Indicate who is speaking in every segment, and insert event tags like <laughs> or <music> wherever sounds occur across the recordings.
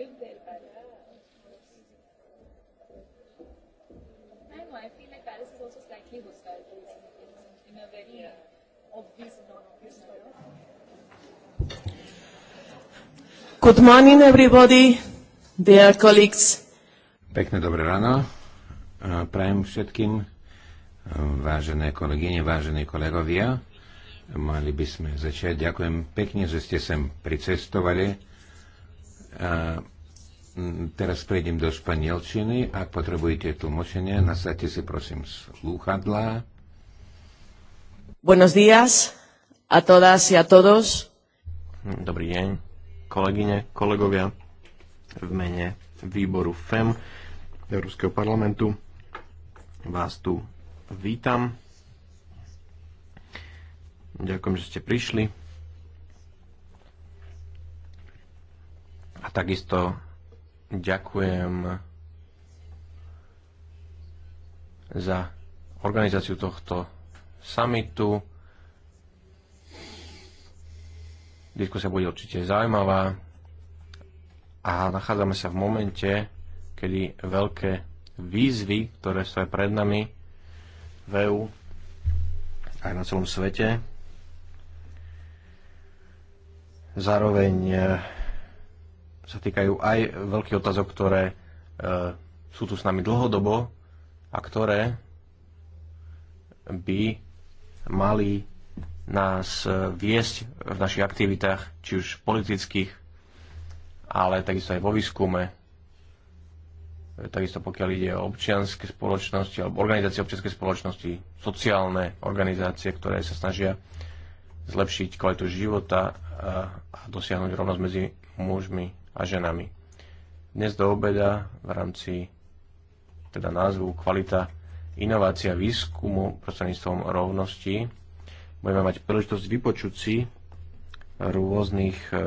Speaker 1: del palace. I know, I feel like Paris is also slightly hostile to in a very yeah. obvious and obvious way.
Speaker 2: Good morning, everybody, dear colleagues.
Speaker 3: Pekné dobré ráno. Prajem všetkým vážené kolegyne, vážení kolegovia. Mali by sme začať. Ďakujem pekne, že ste sem pricestovali teraz prejdem do španielčiny. Ak potrebujete tlmočenie, nasadte si prosím slúchadlá.
Speaker 2: Buenos días
Speaker 4: a todas y a todos.
Speaker 3: Dobrý deň, kolegyne, kolegovia.
Speaker 5: V mene výboru FEM Európskeho parlamentu vás tu vítam. Ďakujem, že ste prišli. takisto ďakujem za organizáciu tohto samitu. Diskusia bude určite zaujímavá a nachádzame sa v momente, kedy veľké výzvy, ktoré sú aj pred nami v EU, aj na celom svete, zároveň sa týkajú aj veľkých otázok, ktoré e, sú tu s nami dlhodobo a ktoré by mali nás e, viesť v našich aktivitách, či už politických, ale takisto aj vo výskume, takisto pokiaľ ide o občianske spoločnosti alebo organizácie občianskej spoločnosti, sociálne organizácie, ktoré sa snažia zlepšiť kvalitu života e, a dosiahnuť rovnosť medzi mužmi a ženami. Dnes do obeda v rámci teda názvu Kvalita inovácia výskumu prostredníctvom rovnosti budeme mať príležitosť vypočuť si rôznych e, e,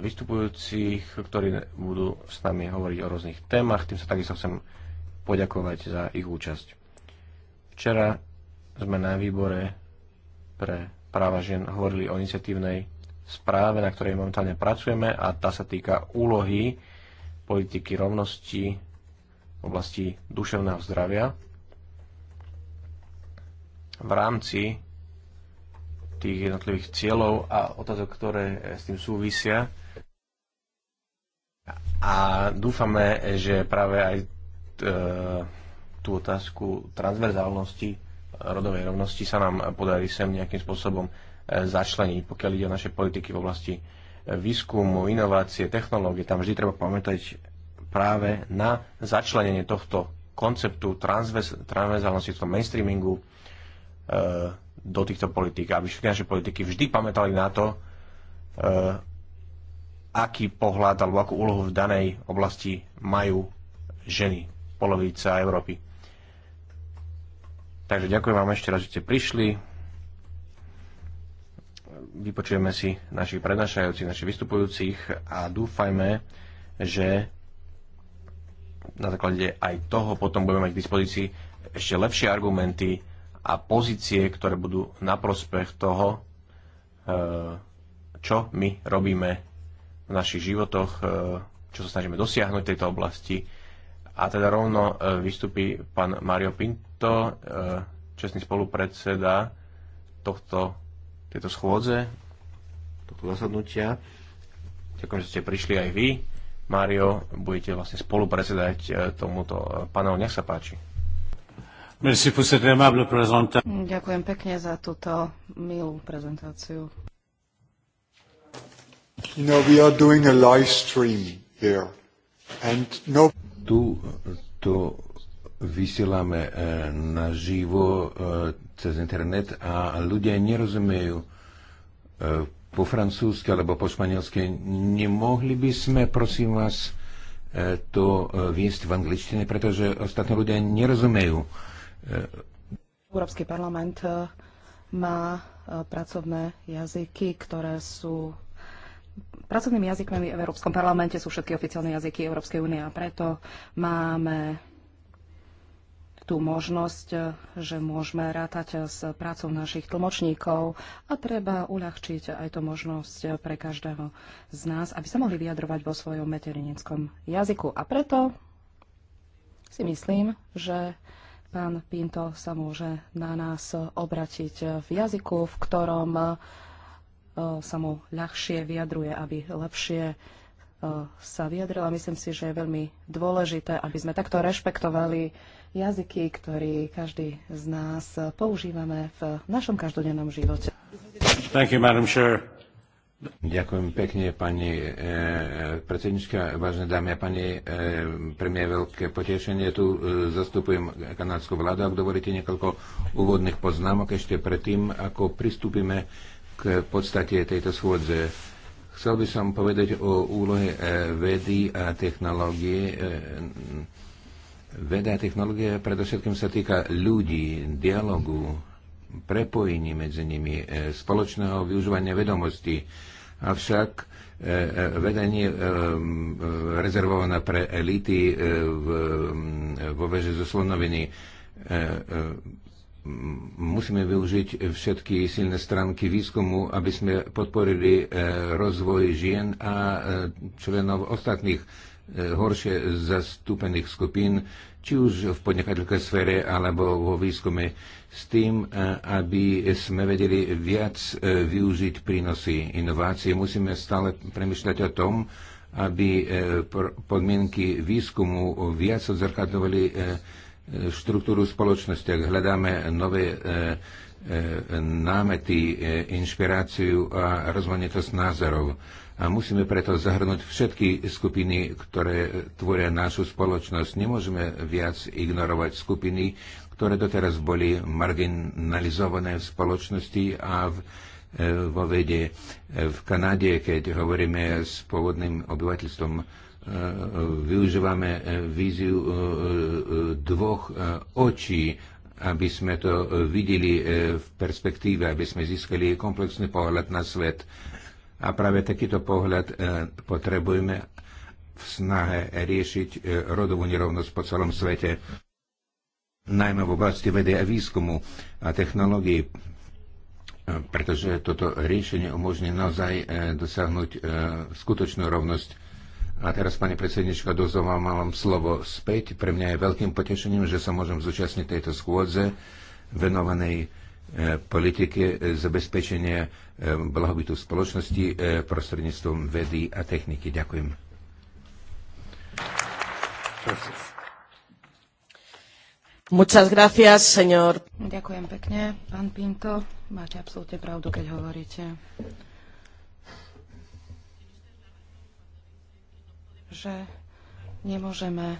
Speaker 5: vystupujúcich, ktorí budú s nami hovoriť o rôznych témach. Tým sa takisto chcem poďakovať za ich účasť. Včera sme na výbore pre práva žien hovorili o iniciatívnej správe, na ktorej momentálne pracujeme a tá sa týka úlohy politiky rovnosti v oblasti duševného zdravia v rámci tých jednotlivých cieľov a otázok, ktoré s tým súvisia. A dúfame, že práve aj e, tú otázku transverzálnosti rodovej rovnosti sa nám podarí sem nejakým spôsobom začlení, pokiaľ ide o naše politiky v oblasti eh, výskumu, inovácie, technológie. Tam vždy treba pamätať práve na začlenenie tohto konceptu transverzálnosti, tom mainstreamingu e, do týchto politík, aby všetky naše politiky vždy pamätali na to, e, aký pohľad alebo akú úlohu v danej oblasti majú ženy, polovica Európy. Takže ďakujem vám ešte raz, že ste prišli vypočujeme si našich prednášajúcich, našich vystupujúcich a dúfajme, že na základe aj toho potom budeme mať k dispozícii ešte lepšie argumenty a pozície, ktoré budú na prospech toho, eh, čo my robíme v našich životoch, eh, čo sa snažíme dosiahnuť v tejto oblasti. A teda rovno eh, vystupí pán Mario Pinto, čestný spolupredseda tohto tejto schôdze, tohto zasadnutia. Ďakujem, že ste prišli aj vy. Mário, budete vlastne spolu predsedať e, tomuto e, panelu. Nech sa
Speaker 3: páči. Merci pour cette aimable présentation.
Speaker 4: Ďakujem pekne za túto milú prezentáciu.
Speaker 2: You know, we are doing a live stream here. And no... Tu tu
Speaker 3: vysielame e, naživo e, cez internet a ľudia nerozumejú e, po francúzsky alebo po španielsky. Nemohli by sme, prosím vás, to viesť v angličtine, pretože ostatní ľudia nerozumejú.
Speaker 4: Európsky parlament má pracovné jazyky, ktoré sú pracovnými jazykmi v Európskom parlamente sú všetky oficiálne jazyky Európskej únie a preto máme tú možnosť, eh, že môžeme rátať eh, s prácou našich tlmočníkov a treba uľahčiť aj tú možnosť eh, pre každého z nás, aby sa mohli vyjadrovať vo svojom materinickom jazyku. A preto si myslím, že pán Pinto sa môže na nás obratiť v jazyku, v ktorom sa mu ľahšie vyjadruje, aby lepšie sa vyjadrila. Myslím si, že je veľmi dôležité, aby sme takto rešpektovali jazyky, ktorý každý z nás používame v našom každodennom živote.
Speaker 3: Thank you, Madam Chair. Ďakujem pekne, pani e, e, predsednička, vážne dámy a pani. E, pre mňa je veľké potešenie. Tu e, zastupujem kanadskú vládu. Ak dovolíte niekoľko úvodných poznámok ešte predtým, ako pristúpime k podstate tejto schôdze. Chcel by som povedať o úlohe e, vedy a technológie. E, Veda a technológia predovšetkým sa týka ľudí, dialogu, prepojení medzi nimi, e, spoločného využívania vedomostí. Avšak e, e, veda nie je rezervovaná pre elity vo veže zo Slonoviny. Musíme využiť všetky silné stránky výskumu, aby sme podporili rozvoj žien a členov ostatných E, horšie zastúpených skupín, či už v podnikateľkej sfére alebo vo výskume, s tým, e, aby sme vedeli viac e, využiť prínosy inovácie. Musíme stále premyšľať o tom, aby podmienky výskumu viac odzrkadovali štruktúru spoločnosti. Ak hľadáme nové námety, inšpiráciu a rozmanitosť názorov. A musíme preto zahrnúť všetky skupiny, ktoré tvoria našu spoločnosť. Nemôžeme viac ignorovať skupiny, ktoré doteraz boli marginalizované v spoločnosti a v, e, vo vede. E, v Kanade, keď hovoríme s pôvodným obyvateľstvom, e, využívame víziu dvoch očí, aby sme to videli v perspektíve, aby sme získali komplexný pohľad na svet. A práve takýto pohľad e, potrebujeme v snahe riešiť e, rodovú nerovnosť po celom svete, najmä v oblasti vedy a výskumu a technológií, e, pretože toto riešenie umožní naozaj dosiahnuť skutočnú rovnosť a teraz, pani predsednička, dozovám vám slovo späť. Pre mňa je veľkým potešením, že sa môžem zúčastniť tejto schôdze venovanej E, politike zabezpečenia e, blahobytu spoločnosti e, prostredníctvom vedy a techniky. Ďakujem.
Speaker 4: Muchas gracias, señor. Ďakujem pekne, pán Pinto. Máte absolútne pravdu, keď hovoríte, že nemôžeme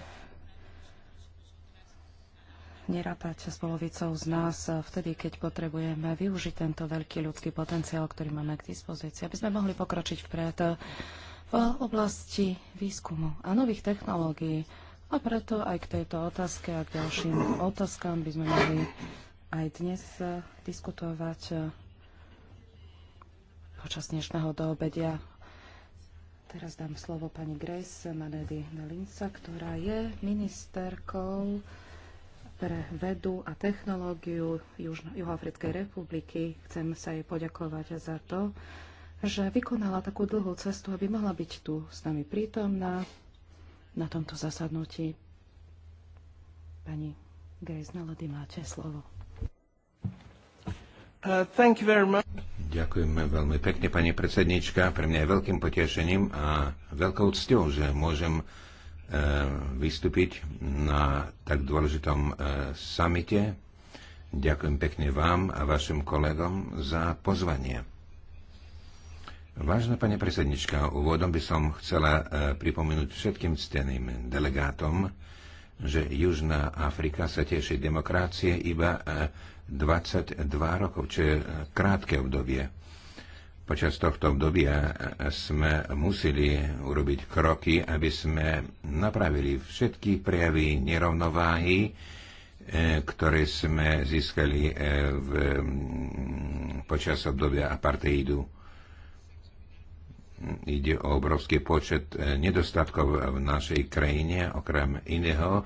Speaker 4: nerátať s polovicou z nás eh, vtedy, keď potrebujeme využiť tento veľký ľudský potenciál, ktorý máme k dispozícii, aby sme mohli pokročiť vpred eh, v oblasti výskumu a nových technológií. A preto aj k tejto otázke a k ďalším otázkam by sme mohli aj dnes eh, diskutovať počas dnešného doobedia Teraz dám slovo pani Grace Manedy Nelinca, ktorá je ministerkou pre vedu a technológiu Južno- Juhoafrickej republiky. Chcem sa jej poďakovať za to, že vykonala takú dlhú cestu, aby mohla byť tu s nami prítomná na tomto zasadnutí. Pani Grace Nalady, máte slovo. Uh, thank you very much.
Speaker 3: Ďakujeme veľmi pekne, pani predsednička. Pre mňa je veľkým potešením a veľkou cťou, že môžem Eh, vystúpiť na tak dôležitom eh, samite. Ďakujem pekne vám a vašim kolegom za pozvanie. Vážna pani predsednička, úvodom by som chcela eh, pripomenúť všetkým steným delegátom, že Južná Afrika sa teší demokracie iba 22 rokov, čo je krátke obdobie Počas tohto obdobia sme museli urobiť kroky, aby sme napravili všetky prejavy nerovnováhy, e, ktoré sme získali e, v, mm, počas obdobia apartheidu. Ide o obrovský počet e, nedostatkov v našej krajine. Okrem iného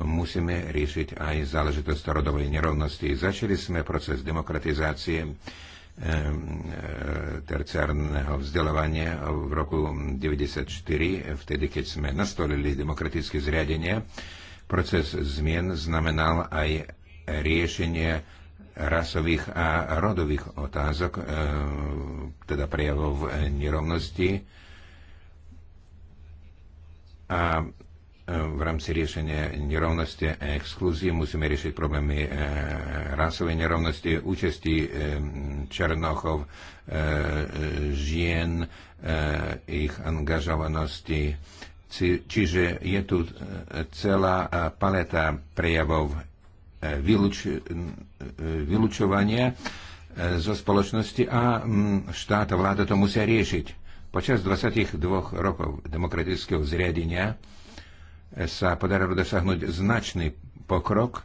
Speaker 3: musíme riešiť aj záležitosť rodovej nerovnosti. Začali sme proces demokratizácie E, terciárneho vzdelávania v roku 1994, vtedy keď sme nastolili demokratické zriadenie. Proces zmien znamenal aj riešenie rasových a rodových otázok, teda prejavov nerovnosti a v rámci riešenia nerovnosti a exkluzie musíme riešiť problémy e, rasovej nerovnosti, účasti e, černochov, e, žien, ich angažovanosti. Čiže je tu celá paleta prejavov vyluč, vylučovania zo spoločnosti a štát a vláda to musia riešiť. Počas 22 rokov demokratického zriadenia sa podarilo dosiahnuť značný pokrok,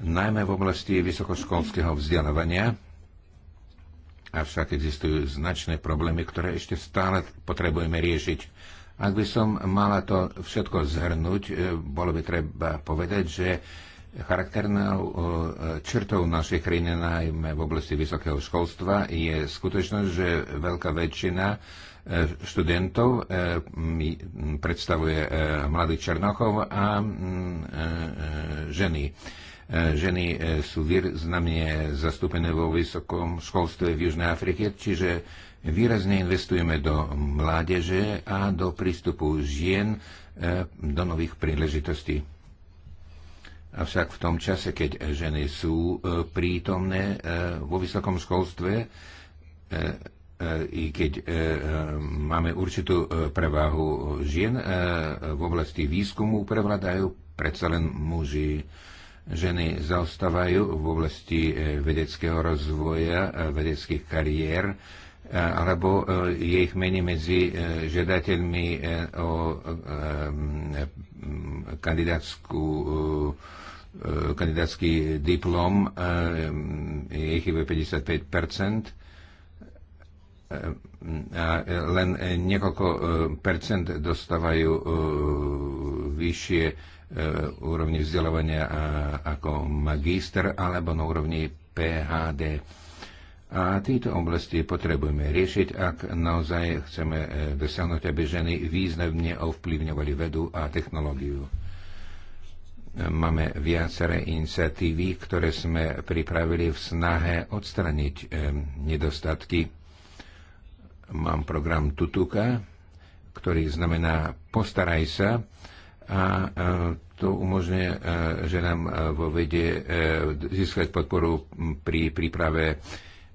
Speaker 3: najmä v oblasti vysokoškolského vzdelávania, avšak existujú značné problémy, ktoré ešte stále potrebujeme riešiť. Ak by som mala to všetko zhrnúť, e, bolo by treba povedať, že charakternou e, črtou našej krajiny najmä v oblasti vysokého školstva je skutočnosť, že veľká väčšina E, študentov, e, predstavuje e, mladý Černochov a ženy. Ženy sú významne zastúpené vo vysokom školstve v Južnej Afrike, čiže výrazne investujeme do mládeže a do prístupu žien do nových príležitostí. Avšak v tom čase, keď ženy sú prítomné vo vysokom školstve, i keď e, e, máme určitú e, prevahu žien, v oblasti výskumu prevladajú, predsa len muži. Ženy zaostávajú v oblasti vedeckého rozvoja, vedeckých kariér, alebo je ich menej medzi žiadateľmi o kandidátsku kandidátsky diplom, je ich iba 55 len niekoľko e, percent dostávajú e, vyššie e, úrovni vzdelávania ako magister alebo na úrovni PHD. A tieto oblasti potrebujeme riešiť, ak naozaj chceme dosiahnuť, aby ženy významne ovplyvňovali vedu a technológiu. Máme viaceré iniciatívy, ktoré sme pripravili v snahe odstraniť nedostatky Mám program Tutuka, ktorý znamená postaraj sa a e, to umožňuje e, ženám e, vo vede získať podporu pri príprave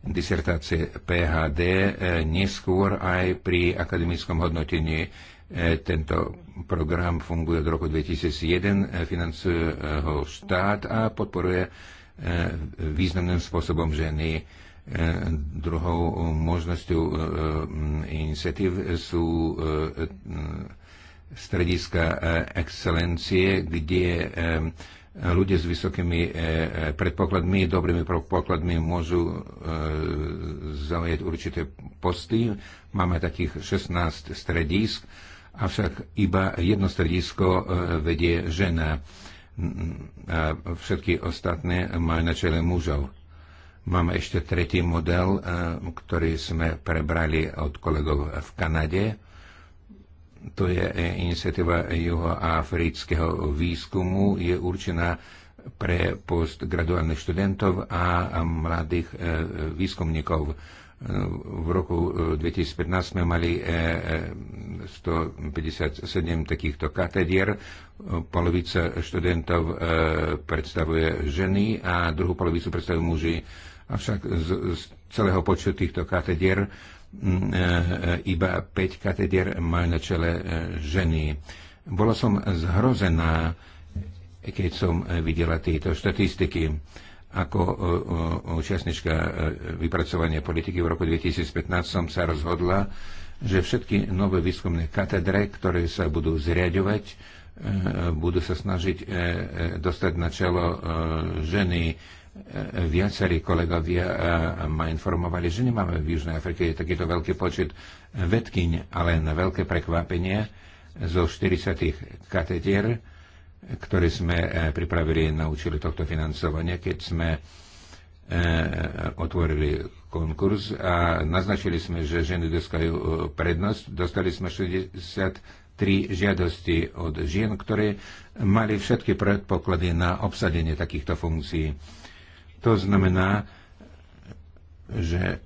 Speaker 3: disertácie PHD, neskôr aj pri akademickom hodnotení. Tento program funguje od roku 2001, financuje ho štát a podporuje významným spôsobom ženy E, druhou možnosťou e, e, iniciatív sú strediska excelencie, kde ľudia s vysokými predpokladmi, dobrými predpokladmi môžu zaujať určité posty. Máme takých 16 stredisk, avšak iba jedno stredisko vedie žena a všetky ostatné majú na čele mužov. Máme ešte tretí model, e, ktorý sme prebrali od kolegov v Kanade. To je e, iniciatíva juhoafrického výskumu. Je určená pre postgraduálnych študentov a mladých e, výskumníkov. V roku 2015 sme mali 157 takýchto katedier. Polovica študentov predstavuje ženy a druhú polovicu predstavujú muži. Avšak z, z celého počtu týchto katedier e, iba 5 katedier majú na čele e, ženy. Bola som zhrozená, keď som e, videla tieto štatistiky ako účastnička vypracovania politiky v roku 2015 som sa rozhodla, že všetky nové výskumné katedre, ktoré sa budú zriadovať, budú sa snažiť dostať na čelo ženy E, viacerí kolegovia e, ma informovali, že nemáme v Južnej Afrike takýto veľký počet vedkyň, ale na veľké prekvapenie zo 40 katedier, ktoré sme e, pripravili na účely tohto financovania, keď sme otvorili konkurs a naznačili sme, že ženy dostajú prednosť. Dostali sme 63 žiadosti od žien, ktoré mali všetky predpoklady na obsadenie takýchto funkcií to znamená, že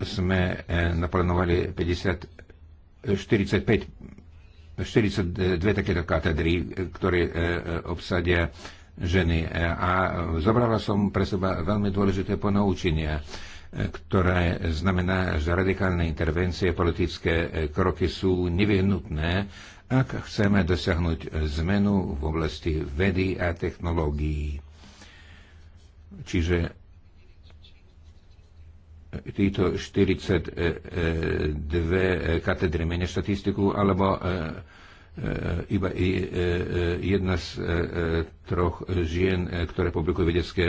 Speaker 3: sme naplánovali 50, 45, 42 takéto katedry, ktoré eh, eh, obsadia ženy. A zobrala som pre seba veľmi dôležité ponaučenia, eh, ktoré znamená, že radikálne intervencie, politické kroky sú nevyhnutné, ak chceme dosiahnuť zmenu v oblasti vedy a technológií. Čiže títo 42 eh, eh, katedry menia štatistiku, alebo eh, iba jedna z troch žien, ktoré publikujú vedecké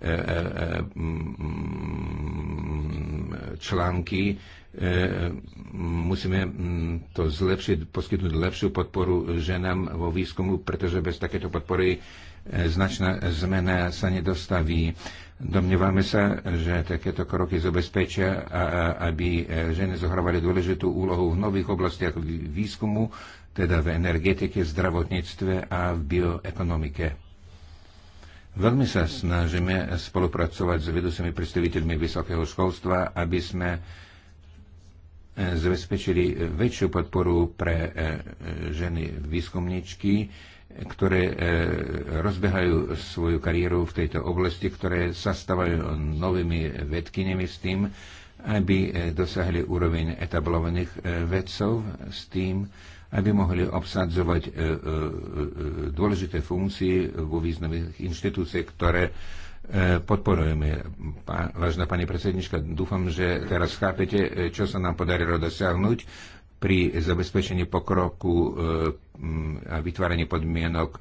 Speaker 3: mm, články. Musíme mm, to zlepšiť, poskytnúť lepšiu podporu ženám vo výskumu, pretože bez takéto podpory značná zmena sa nedostaví. Domnievame sa, že takéto kroky zabezpečia, aby ženy zohrávali dôležitú úlohu v nových oblastiach výskumu, teda v energetike, zdravotníctve a v bioekonomike. Veľmi sa snažíme spolupracovať s vedúcimi predstaviteľmi vysokého školstva, aby sme e, zabezpečili väčšiu podporu pre e, ženy výskumníčky, ktoré e, rozbehajú svoju kariéru v tejto oblasti, ktoré sa stávajú novými vedkynemi s tým, aby e, dosahli úroveň etablovaných e, vedcov s tým, aby mohli obsadzovať dôležité funkcie vo významných inštitúciách, ktoré podporujeme. Vážna pani predsednička, dúfam, že teraz chápete, čo sa nám podarilo dosiahnuť pri zabezpečení pokroku a vytváranie podmienok,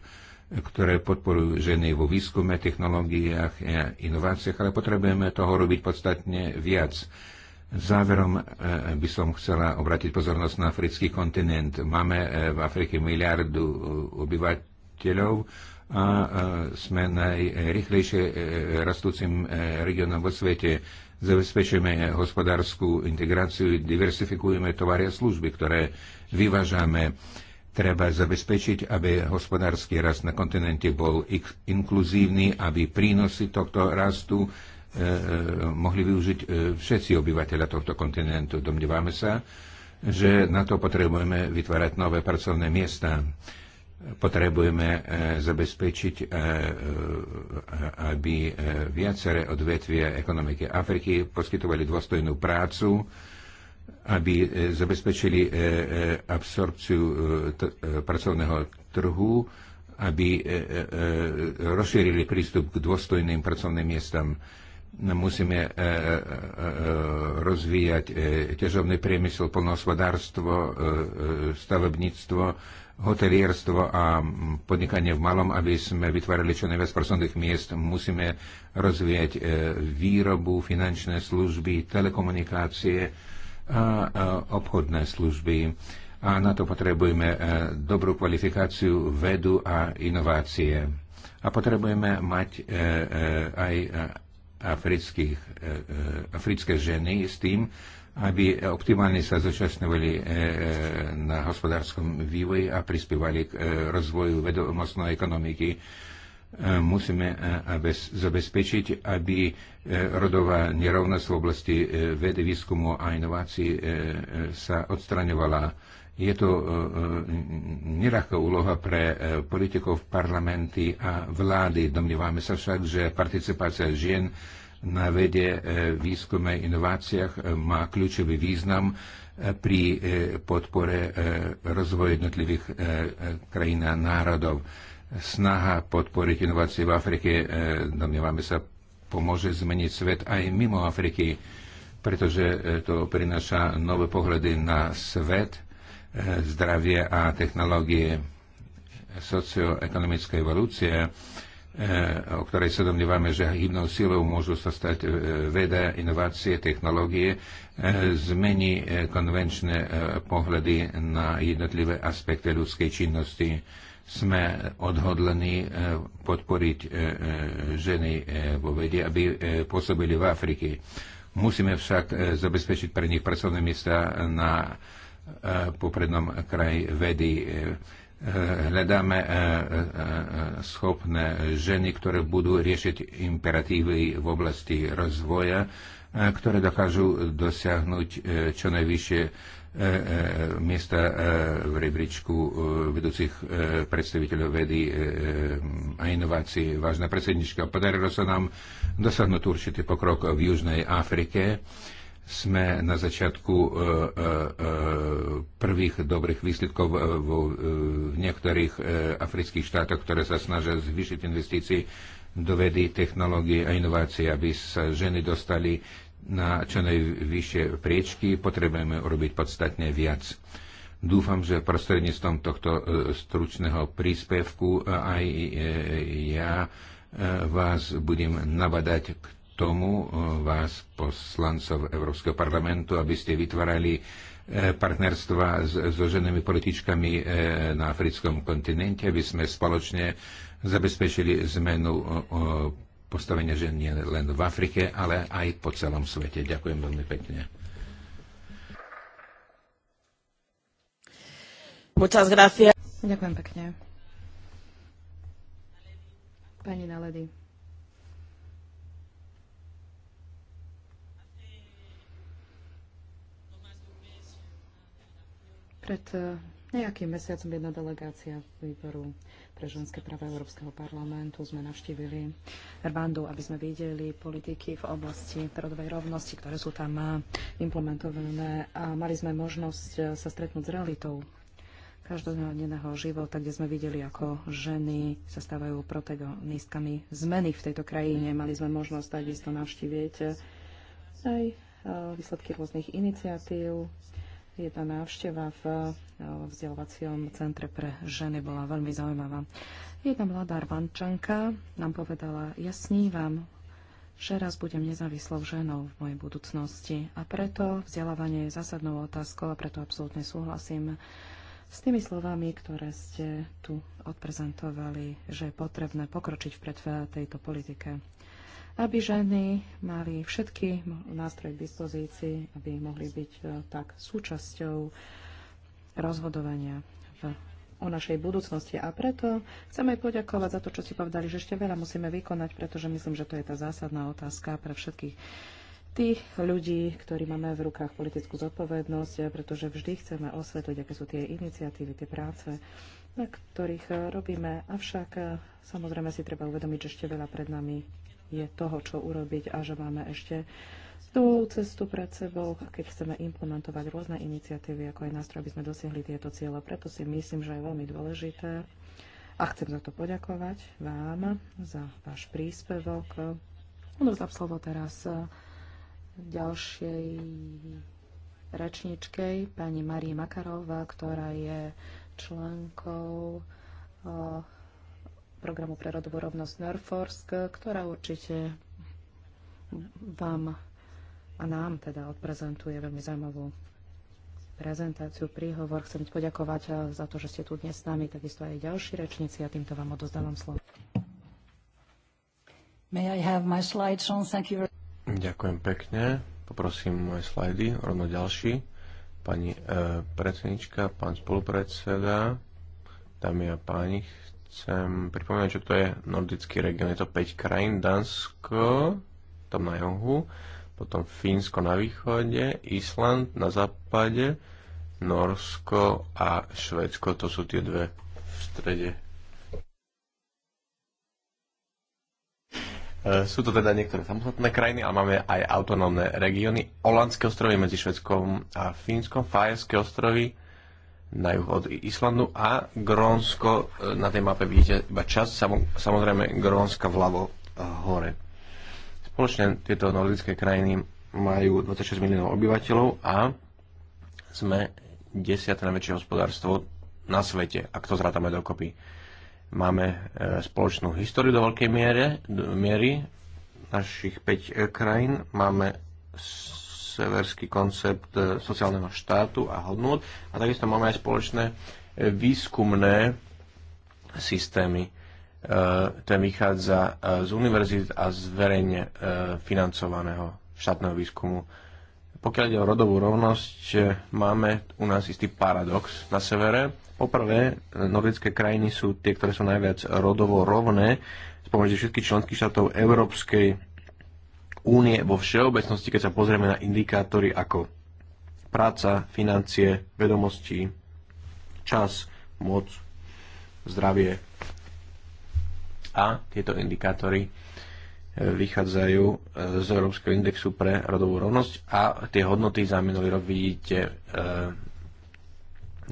Speaker 3: ktoré podporujú ženy vo výskume, technológiách a inováciách, ale potrebujeme toho robiť podstatne viac. Záverom eh, by som chcela obrátiť pozornosť na africký kontinent. Máme eh, v Afrike miliardu eh, obyvateľov a sme najrychlejšie rastúcim regionom vo svete. Zabezpečujeme hospodárskú integráciu, diversifikujeme tovary a služby, ktoré vyvážame. Treba zabezpečiť, aby hospodársky rast na kontinente bol inkluzívny, aby prínosy tohto rastu e, e, mohli využiť e, všetci obyvateľa tohto kontinentu. Domnievame sa, že na to potrebujeme vytvárať nové pracovné miesta. Potrebujeme zabezpečiť, aby viaceré odvetvia ekonomiky Afriky poskytovali dôstojnú prácu, aby e, zabezpečili e, e, absorpciu pracovného trhu, aby rozšírili prístup k dôstojným pracovným miestam. Musíme rozvíjať ťažovný priemysel, polnohospodárstvo, stavebníctvo, hotelierstvo a podnikanie v malom, aby sme vytvárali čo najviac pracovných miest. Musíme rozvíjať výrobu, finančné služby, telekomunikácie, a obchodné služby. A na to potrebujeme e, dobrú kvalifikáciu, vedu a inovácie. A potrebujeme mať e, e, aj africké ženy s tým, aby optimálne sa zúčastňovali na hospodárskom vývoji a prispievali k rozvoju vedomostnej ekonomiky. E, musíme e, zabezpečiť, aby e, rodová nerovnosť v oblasti vedy, výskumu a inovácií sa odstraňovala. Je to nerahká úloha pre politikov, parlamenty a vlády. Domnívame sa však, že participácia žien na vede, výskume, inováciách má kľúčový význam pri podpore rozvoju jednotlivých krajín a národov snaha podporiť inovácie v Afrike, e, domnievame sa, pomôže zmeniť svet aj mimo Afriky, pretože e, to prináša nové pohľady na svet, e, zdravie a technológie socioekonomická evolúcia, o ktorej sa domnievame, že hybnou silou môžu sa stať veda, inovácie, technológie, zmení konvenčné pohľady na jednotlivé aspekty ľudskej činnosti sme odhodlení e, podporiť e, e, ženy vo vede, aby pôsobili v Afrike. Musíme však zabezpečiť pre nich pracovné miesta na poprednom kraji vedy. Hľadáme schopné ženy, ktoré budú riešiť imperatívy v oblasti rozvoja, ktoré dokážu dosiahnuť čo najvyššie E, e, miesta e, v rebríčku vedúcich predstaviteľov vedy a inovácií. Vážna predsednička, podarilo sa nám dosiahnuť určitý pokrok v Južnej Afrike sme na začiatku prvých dobrých výsledkov v niektorých afrických štátoch, ktoré sa snažia zvýšiť investície do vedy, technológie a inovácie, aby sa ženy dostali na čo najvyššie priečky, potrebujeme urobiť podstatne viac. Dúfam, že prostredníctvom tohto e, stručného príspevku e, aj e, ja vás budem nabadať k tomu, vás poslancov Európskeho parlamentu, aby ste vytvárali partnerstva so ženami političkami na africkom kontinente, aby sme spoločne zabezpečili zmenu postavenie žien nie len v Afrike, ale aj po celom svete. Ďakujem veľmi pekne.
Speaker 4: Muchas gracias. Ďakujem pekne. Pani Naledy. Pred eh, nejakým mesiacom jedna delegácia výboru pre ženské práva Európskeho parlamentu sme navštívili Rwandu, aby sme videli politiky v oblasti rodovej rovnosti, ktoré sú tam implementované a mali sme možnosť e, sa stretnúť s realitou každodenného života, kde sme videli, ako ženy sa stávajú protagonistkami zmeny v tejto krajine. Mali sme možnosť takisto navštíviť e, aj e, výsledky rôznych iniciatív, Jedna návšteva e, v vzdelávacom centre pre ženy bola veľmi zaujímavá. Jedna mladá rvančanka nám povedala, ja snívam, že raz budem nezávislou ženou v mojej budúcnosti a preto vzdelávanie je zásadnou otázkou a preto absolútne súhlasím s tými slovami, ktoré ste tu odprezentovali, že je potrebné pokročiť v tejto politike aby ženy mali všetky nástroje k dispozícii, aby mohli byť e, tak súčasťou rozhodovania v, o našej budúcnosti. A preto chceme poďakovať za to, čo si povedali, že ešte veľa musíme vykonať, pretože myslím, že to je tá zásadná otázka pre všetkých tých ľudí, ktorí máme v rukách politickú zodpovednosť, e, pretože vždy chceme osvetliť, aké sú tie iniciatívy, tie práce, na ktorých e, robíme. Avšak samozrejme si treba uvedomiť, že ešte veľa pred nami je toho, čo urobiť a že máme ešte tú cestu pred sebou, keď chceme implementovať rôzne iniciatívy, ako aj nástroj, aby sme dosiahli tieto cieľe. Preto si myslím, že je veľmi dôležité a chcem za to poďakovať vám za váš príspevok. Odovzdám slovo teraz ďalšej rečničkej, pani Marie Makarová, ktorá je členkou eh, programu pre rodovú rovnosť Norforsk, ktorá určite vám a nám teda odprezentuje veľmi zaujímavú prezentáciu, príhovor. Chcem poďakovať za to, že ste tu dnes s nami, takisto aj ďalší rečníci a týmto vám odozdávam slovo. May I
Speaker 1: have my slides on? Thank you.
Speaker 5: Ďakujem pekne. Poprosím moje slajdy, rovno ďalší. Pani e, predsednička, pán spolupredseda, dámy a páni, Chcem pripomínať, že to je nordický región. Je to 5 krajín. Dánsko, tam na juhu, potom Fínsko na východe, Island na západe, Norsko a Švedsko, to sú tie dve v strede. E, sú to teda niektoré samostatné krajiny, ale máme aj autonómne regióny. Olandské ostrovy medzi Švedskom a Fínskom, Fajerské ostrovy na juh od Islandu a Grónsko, e, na tej mape vidíte iba čas, samozrejme Grónska vľavo e, hore. Spoločne tieto nordické krajiny majú 26 miliónov obyvateľov a sme 10. najväčšie hospodárstvo na svete, ak to zrátame dokopy. Máme e, spoločnú históriu do veľkej miere, miery našich 5 krajín, máme severský koncept e, sociálneho štátu a hodnot a takisto máme aj spoločné e, výskumné systémy. E, ten vychádza z univerzít a z verejne financovaného štátneho výskumu. Pokiaľ ide o rodovú rovnosť, máme u nás istý paradox na severe. Poprvé, nordické krajiny sú tie, ktoré sú najviac rodovo rovné spomedzi všetkých členských štátov Európskej únie vo všeobecnosti, keď sa pozrieme na indikátory ako práca, financie, vedomosti, čas, moc, zdravie. A tieto indikátory e, vychádzajú e, z Európskeho indexu pre rodovú rovnosť a tie hodnoty za minulý rok vidíte e,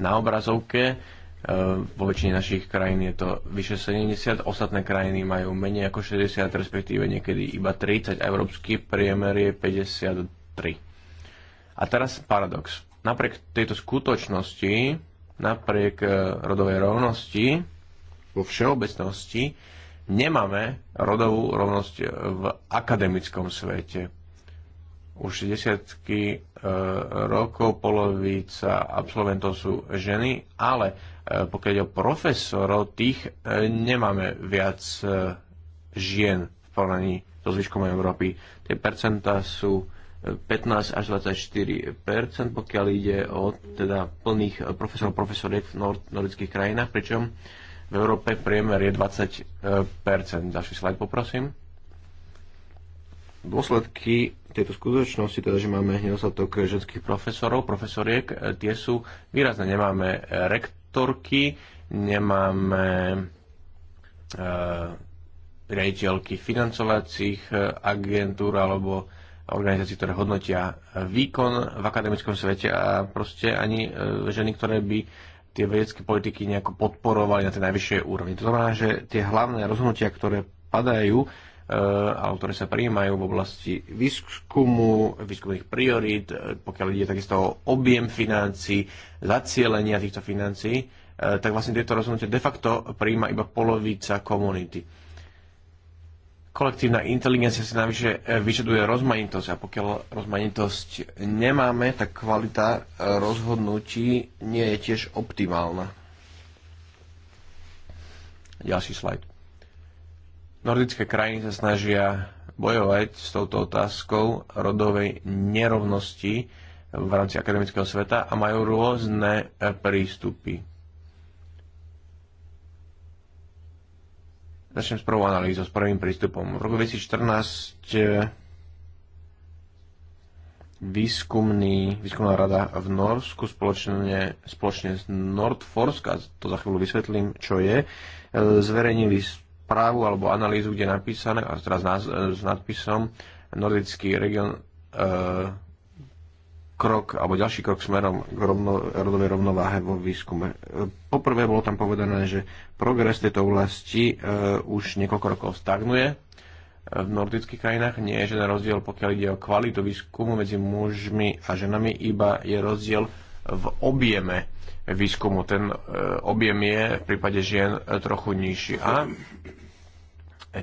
Speaker 5: na obrazovke Eh, vo väčšine našich krajín je to vyše 70, ostatné krajiny majú menej ako 60, respektíve niekedy iba 30 a európsky priemer je 53. A teraz paradox. Napriek tejto skutočnosti, napriek eh, rodovej rovnosti, vo všeobecnosti, nemáme rodovú rovnosť eh, v akademickom svete. Už desiatky rokov polovica absolventov sú ženy, ale Eh, pokiaľ ide o profesorov, tých eh, nemáme viac eh, žien v porovnaní so zvyškom Európy. Tie percentá sú 15 až 24 pokiaľ ide o teda plných profesorov, profesoriek v nord- nordických krajinách, pričom v Európe priemer je 20 Ďalší slajd poprosím. Dôsledky tejto skutočnosti, teda že máme nedostatok ženských profesorov, profesoriek, tie sú výrazné. Nemáme rekt autorky, nemáme e, riaditeľky financovacích e, agentúr alebo organizácií, ktoré hodnotia výkon v akademickom svete a proste ani e, ženy, ktoré by tie vedecké politiky nejako podporovali na tej najvyššej úrovni. To znamená, že tie hlavné rozhodnutia, ktoré padajú, E, alebo ktoré sa prijímajú v oblasti výskumu, výskumných priorít, e, pokiaľ ide takisto o objem financií, zacielenia týchto financií, e, tak vlastne tieto rozhodnutie de facto prijíma iba polovica komunity kolektívna inteligencia si navyše vyžaduje rozmanitosť a pokiaľ rozmanitosť nemáme, tak kvalita rozhodnutí nie je tiež optimálna. Ďalší slajd. Nordické krajiny sa snažia bojovať s touto otázkou rodovej nerovnosti v rámci akademického sveta a majú rôzne e, prístupy. Začnem s prvou analýzou, s prvým prístupom. V roku 2014 e, výskumný, výskumná rada v Norsku spoločne, spoločne s Nordforsk, a to za chvíľu vysvetlím, čo je, e, zverejnili správu alebo analýzu, kde je napísané, a teraz e, s nadpisom, nordický region e, krok, alebo ďalší krok smerom k rovno, rodovej rovnováhe vo výskume. E, poprvé bolo tam povedané, že progres tejto oblasti e, už niekoľko rokov stagnuje e, v nordických krajinách. Nie je žiaden rozdiel, pokiaľ ide o kvalitu výskumu medzi mužmi a ženami, iba je rozdiel v objeme výskumu. Ten e, objem je v prípade žien e, trochu nižší. A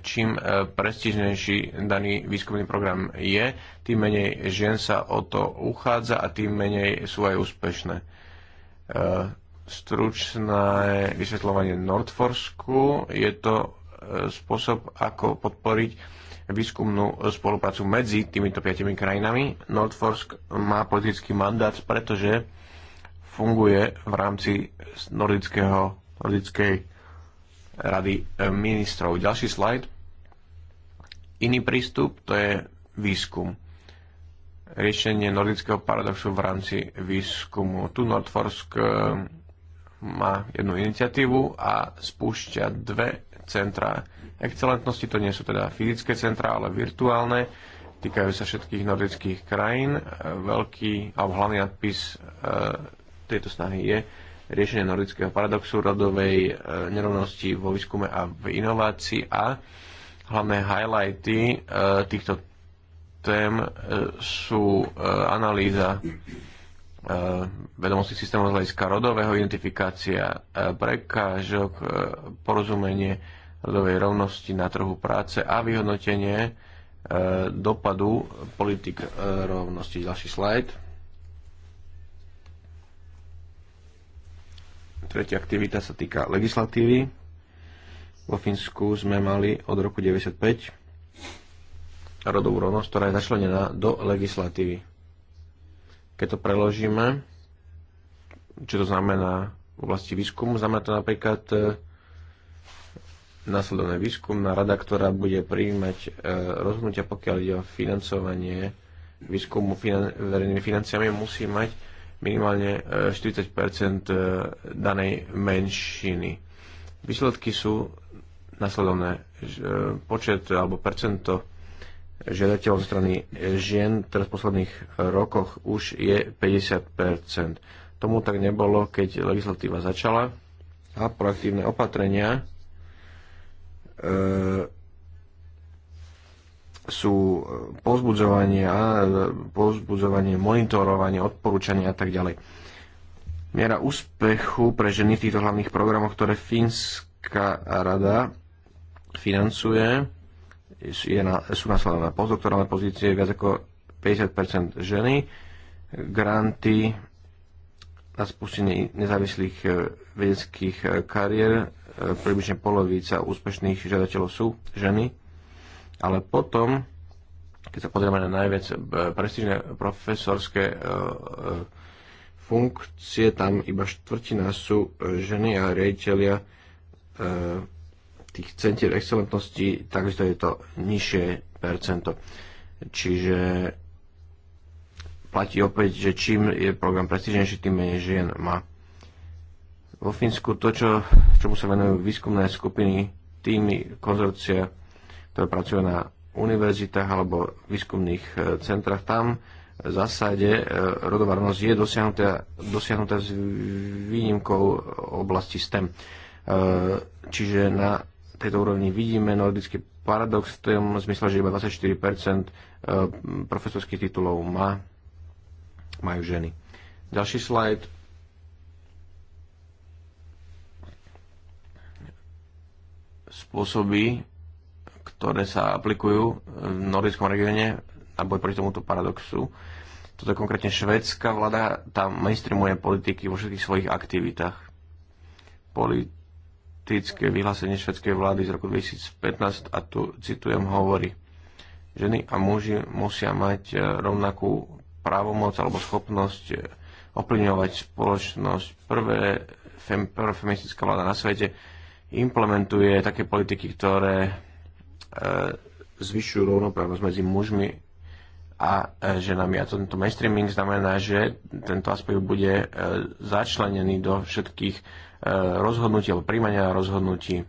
Speaker 5: čím e, prestížnejší daný výskumný program je, tým menej žien sa o to uchádza a tým menej sú aj úspešné. Stručné vysvetľovanie Nordforsku je to spôsob, ako podporiť výskumnú spoluprácu medzi týmito piatimi krajinami. Nordforsk má politický mandát, pretože funguje v rámci nordického, nordickej rady e, ministrov. Ďalší slajd. Iný prístup to je výskum. Riešenie nordického paradoxu v rámci výskumu. Tu Nordforsk e, má jednu iniciatívu a spúšťa dve centra excelentnosti. To nie sú teda fyzické centra, ale virtuálne. Týkajú sa všetkých nordických krajín. E, veľký, alebo hlavný nadpis tejto snahy je riešenie nordického paradoxu rodovej e, nerovnosti vo výskume a v inovácii a hlavné highlighty e, týchto tém e, sú analýza vedomostí systémov z hľadiska rodového, identifikácia prekážok, porozumenie rodovej rovnosti na trhu práce a vyhodnotenie dopadu politik rovnosti. Ďalší slajd. Tretia aktivita sa týka legislatívy. Vo Fínsku sme mali od roku 1995 rodovú rovnosť, ktorá je začlenená do legislatívy. Keď to preložíme, čo to znamená v oblasti výskumu, znamená to napríklad e, následovný výskum na rada, ktorá bude prijímať e, rozhodnutia, pokiaľ ide o financovanie výskumu verejnými financiami, musí mať minimálne 40 e, e, danej menšiny. Výsledky sú nasledovné. E, počet alebo percento žiadateľov strany žien teraz v posledných rokoch už je 50 Tomu tak nebolo, keď legislatíva začala a proaktívne opatrenia e, sú e, pozbudzovanie, e, pozbudzovanie, monitorovanie, odporúčania a tak ďalej. Miera úspechu pre ženy v týchto hlavných programoch, ktoré Fínska rada financuje, je na, sú nasledovné postdoktorálne pozície, viac ako 50% ženy, granty na spustenie nezávislých e, vedeckých kariér, približne polovica úspešných žiadateľov sú ženy, ale potom, keď sa pozrieme na najviac e, prestížne profesorské e, e, funkcie, tam iba štvrtina sú ženy a riaditeľia tých centier excelentnosti, to je to nižšie percento. Čiže platí opäť, že čím je program prestížnejší, tým menej žien má. Vo Fínsku to, čo, čomu sa venujú výskumné skupiny, týmy, konzorcia, ktoré pracujú na univerzitách alebo výskumných e, centrách, tam v zásade e, rodová rovnosť je dosiahnutá, dosiahnutá s výnimkou oblasti STEM. E, čiže na tejto úrovni vidíme nordický paradox v tom zmysle, že iba 24% profesorských titulov má, majú ženy. Ďalší slajd. Spôsoby, ktoré sa aplikujú v nordickom regióne na boj proti tomuto paradoxu. Toto je konkrétne švédska vláda tam mainstreamuje politiky vo všetkých svojich aktivitách. Politické vyhlásenie švedskej vlády z roku 2015, a tu citujem, hovorí, ženy a muži musia mať e, rovnakú právomoc alebo schopnosť e, ovplyvňovať spoločnosť. Prvé, fem, prvá feministická vláda na svete implementuje také politiky, ktoré E, zvyšujú rovnoprávnosť medzi mužmi a e, ženami. A tento mainstreaming znamená, že tento aspekt bude e, začlenený do všetkých rozhodnutí alebo príjmania rozhodnutí,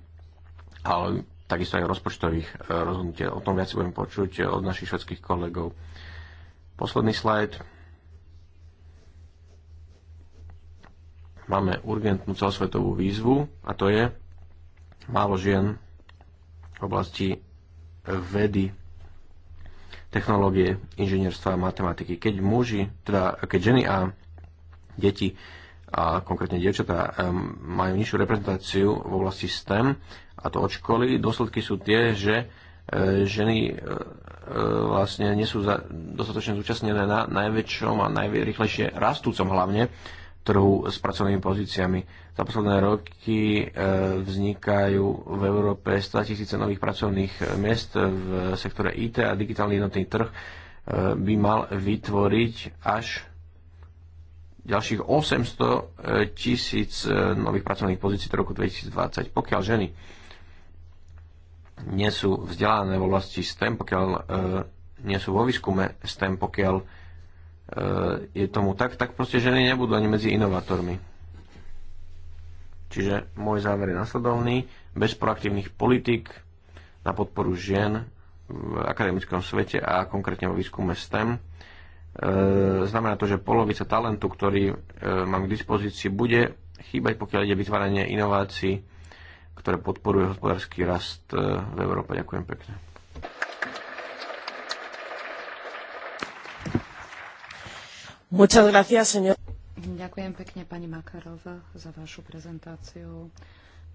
Speaker 5: ale takisto aj rozpočtových rozhodnutí. O tom viac budem počuť od našich švedských kolegov. Posledný slajd. Máme urgentnú celosvetovú výzvu a to je málo žien v oblasti vedy, technológie, inžinierstva a matematiky. Keď muži, teda keď ženy a deti a konkrétne dievčatá majú nižšiu reprezentáciu v oblasti STEM a to od školy, dôsledky sú tie, že e, ženy e, e, vlastne nie sú dostatočne zúčastnené na najväčšom a najrychlejšie rastúcom hlavne trhu s pracovnými pozíciami. Za posledné roky e, vznikajú v Európe 100 tisíce nových pracovných e, miest v sektore IT a digitálny jednotný trh e, by mal vytvoriť až ďalších 800 tisíc nových pracovných pozícií do roku 2020. Pokiaľ ženy nie sú vzdelané v oblasti STEM, pokiaľ nie sú vo výskume STEM, pokiaľ E, je tomu tak, tak proste ženy nebudú ani medzi inovátormi. Čiže môj záver je nasledovný. Bez proaktívnych politik na podporu žien v akademickom svete a konkrétne vo výskume STEM e, znamená to, že polovica talentu, ktorý e, mám k dispozícii, bude chýbať, pokiaľ ide vytváranie inovácií, ktoré podporuje hospodársky rast v Európe. Ďakujem pekne.
Speaker 4: Muchas gracias, señor. Ďakujem pekne pani Makarova za vašu prezentáciu.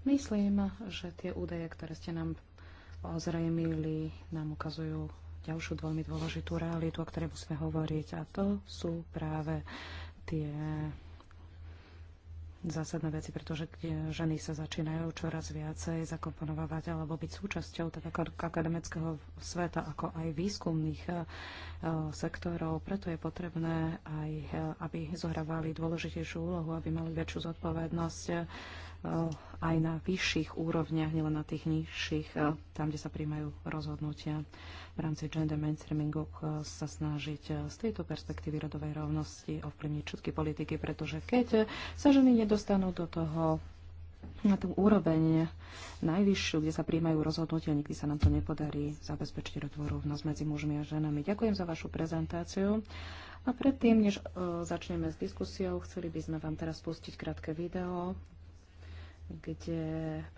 Speaker 4: Myslím, že tie údaje, ktoré ste nám ozrejmili, nám ukazujú ďalšiu veľmi dôležitú realitu, o ktorej musíme hovoriť. A to sú práve tie zásadné veci, pretože ženy sa začínajú čoraz viacej zakomponovať alebo byť súčasťou tak teda ako akademického sveta, ako aj výskumných eh, sektorov. Preto je potrebné aj, eh, aby zohrávali dôležitejšiu úlohu, aby mali väčšiu zodpovednosť eh, Eh, aj na vyšších úrovniach, nielen na tých nižších, eh, tam, kde sa príjmajú rozhodnutia. V rámci gender mainstreamingu eh, sa snažiť z tejto perspektívy rodovej rovnosti ovplyvniť všetky politiky, pretože keď sa ženy nedostanú do toho na tú úroveň najvyššiu, kde sa príjmajú rozhodnutia, nikdy sa nám to nepodarí zabezpečiť rodovú rovnosť medzi mužmi a ženami. Ďakujem za vašu prezentáciu. A predtým, než začneme s diskusiou, chceli by sme vám teraz pustiť krátke video, kde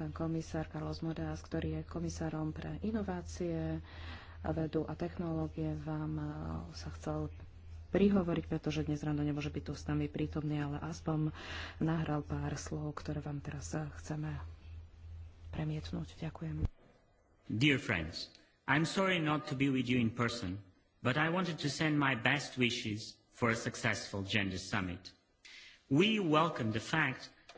Speaker 4: pán komisár Carlos Modás, ktorý je komisárom pre inovácie, vedu a technológie, vám eh, sa chcel prihovoriť, pretože dnes ráno nemôže byť tu s nami prítomný, ale aspoň nahral pár slov, ktoré vám teraz eh, chceme premietnúť. Ďakujem.
Speaker 2: Dear friends, I'm sorry not to be with you in person, but I wanted to send my best wishes for a successful gender summit. We welcome the fact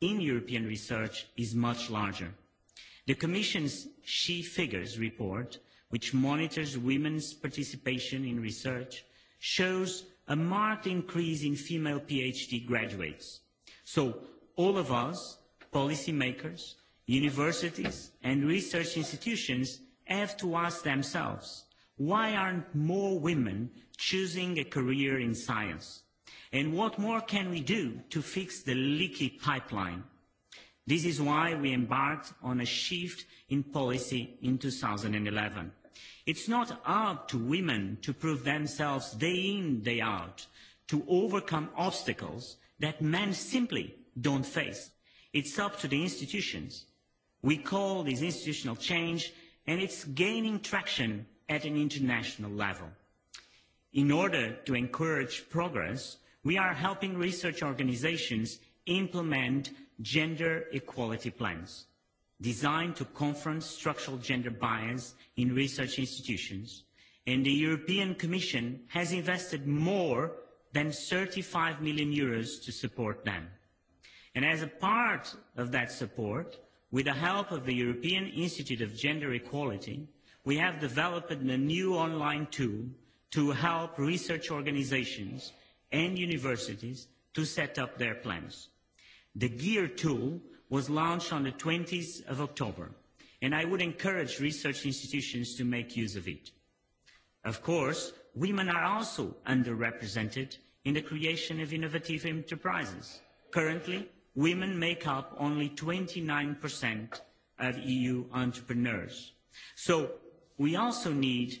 Speaker 2: in European research is much larger. The Commission's She Figures report, which monitors women's participation in research, shows a marked increase in female PhD graduates. So all of us, policymakers, universities and research institutions have to ask themselves, why aren't more women choosing a career in science? And what more can we do to fix the leaky pipeline? This is why we embarked on a shift in policy in 2011. It's not up to women to prove themselves day in, day out, to overcome obstacles that men simply don't face. It's up to the institutions. We call this institutional change, and it's gaining traction at an international level. In order to encourage progress, we are helping research organisations implement gender equality plans designed to confront structural gender bias in research institutions, and the European Commission has invested more than 35 thirty five million Euros to support them. And as a part of that support, with the help of the European Institute of Gender Equality, we have developed a new online tool to help research organisations and universities to set up their plans. The GEAR tool was launched on the 20th of October, and I would encourage research institutions to make use of it. Of course, women are also underrepresented in the creation of innovative enterprises. Currently, women make up only 29% of EU entrepreneurs. So we also need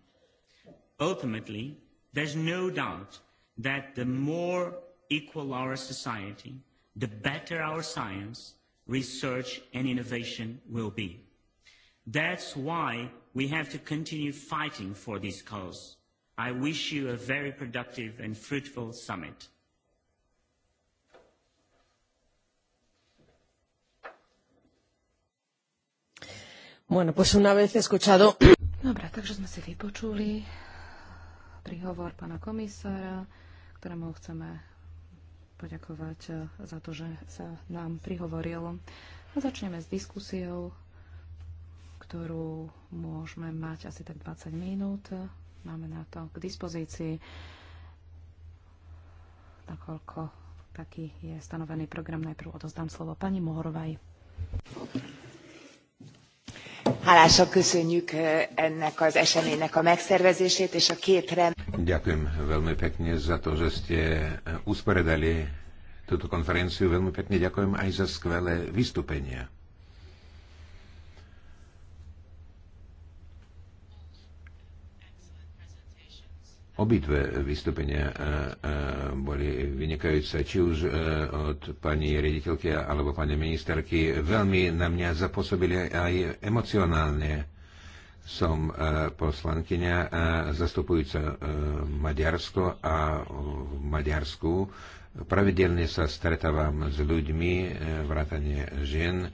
Speaker 2: ultimately, there's no doubt that the more equal our society, the better our science, research and innovation will be. That's why we have to continue fighting for this cause. I wish you a very productive and fruitful summit.
Speaker 4: Bueno, pues una vez escuchado... Dobre, takže sme si vypočuli príhovor pána komisára, ktorému chceme poďakovať za to, že sa nám prihovoril. A začneme s diskusiou, ktorú môžeme mať asi tak 20 minút. Máme na to k dispozícii, nakoľko taký je stanovený program. Najprv odozdám slovo pani Mohorovej.
Speaker 1: Hálásan köszönjük ennek az eseménynek a megszervezését és a két rend...
Speaker 3: Ďakujem veľmi pekne za to, že ste e, túto konferenciu. Veľmi pekne ďakujem aj za skvelé vystúpenia. Obidve vystúpenia e, e, boli vynikajúce, či už e, od pani rediteľky alebo pani ministerky. Veľmi na mňa zapôsobili aj emocionálne. Som poslankyňa zastupujúca Maďarsko a v Maďarsku pravidelne sa stretávam s ľuďmi, vrátane žien,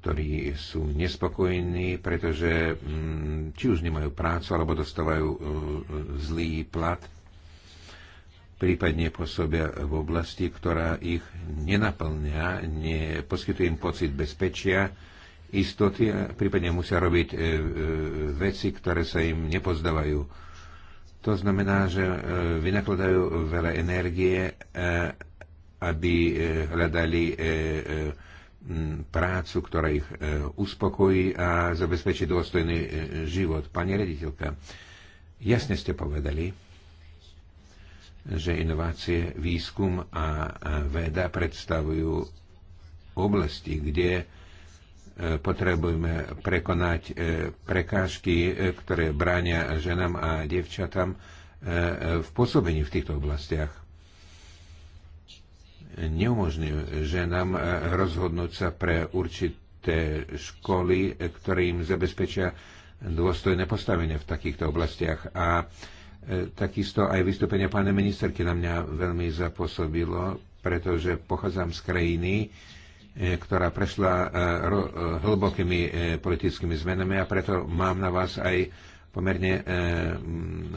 Speaker 3: ktorí sú nespokojní, pretože mm, či už nemajú prácu, alebo dostávajú e, zlý plat, prípadne pôsobia v oblasti, ktorá ich nenaplňa, neposkytuje im pocit bezpečia, istoty a prípadne musia robiť e, e, veci, ktoré sa im nepozdávajú. To znamená, že vynakladajú veľa energie, aby hľadali Mm, prácu, ktorá ich e, uspokojí a zabezpečí dôstojný e, život. Pani rediteľka, jasne ste povedali, že inovácie, výskum a veda predstavujú oblasti, kde e, potrebujeme prekonať prekážky, ktoré bránia ženám a devčatám v pôsobení v týchto oblastiach neumožňujú ženám e, rozhodnúť sa pre určité školy, ktoré im zabezpečia dôstojné postavenie v takýchto oblastiach. A e, takisto aj vystúpenie pána ministerky na mňa veľmi zapôsobilo, pretože pochádzam z krajiny, e, ktorá prešla hlbokými politickými zmenami a preto mám na vás aj pomerne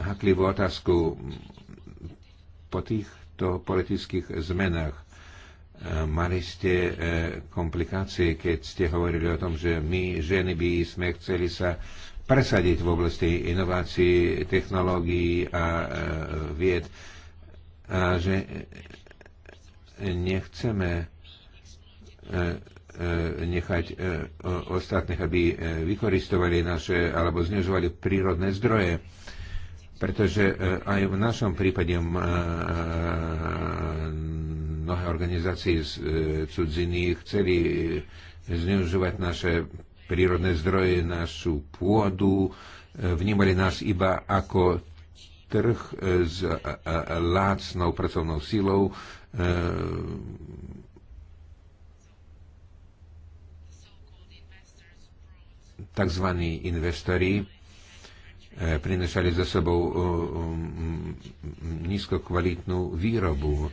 Speaker 3: haklivú otázku. Po tých týchto politických zmenách. E, mali ste e, komplikácie, keď ste hovorili o tom, že my, ženy, by sme chceli sa presadiť v oblasti inovácií, technológií a e, vied. A že nechceme nechať ostatných, aby vykoristovali naše alebo znižovali prírodné zdroje pretože e, aj v našom prípade e, e, mnohé organizácie z cudziny chceli zneužívať naše prírodné zdroje, našu pôdu, vnímali nás iba ako trh s lácnou pracovnou silou. Takzvaní investori E, prinašali za sebou e, e, nízkokvalitnú výrobu.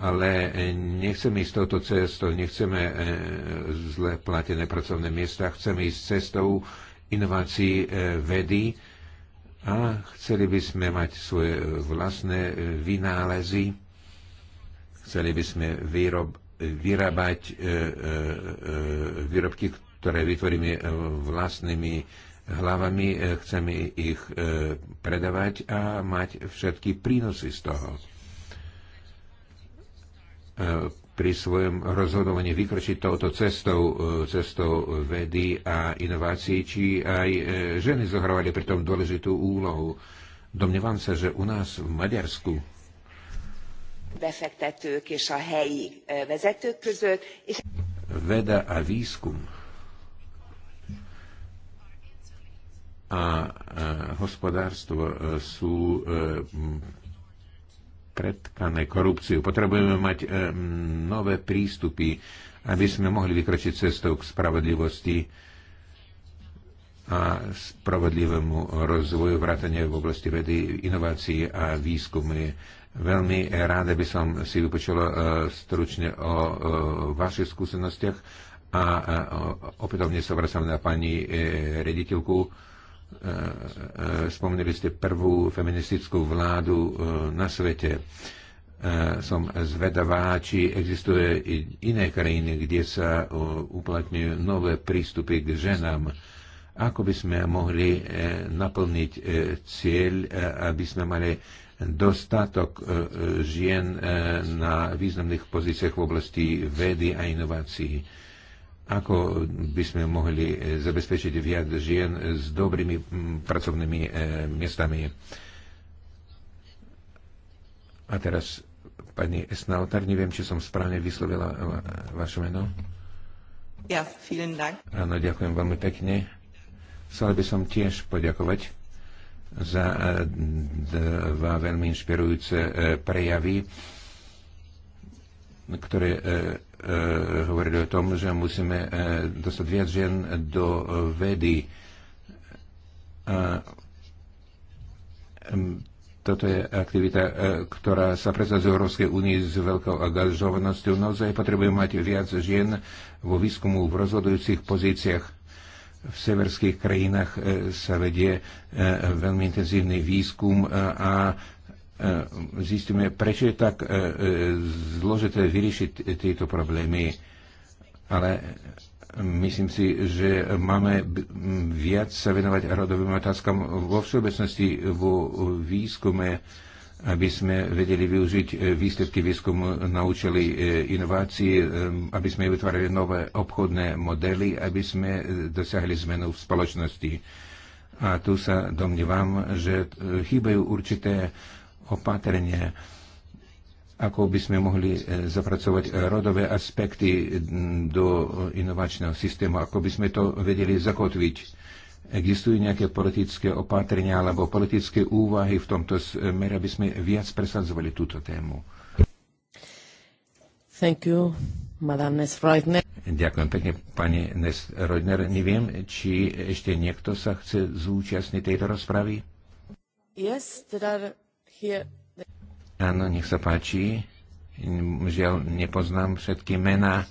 Speaker 3: Ale nechceme ísť touto cestou, nechceme zle platené pracovné miesta, chceme ísť cestou inovácií vedy a chceli by sme mať svoje vlastné vynálezy, chceli by sme výrob, vyrábať výrobky, ktoré vytvoríme vlastnými hlavami, e, chceme ich e, predávať a mať všetky prínosy z toho. E, pri svojom rozhodovaní vykročiť touto cestou, cestou vedy a inovácií, či aj ženy zohrávali pri tom dôležitú úlohu. Domnievam sa, že u nás v Maďarsku
Speaker 1: befektetők és a helyi vezetők között. És...
Speaker 3: Veda a výskum a hospodárstvo e, sú e, pretkané korupciu. Potrebujeme mať e, nové prístupy, aby sme mohli vykročiť cestou k spravodlivosti a spravodlivému rozvoju vrátane v oblasti vedy, inovácií a výskumy. Veľmi rád, by som si vypočul stručne o vašich skúsenostiach a opätovne sa vracam na pani rediteľku E, e, Spomnili ste prvú feministickú vládu e, na svete. Som zvedavá, či existuje iné krajiny, kde sa uplatňujú nové prístupy k ženám. Ako by sme mohli naplniť cieľ, aby sme mali dostatok žien na významných pozíciách v oblasti vedy a inovácií? Ako by sme mohli eh, zabezpečiť viac žien s dobrými mm, pracovnými eh, miestami? A teraz, pani Esnautar, neviem, či som správne vyslovila eh, vaše meno.
Speaker 2: Ja, vielen Dank.
Speaker 3: Áno, ďakujem veľmi pekne. Chcel by som tiež poďakovať za dva veľmi inšpirujúce prejavy, ktoré Eh, hovorili o tom, že musíme eh, dostať viac žien do eh, vedy. A toto je aktivita, ktorá sa predstavuje z Európskej únie s veľkou angažovanosťou. Naozaj potrebujeme mať viac žien vo výskumu v rozhodujúcich pozíciách. V severských krajinách sa vedie veľmi intenzívny výskum a E, zistíme, prečo je tak e, e, zložité vyriešiť tieto problémy. Ale myslím si, že máme viac sa venovať rodovým otázkam vo všeobecnosti, vo výskume, aby sme vedeli využiť výsledky výskumu, naučili inovácií, aby sme vytvárali nové obchodné modely, aby sme dosiahli zmenu v spoločnosti. A tu sa domnívam, že chýbajú určité opatrenia, ako by sme mohli e, zapracovať e, rodové aspekty do inovačného systému, ako by sme to vedeli zakotviť. Existujú nejaké politické opatrenia alebo politické úvahy v tomto smere, aby sme viac presadzovali túto tému?
Speaker 4: Thank you, Madame
Speaker 3: Ďakujem pekne, pani Nesreutner. Neviem, či ešte niekto sa chce zúčastniť tejto rozpravy?
Speaker 1: Yes, there are
Speaker 3: Áno, nech sa páči. Žiaľ, nepoznám všetky mená.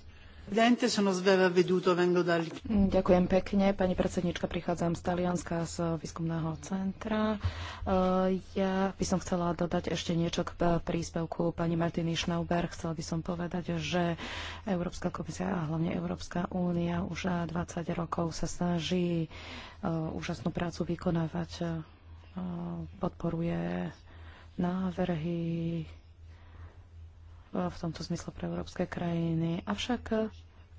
Speaker 4: Ďakujem pekne. Pani predsednička, prichádzam z Talianska z výskumného centra. Eh, ja by som chcela dodať ešte niečo k eh, príspevku pani Martiny Schnauber. Chcela by som povedať, že Európska komisia a hlavne Európska únia už 20 eh, rokov sa snaží úžasnú prácu vykonávať, podporuje návrhy v tomto zmysle pre európske krajiny. Avšak,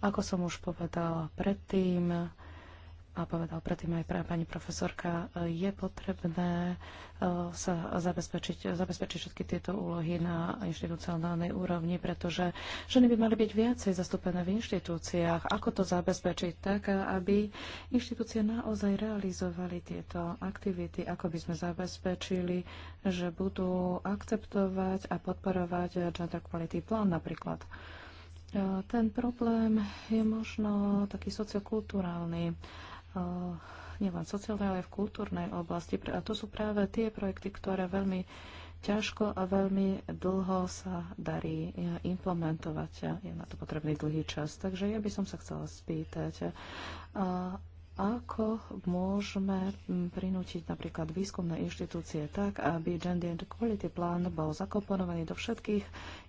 Speaker 4: ako som už povedala predtým, a povedal predtým aj pre pani profesorka, e, je potrebné e, sa zabezpečiť, zabezpečiť všetky tieto úlohy na inštitucionálnej úrovni, pretože ženy by mali byť viacej zastúpené v inštitúciách. Ako to zabezpečiť tak, aby inštitúcie naozaj realizovali tieto aktivity, ako by sme zabezpečili, že budú akceptovať a podporovať gender quality plán napríklad. E, ten problém je možno taký sociokulturálny nielen sociálnej, ale aj v kultúrnej oblasti. A to sú práve tie projekty, ktoré veľmi ťažko a veľmi dlho sa darí implementovať. Je na to potrebný dlhý čas. Takže ja by som sa chcela spýtať, ako môžeme prinútiť napríklad výskumné inštitúcie tak, aby Gender Quality Plan bol zakomponovaný do všetkých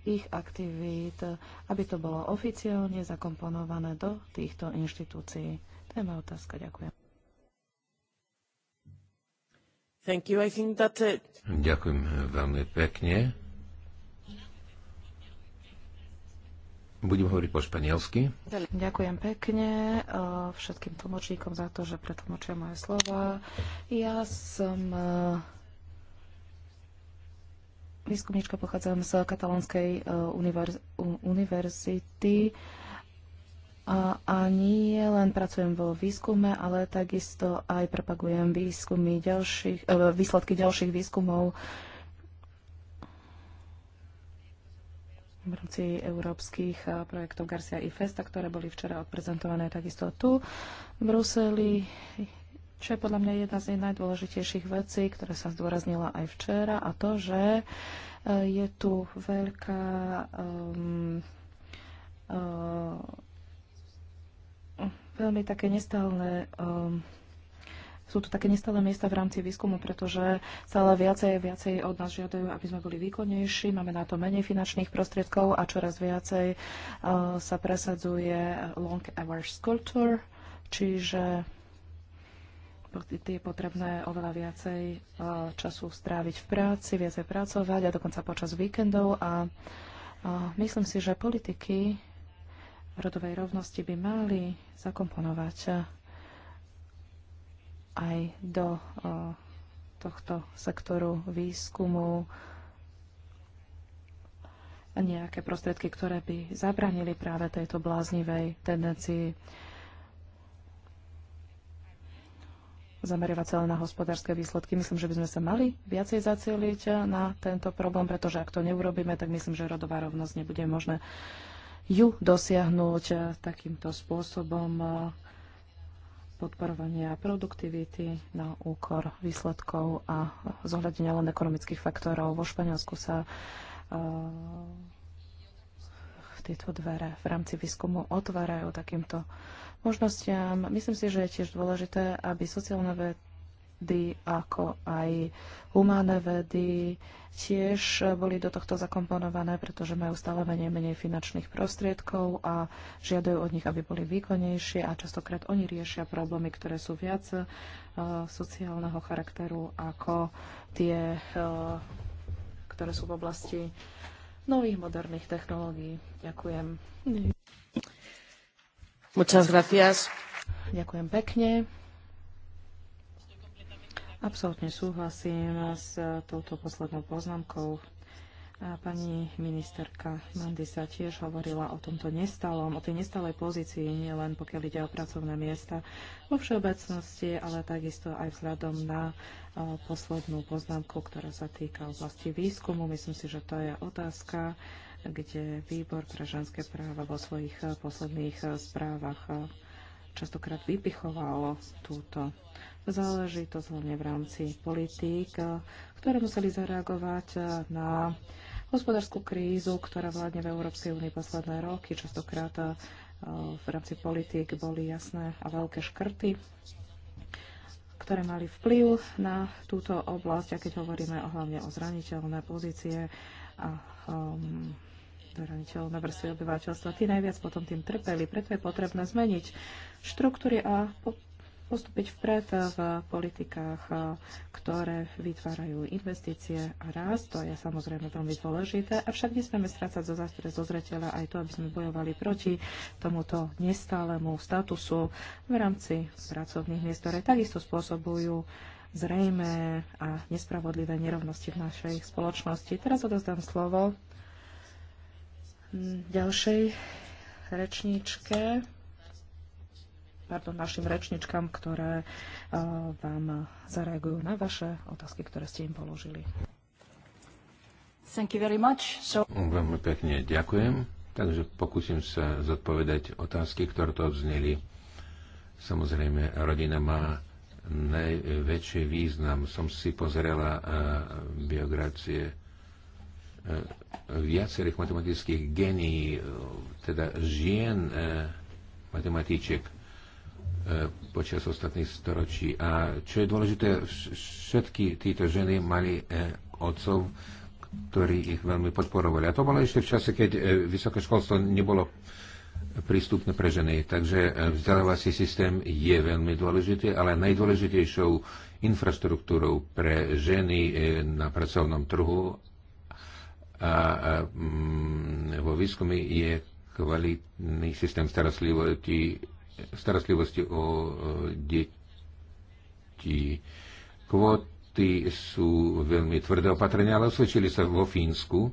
Speaker 4: ich aktivít, aby to bolo oficiálne zakomponované do týchto inštitúcií. Téma otázka, ďakujem. Thank you. I think that it...
Speaker 3: Uh, ďakujem veľmi pekne.
Speaker 4: Budem hovoriť po španielsky. Ďakujem pekne uh, všetkým tlmočníkom za to, že pretlmočia moje slova. Ja som uh, výskumníčka, pochádzam z Katalonskej univerz univerzity a, a nie len pracujem vo výskume, ale takisto aj propagujem výskumy ďalších, e, výsledky ďalších výskumov v rámci európskych e, projektov Garcia i Festa, ktoré boli včera odprezentované takisto tu v Bruseli, čo je podľa mňa jedna z najdôležitejších vecí, ktorá sa zdôraznila aj včera, a to, že e, je tu veľká um, veľmi také nestálne um, ehm, sú to také nestále miesta v rámci výskumu, pretože stále viacej a viacej od nás žiadajú, aby sme boli výkonnejší, máme na to menej finančných prostriedkov a čoraz viacej uh, sa presadzuje long hours culture, čiže je potrebné oveľa viacej uh, času stráviť v práci, viacej pracovať a dokonca počas víkendov a uh, myslím si, že politiky rodovej rovnosti by mali zakomponovať eh, aj do eh, tohto sektoru výskumu nejaké prostriedky, ktoré by zabranili práve tejto bláznivej tendencii zameriavať sa len na hospodárske výsledky. Myslím, že by sme sa mali viacej zacieliť na tento problém, pretože ak to neurobíme, tak myslím, že rodová rovnosť nebude možné ju dosiahnuť eh, takýmto spôsobom eh, podporovania produktivity na úkor výsledkov a zohľadenia len ekonomických faktorov. Vo Španielsku sa uh, tieto dvere v rámci výskumu otvárajú takýmto možnostiam. Myslím si, že je tiež dôležité, aby sociálne vedy, ako aj humánne vedy tiež boli do tohto zakomponované, pretože majú stále menej menej finančných prostriedkov a žiadajú od nich, aby boli výkonnejšie a častokrát oni riešia problémy, ktoré sú viac uh, sociálneho charakteru ako tie, uh, ktoré sú v oblasti nových moderných technológií. Ďakujem. Muchas gracias. Ďakujem pekne. Absolutne súhlasím s e, touto poslednou poznámkou. Pani ministerka Mandisa tiež hovorila o tomto nestalom, o tej nestalej pozícii, nielen pokiaľ ide o pracovné miesta vo všeobecnosti, ale takisto aj vzhľadom na e, poslednú poznámku, ktorá sa týka oblasti výskumu. Myslím si, že to je otázka, kde výbor pre ženské práva vo svojich e, posledných správach častokrát vypichovalo túto záležitosť hlavne v rámci politík, ktoré museli zareagovať na hospodárskú krízu, ktorá vládne v Európskej únii posledné roky. Častokrát eh, v rámci politík boli jasné a veľké škrty ktoré mali vplyv na túto oblasť, a keď hovoríme o, hlavne o zraniteľné pozície a um, zraniteľné vrstvy obyvateľstva, tí najviac potom tým trpeli. Preto je potrebné zmeniť štruktúry a po- postúpiť vpred v politikách, eh, ktoré vytvárajú investície a rast. To je samozrejme veľmi dôležité, avšak nesmieme strácať zo zástre zo zreteľa aj to, aby sme bojovali proti tomuto nestálemu statusu v rámci pracovných miest, ktoré takisto spôsobujú zrejme a nespravodlivé nerovnosti v našej spoločnosti. Teraz odozdám slovo hm, ďalšej rečníčke pardon, našim rečničkám, ktoré uh, vám zareagujú na vaše otázky, ktoré ste im položili. Thank you very much. So...
Speaker 3: Veľmi pekne ďakujem. Takže pokúsim sa zodpovedať otázky, ktoré to odzneli. Samozrejme, rodina má najväčší význam. Som si pozrela e, biografie e, viacerých matematických genií, teda žien matematičiek E, počas ostatných storočí. A čo je dôležité, všetky títo ženy mali e, otcov, ktorí ich veľmi podporovali. A to bolo ešte v čase, keď e, vysoké školstvo nebolo prístupné pre ženy. Takže vzdelávací systém je veľmi dôležitý, ale najdôležitejšou infraštruktúrou pre ženy na pracovnom trhu a mm, vo výskume je kvalitný systém starostlivosti starostlivosti o e, deti. Kvóty sú veľmi tvrdé opatrenia, ale osvedčili sa vo Fínsku. E,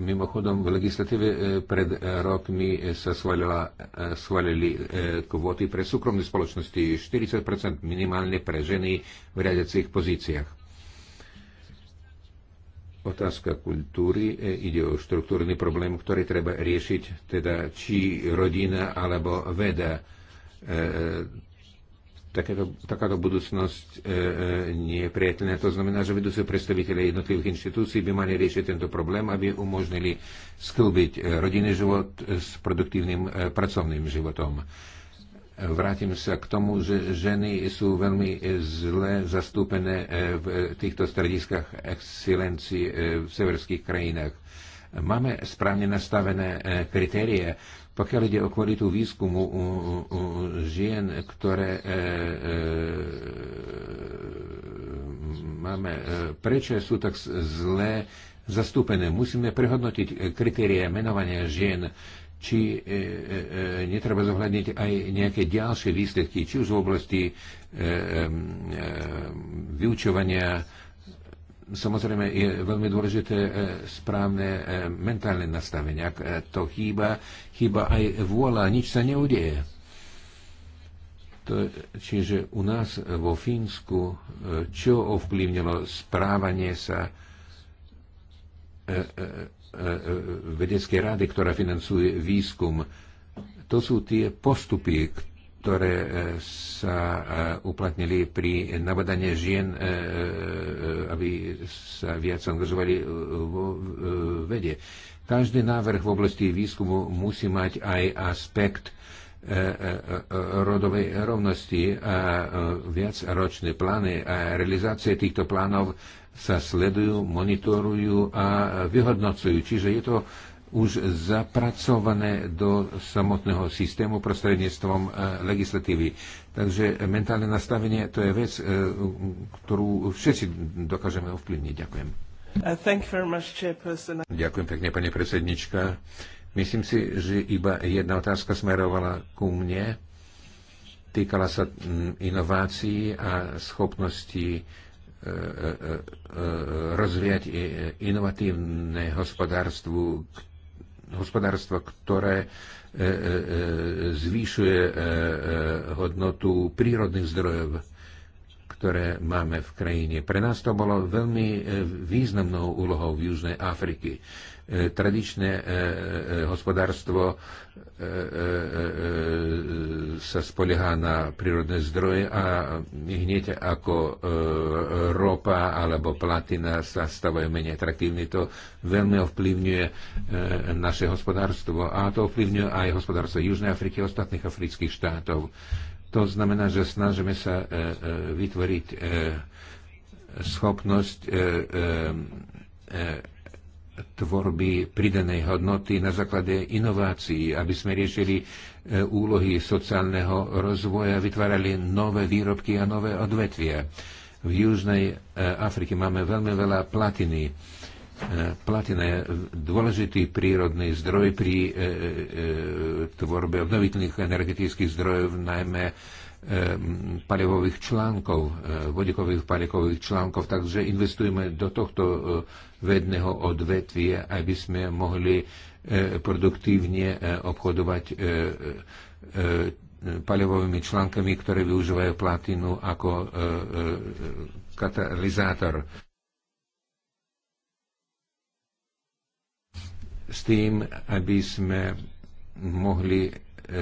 Speaker 3: mimochodom, v legislatíve e, pred rokmi sa schválila, schválili kvóty pre súkromné spoločnosti 40 minimálne pre ženy v riadiacich pozíciách otázka kultúry, e, ide o štruktúrny problém, ktorý treba riešiť, teda či rodina alebo veda. E, e Takéto, takáto budúcnosť e, e, nie je priateľná. To znamená, že vedúci predstaviteľe jednotlivých inštitúcií by mali riešiť tento problém, aby umožnili sklbiť rodinný život s produktívnym e, pracovným životom. E, Vrátim sa k tomu, že ženy sú veľmi e, zle zastúpené e, v týchto strediskách excelencii e, v severských krajinách. Máme správne nastavené kritérie, pokiaľ ide o kvalitu výskumu u, u žien, ktoré e, e, máme, prečo sú tak zle zastúpené. Musíme prehodnotiť kritérie menovania žien či e, e, e, netreba zohľadniť aj nejaké ďalšie výsledky, či už v oblasti e, e, vyučovania. Samozrejme, je veľmi dôležité e, správne e, mentálne nastavenie. Ak e, to chýba, chýba aj vôľa, nič sa neudeje. To, čiže u nás vo Fínsku, e, čo ovplyvnilo správanie sa, E, e, vedeckej rady, ktorá financuje výskum. To sú tie postupy, ktoré e, sa uplatnili pri nabadanie žien, aby sa viac angažovali vo vede. Každý návrh v oblasti výskumu musí mať aj aspekt rodovej rovnosti a viacročné plány a realizácie týchto plánov sa sledujú, monitorujú a vyhodnocujú. Čiže je to už zapracované do samotného systému prostredníctvom e, legislatívy. Takže mentálne nastavenie to je vec, e, ktorú všetci dokážeme ovplyvniť. Ďakujem.
Speaker 2: Uh, much,
Speaker 3: Ďakujem pekne, pani predsednička. Myslím si, že iba jedna otázka smerovala ku mne. Týkala sa mm, inovácií a schopnosti rozvíjať inovatívne hospodárstvo, hospodárstvo, ktoré e, e, e, zvýšuje hodnotu prírodných zdrojov, ktoré máme v krajine. Pre nás to bolo veľmi významnou úlohou v Južnej Afriky. E, tradičné e, e, hospodárstvo sa spolieha na prírodné zdroje a hneď ako ropa alebo platina sa stavajú menej atraktívne, to veľmi ovplyvňuje naše hospodárstvo a to ovplyvňuje aj hospodárstvo Južnej Afriky a ostatných afrických štátov. To znamená, že snažíme sa vytvoriť schopnosť tvorby pridanej hodnoty na základe inovácií, aby sme riešili e, úlohy sociálneho rozvoja, vytvárali nové výrobky a nové odvetvia. V Južnej e, Afrike máme veľmi veľa platiny. E, Platina je dôležitý prírodný zdroj pri tvorbe obnoviteľných energetických zdrojov, najmä Eh, palivových článkov, eh, vodikových palikových článkov, takže investujeme do tohto eh, vedného odvetvie, aby sme mohli produktívne obchodovať palivovými článkami, ktoré využívajú platinu ako katalizátor. S tým, aby sme mohli E,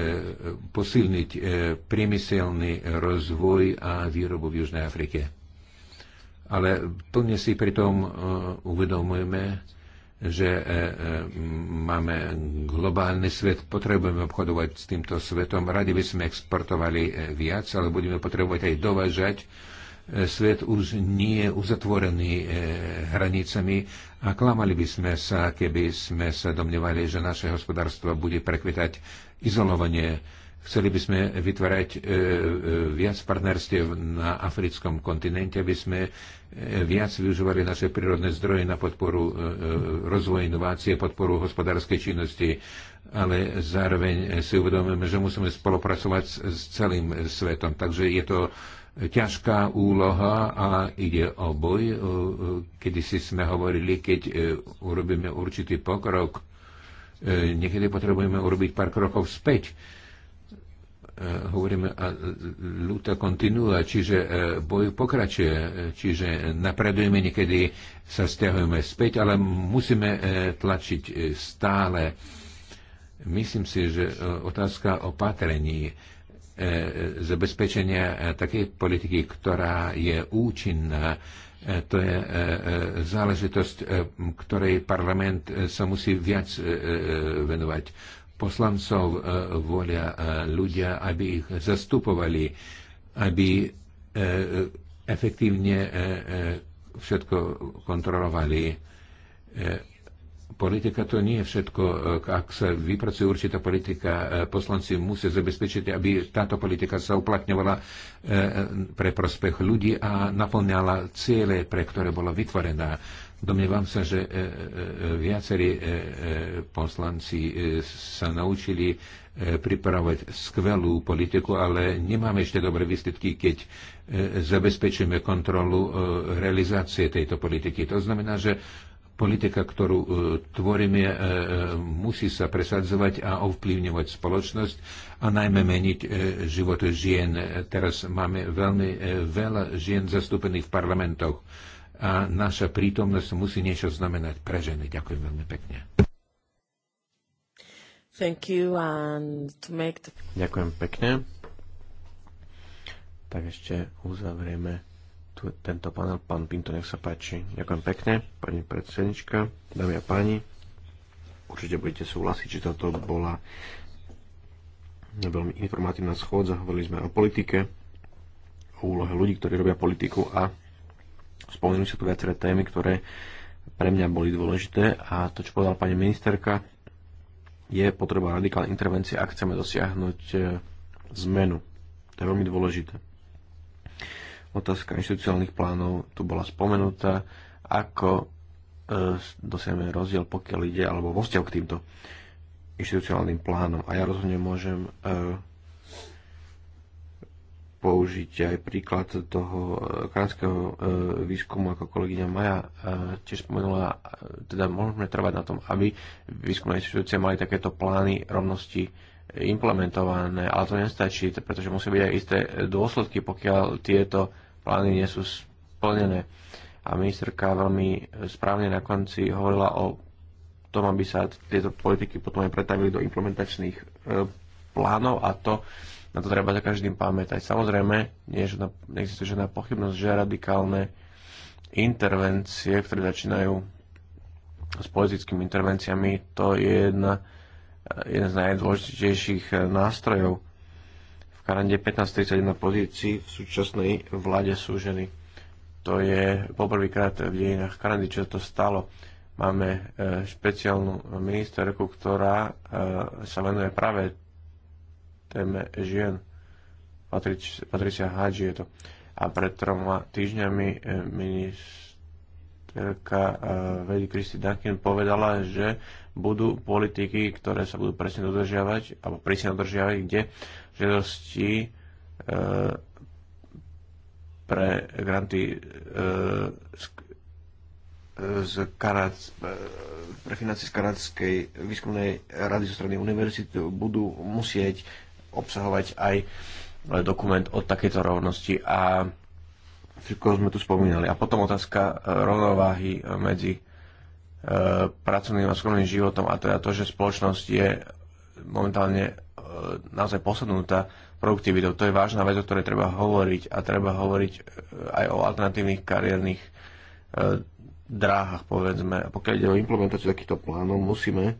Speaker 3: posilniť e, priemyselný rozvoj a výrobu v Južnej Afrike. Ale plne si pritom e, uvedomujeme, že máme globálny svet, potrebujeme obchodovať s týmto svetom. Radi by sme exportovali viac, ale budeme potrebovať aj dovážať. Svet už nie je uzatvorený hranicami a klamali by sme sa, keby sme sa domnievali, že naše hospodárstvo bude prekvitať izolovanie. Chceli by sme vytvárať e, e, viac partnerstiev na africkom kontinente, aby sme e, viac využívali naše prírodné zdroje na podporu rozvoja inovácie, podporu hospodárskej činnosti, ale zároveň si uvedomujeme, že musíme spolupracovať s celým svetom. Takže je to ťažká úloha a ide o boj. Kedy si sme hovorili, keď urobíme určitý pokrok E, niekedy potrebujeme urobiť pár krokov späť. E, hovoríme, a luta kontinua, čiže e, boj pokračuje, čiže napredujeme, niekedy sa stiahujeme späť, ale musíme tlačiť stále. Myslím si, že otázka opatrení zabezpečenia takej politiky, ktorá je účinná, E, to je e, e, záležitosť, ktorej parlament sa musí viac venovať. Poslancov volia ľudia, aby ich zastupovali, aby efektívne všetko kontrolovali Politika to nie je všetko. Ak sa vypracuje určitá politika, e, poslanci musia zabezpečiť, aby táto politika sa uplatňovala e, pre prospech ľudí a naplňala ciele, pre ktoré bola vytvorená. Domnievam sa, že e, viacerí poslanci sa naučili pripravovať skvelú politiku, ale nemáme ešte dobré výsledky, keď zabezpečíme kontrolu realizácie tejto politiky. To znamená, že politika, ktorú e, tvoríme, e, e, musí sa presadzovať a ovplyvňovať spoločnosť a najmä meniť životy žien. Teraz máme veľmi veľa žien zastúpených v parlamentoch a naša prítomnosť musí niečo znamenať pre ženy. Ďakujem veľmi pekne. Thank you and make the...
Speaker 5: Ďakujem pekne. Tak ešte uzavrieme tu, tento panel. Pán Pinto, nech sa páči. Ďakujem pekne, pani predsednička, dámy a páni. Určite budete súhlasiť, že toto bola veľmi informatívna schôdza. Hovorili sme o politike, o úlohe ľudí, ktorí robia politiku a spomenuli sa tu viaceré témy, ktoré pre mňa boli dôležité a to, čo povedala pani ministerka, je potreba radikálnej intervencie, ak chceme dosiahnuť eh, zmenu. To je veľmi dôležité. Otázka inštitucionálnych plánov tu bola spomenutá. Ako e, dosiahneme rozdiel, pokiaľ ide, alebo vo vzťahu k týmto inštitucionálnym plánom. A ja rozhodne môžem e, použiť aj príklad toho e, kanadského výskumu, ako kolegyňa Maja tiež spomenula, teda môžeme trvať na tom, aby výskumné inštitúcie mali takéto plány rovnosti implementované, ale to nestačí, pretože musí byť aj isté dôsledky, pokiaľ tieto plány nie sú splnené. A ministerka veľmi správne na konci hovorila o tom, aby sa tieto politiky potom aj pretavili do implementačných e, plánov a to na to treba za každým pamätať. Samozrejme, nie je žiadna, neexistuje žiadna pochybnosť, že radikálne intervencie, ktoré začínajú s politickými intervenciami, to je jedna jeden z najdôležitejších eh, nástrojov. V Kanade 1531 pozícií v súčasnej vláde sú ženy. To je poprvýkrát v dejinách Karandy, čo to stalo. Máme eh, špeciálnu ministerku, ktorá eh, sa venuje práve téme žien. Patricia Hadži je to. A pred troma týždňami minister vedy eh, Kristi Duncan povedala, že budú politiky, ktoré sa budú presne dodržiavať, alebo prísne dodržiavať, kde žiadosti eh, pre granty eh, z, pre financie z Kanadskej výskumnej rady zo strany univerzity budú musieť obsahovať aj dokument o takejto rovnosti a koho sme tu spomínali. A potom otázka e, rovnováhy e, medzi e, pracovným a skromným životom a teda to, že spoločnosť je momentálne naozaj posadnutá produktivitou. To je vážna vec, o ktorej treba hovoriť a treba hovoriť aj o alternatívnych kariérnych dráhach, povedzme. A pokiaľ ide o implementáciu takýchto plánov, musíme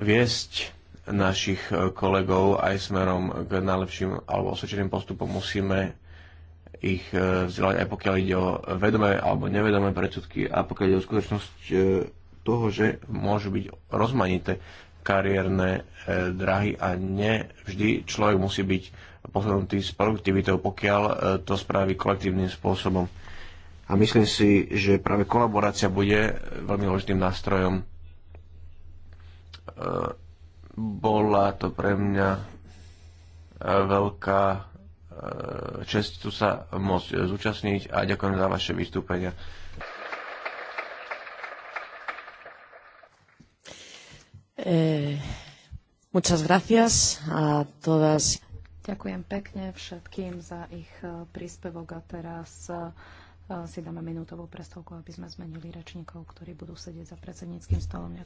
Speaker 5: viesť našich kolegov aj smerom k najlepším alebo osvedčeným postupom. Musíme ich e, vzdelať, aj pokiaľ ide o vedomé alebo nevedomé predsudky a pokiaľ ide o skutočnosť e, toho, že môžu byť rozmanité kariérne e, drahy a ne vždy človek musí byť posunutý s produktivitou, pokiaľ to spraví kolektívnym spôsobom. A myslím si, že práve kolaborácia bude veľmi dôležitým nástrojom. Bola to pre mňa veľká čest tu sa môcť zúčastniť a ďakujem za vaše vystúpenia.
Speaker 4: Eh, muchas gracias a todas. Ďakujem pekne všetkým za ich eh, príspevok a teraz eh, si dáme minútovú prestávku, aby sme zmenili rečníkov, ktorí budú sedieť za predsedníckým stolom.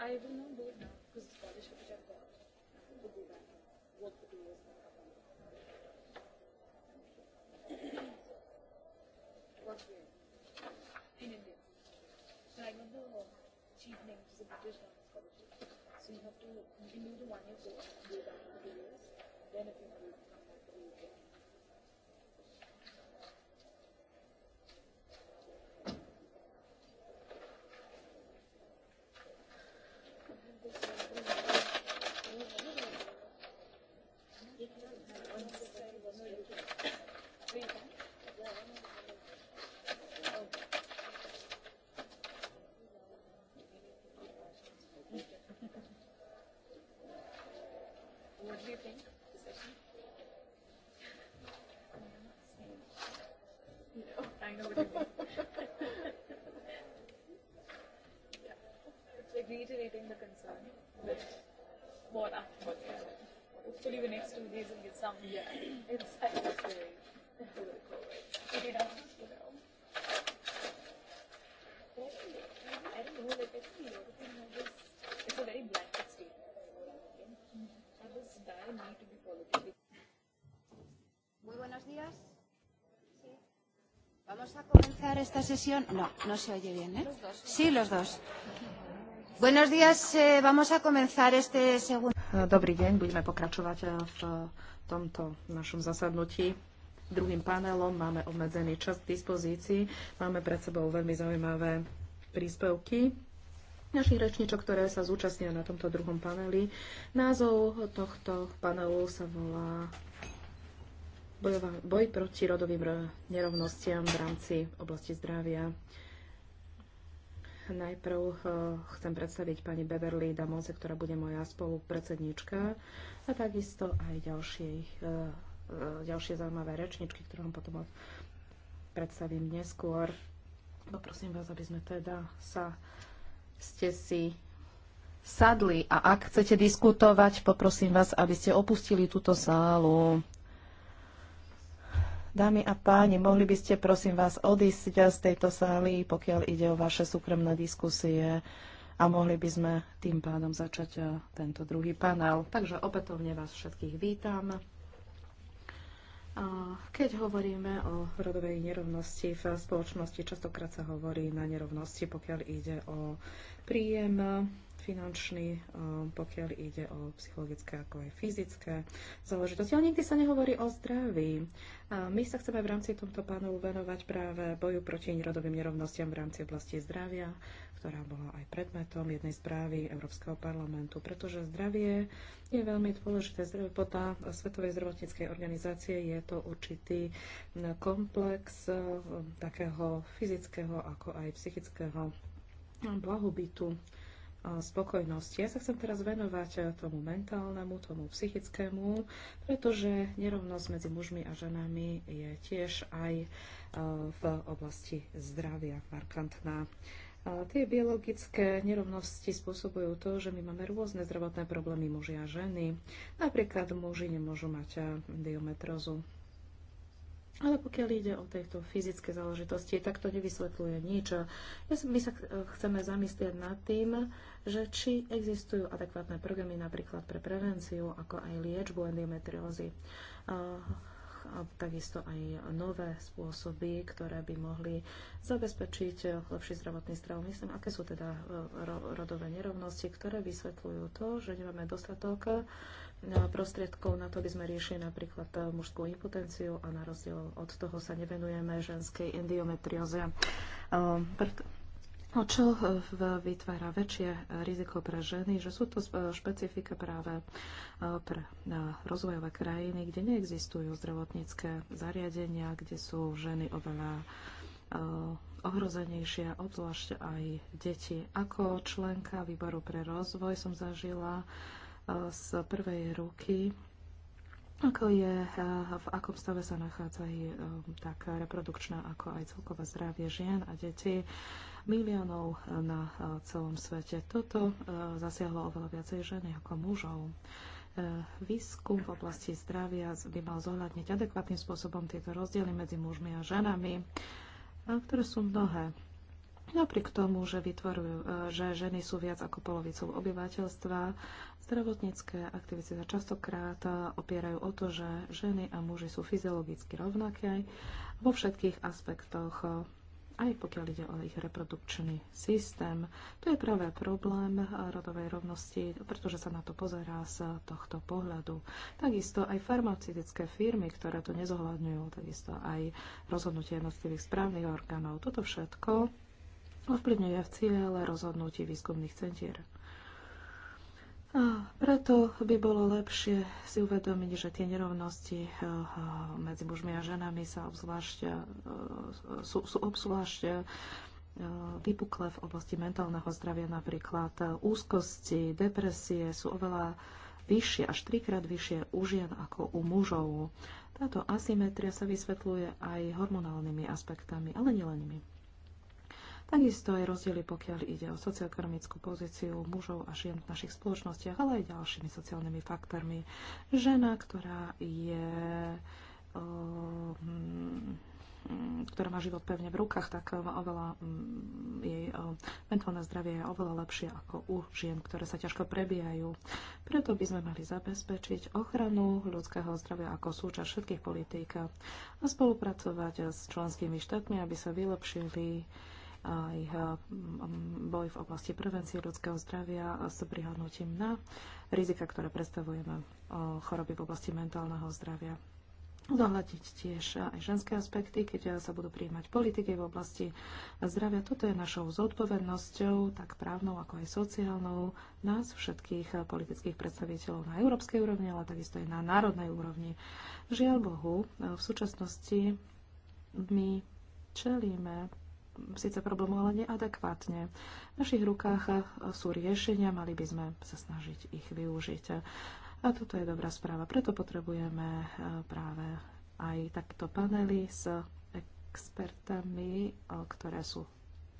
Speaker 1: I will not do it now because the scholarship which I've got to go no, back no, and work for two years. Work where? In India. So I got the chief name, which is a British Dance Scholarship. So you have to, you can do the one year course, do it for two years, then if you some yeah. it's I
Speaker 4: Muy buenos días Vamos a comenzar esta sesión. No, no se oye bien, ¿eh? Sí, los dos. Buenos días. Eh, vamos a comenzar este segundo. Dobrý deň, budeme pokračovať eh, v tomto našom zasadnutí. Druhým panelom máme obmedzený čas k dispozícii. Máme pred sebou veľmi zaujímavé príspevky našich rečníčok, ktoré sa zúčastnia na tomto druhom paneli. Názov tohto panelu sa volá Boj proti rodovým nerovnostiam v rámci oblasti zdravia. Najprv eh, chcem predstaviť pani Beverly Damoze, ktorá bude moja spolupredsednička a takisto aj ďalšie, eh, eh, ďalšie zaujímavé rečničky, ktoré vám potom predstavím neskôr. Poprosím vás, aby sme teda sa ste si sadli a ak chcete diskutovať, poprosím vás, aby ste opustili túto sálu. Dámy a páni, mohli by ste prosím vás odísť z tejto sály, pokiaľ ide o vaše súkromné diskusie a mohli by sme tým pádom začať eh, tento druhý panel. Takže opätovne vás všetkých vítam. Keď hovoríme o rodovej nerovnosti v spoločnosti, častokrát sa hovorí na nerovnosti, pokiaľ ide o príjem finančný, e, pokiaľ ide o psychologické ako aj fyzické záležitosti. Ale nikdy sa nehovorí o zdraví. A my sa chceme v rámci tomto panelu venovať práve boju proti nerodovým nerovnostiam v rámci oblasti zdravia, ktorá bola aj predmetom jednej správy Európskeho parlamentu, pretože zdravie je veľmi dôležité. Zdravie podľa Svetovej zdravotníckej organizácie je to určitý komplex e, takého fyzického ako aj psychického blahobytu spokojnosť. Ja sa chcem teraz venovať eh, tomu mentálnemu, tomu psychickému, pretože nerovnosť medzi mužmi a ženami je tiež aj eh, v oblasti zdravia markantná. tie biologické nerovnosti spôsobujú to, že my máme rôzne zdravotné problémy muži a ženy. Napríklad muži nemôžu mať eh, diometrozu. Ale pokiaľ ide o tejto fyzické záležitosti, tak to nevysvetľuje nič. Ja, my sa chceme zamyslieť nad tým, že či existujú adekvátne programy napríklad pre prevenciu, ako aj liečbu endometriózy. A takisto aj nové spôsoby, ktoré by mohli zabezpečiť lepší zdravotný stav. Myslím, aké sú teda e, rodové nerovnosti, ktoré vysvetľujú to, že nemáme dostatok prostriedkov na to, aby sme riešili napríklad eh, mužskú impotenciu a na rozdiel od toho sa nevenujeme ženskej endiometrióze. Eh, o čo eh, vytvára väčšie riziko pre ženy, že sú to špecifika práve pre rozvojové krajiny, kde neexistujú zdravotnícke zariadenia, kde sú ženy oveľa ohrozenejšie, obzvlášť aj deti. Ako členka výboru pre rozvoj som zažila z prvej ruky, ako je, v akom stave sa nachádzajú e, tak reprodukčná, ako aj celkové zdravie žien a detí miliónov na e, celom svete. Toto e, zasiahlo oveľa viacej ženy ako mužov výskum v oblasti zdravia by mal zohľadniť adekvátnym spôsobom tieto rozdiely medzi mužmi a ženami, ktoré sú mnohé. Napriek tomu, že, vytvorujú, e, že ženy sú viac ako polovicou obyvateľstva, zdravotnícke aktivity sa častokrát e, opierajú o to, že ženy a muži sú fyziologicky rovnaké vo všetkých aspektoch e, aj pokiaľ ide o ich reprodukčný systém. To je práve problém rodovej rovnosti, pretože sa na to pozerá z tohto pohľadu. Takisto aj farmaceutické firmy, ktoré to nezohľadňujú, takisto aj rozhodnutie jednotlivých správnych orgánov. Toto všetko ovplyvňuje v ciele rozhodnutí výskumných centier. A preto by bolo lepšie si uvedomiť, že tie nerovnosti eh, medzi mužmi a ženami sa obzvlášť, eh, sú, sú obzvlášť eh, vypukle v oblasti mentálneho zdravia napríklad. Úzkosti, depresie sú oveľa vyššie, až trikrát vyššie u žien ako u mužov. Táto asymetria sa vysvetľuje aj hormonálnymi aspektami, ale nielenými. Takisto aj rozdiely, pokiaľ ide o socioekonomickú pozíciu mužov a žien v našich spoločnostiach, ale aj ďalšími sociálnymi faktormi. Žena, ktorá je ehm, ktorá má život pevne v rukách, tak ehm, oveľa ehm, jej mentálne zdravie je oveľa lepšie ako u žien, ktoré sa ťažko prebijajú. Preto by sme mali zabezpečiť ochranu ľudského zdravia ako súčasť všetkých politík a spolupracovať s členskými štátmi, aby sa vylepšili aj eh, boj v oblasti prevencie ľudského zdravia s prihľadnutím na rizika, ktoré predstavujeme eh, choroby v oblasti mentálneho zdravia zohľadiť tiež aj ženské aspekty, keď eh, sa budú prijímať politiky v oblasti zdravia. Toto je našou zodpovednosťou, tak právnou, ako aj sociálnou, nás všetkých politických predstaviteľov na európskej úrovni, ale takisto aj na národnej úrovni. Žiaľ Bohu, v súčasnosti my čelíme síce problému, ale neadekvátne. V našich rukách sú riešenia, mali by sme sa snažiť ich využiť. A toto je dobrá správa. Preto potrebujeme e, práve aj takto panely s expertami, e, ktoré sú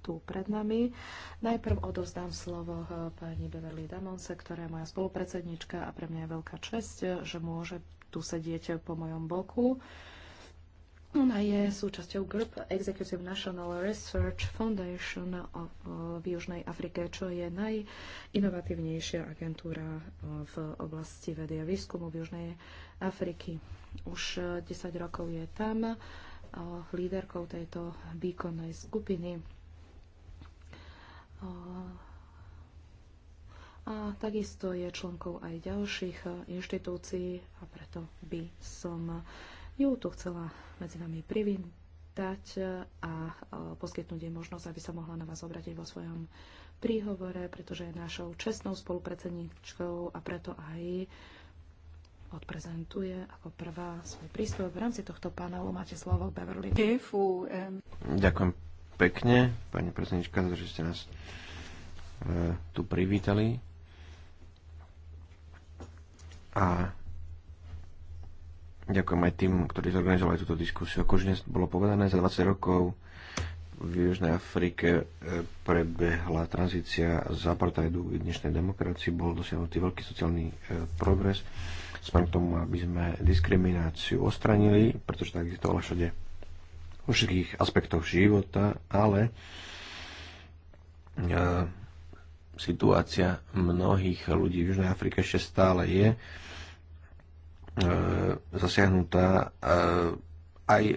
Speaker 4: tu pred nami. Najprv odovzdám slovo e, pani Beverly Damonse, ktorá je moja spolupredsednička a pre mňa je veľká česť, že môže tu sedieť po mojom boku. Uh, ona je súčasťou GRP Executive National Research Foundation eh, v Južnej Afrike, čo je najinovatívnejšia agentúra eh, v oblasti vedy a výskumu v Južnej Afriky. Už 10 eh, rokov je tam líderkou tejto výkonnej skupiny. A takisto je členkou aj ďalších inštitúcií a preto by som ju tu chcela medzi nami privítať e, a e, poskytnúť jej možnosť, aby sa mohla na vás obratiť vo svojom príhovore, pretože je našou čestnou spolupredsedničkou a preto aj odprezentuje ako prvá svoj príspevok. V rámci tohto panelu máte slovo Beverly.
Speaker 5: Ďakujem pekne, pani predsednička, že ste nás e, tu privítali. A Ďakujem aj tým, ktorí zorganizovali túto diskusiu. Ako už dnes bolo povedané, za 20 rokov v Južnej Afrike e, prebehla tranzícia z apartheidu k dnešnej demokracii, bol dosiahnutý veľký sociálny e, progres smerom k tomu, aby sme diskrimináciu ostranili, pretože tak existovala všade vo všetkých aspektoch života, ale e, situácia mnohých ľudí v Južnej Afrike ešte stále je E, zasiahnutá e, aj e,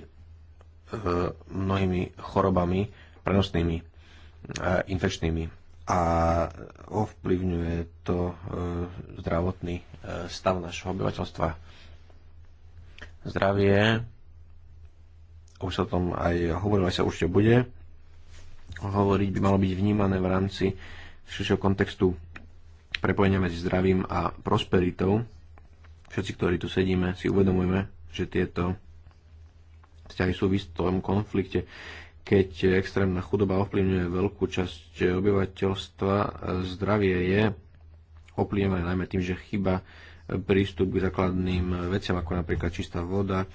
Speaker 5: mnohými chorobami prenosnými, infekčnými a ovplyvňuje to zdravotný stav našho obyvateľstva. Zdravie, už sa o tom aj hovorilo, aj sa určite bude hovoriť, by malo byť vnímané v rámci širšieho kontextu prepojenia medzi zdravím a prosperitou všetci, ktorí tu sedíme, si uvedomujeme, že tieto vzťahy sú v istom konflikte. Keď extrémna chudoba ovplyvňuje veľkú časť obyvateľstva, zdravie je ovplyvňované najmä tým, že chyba prístup k základným veciam, ako napríklad čistá voda, e,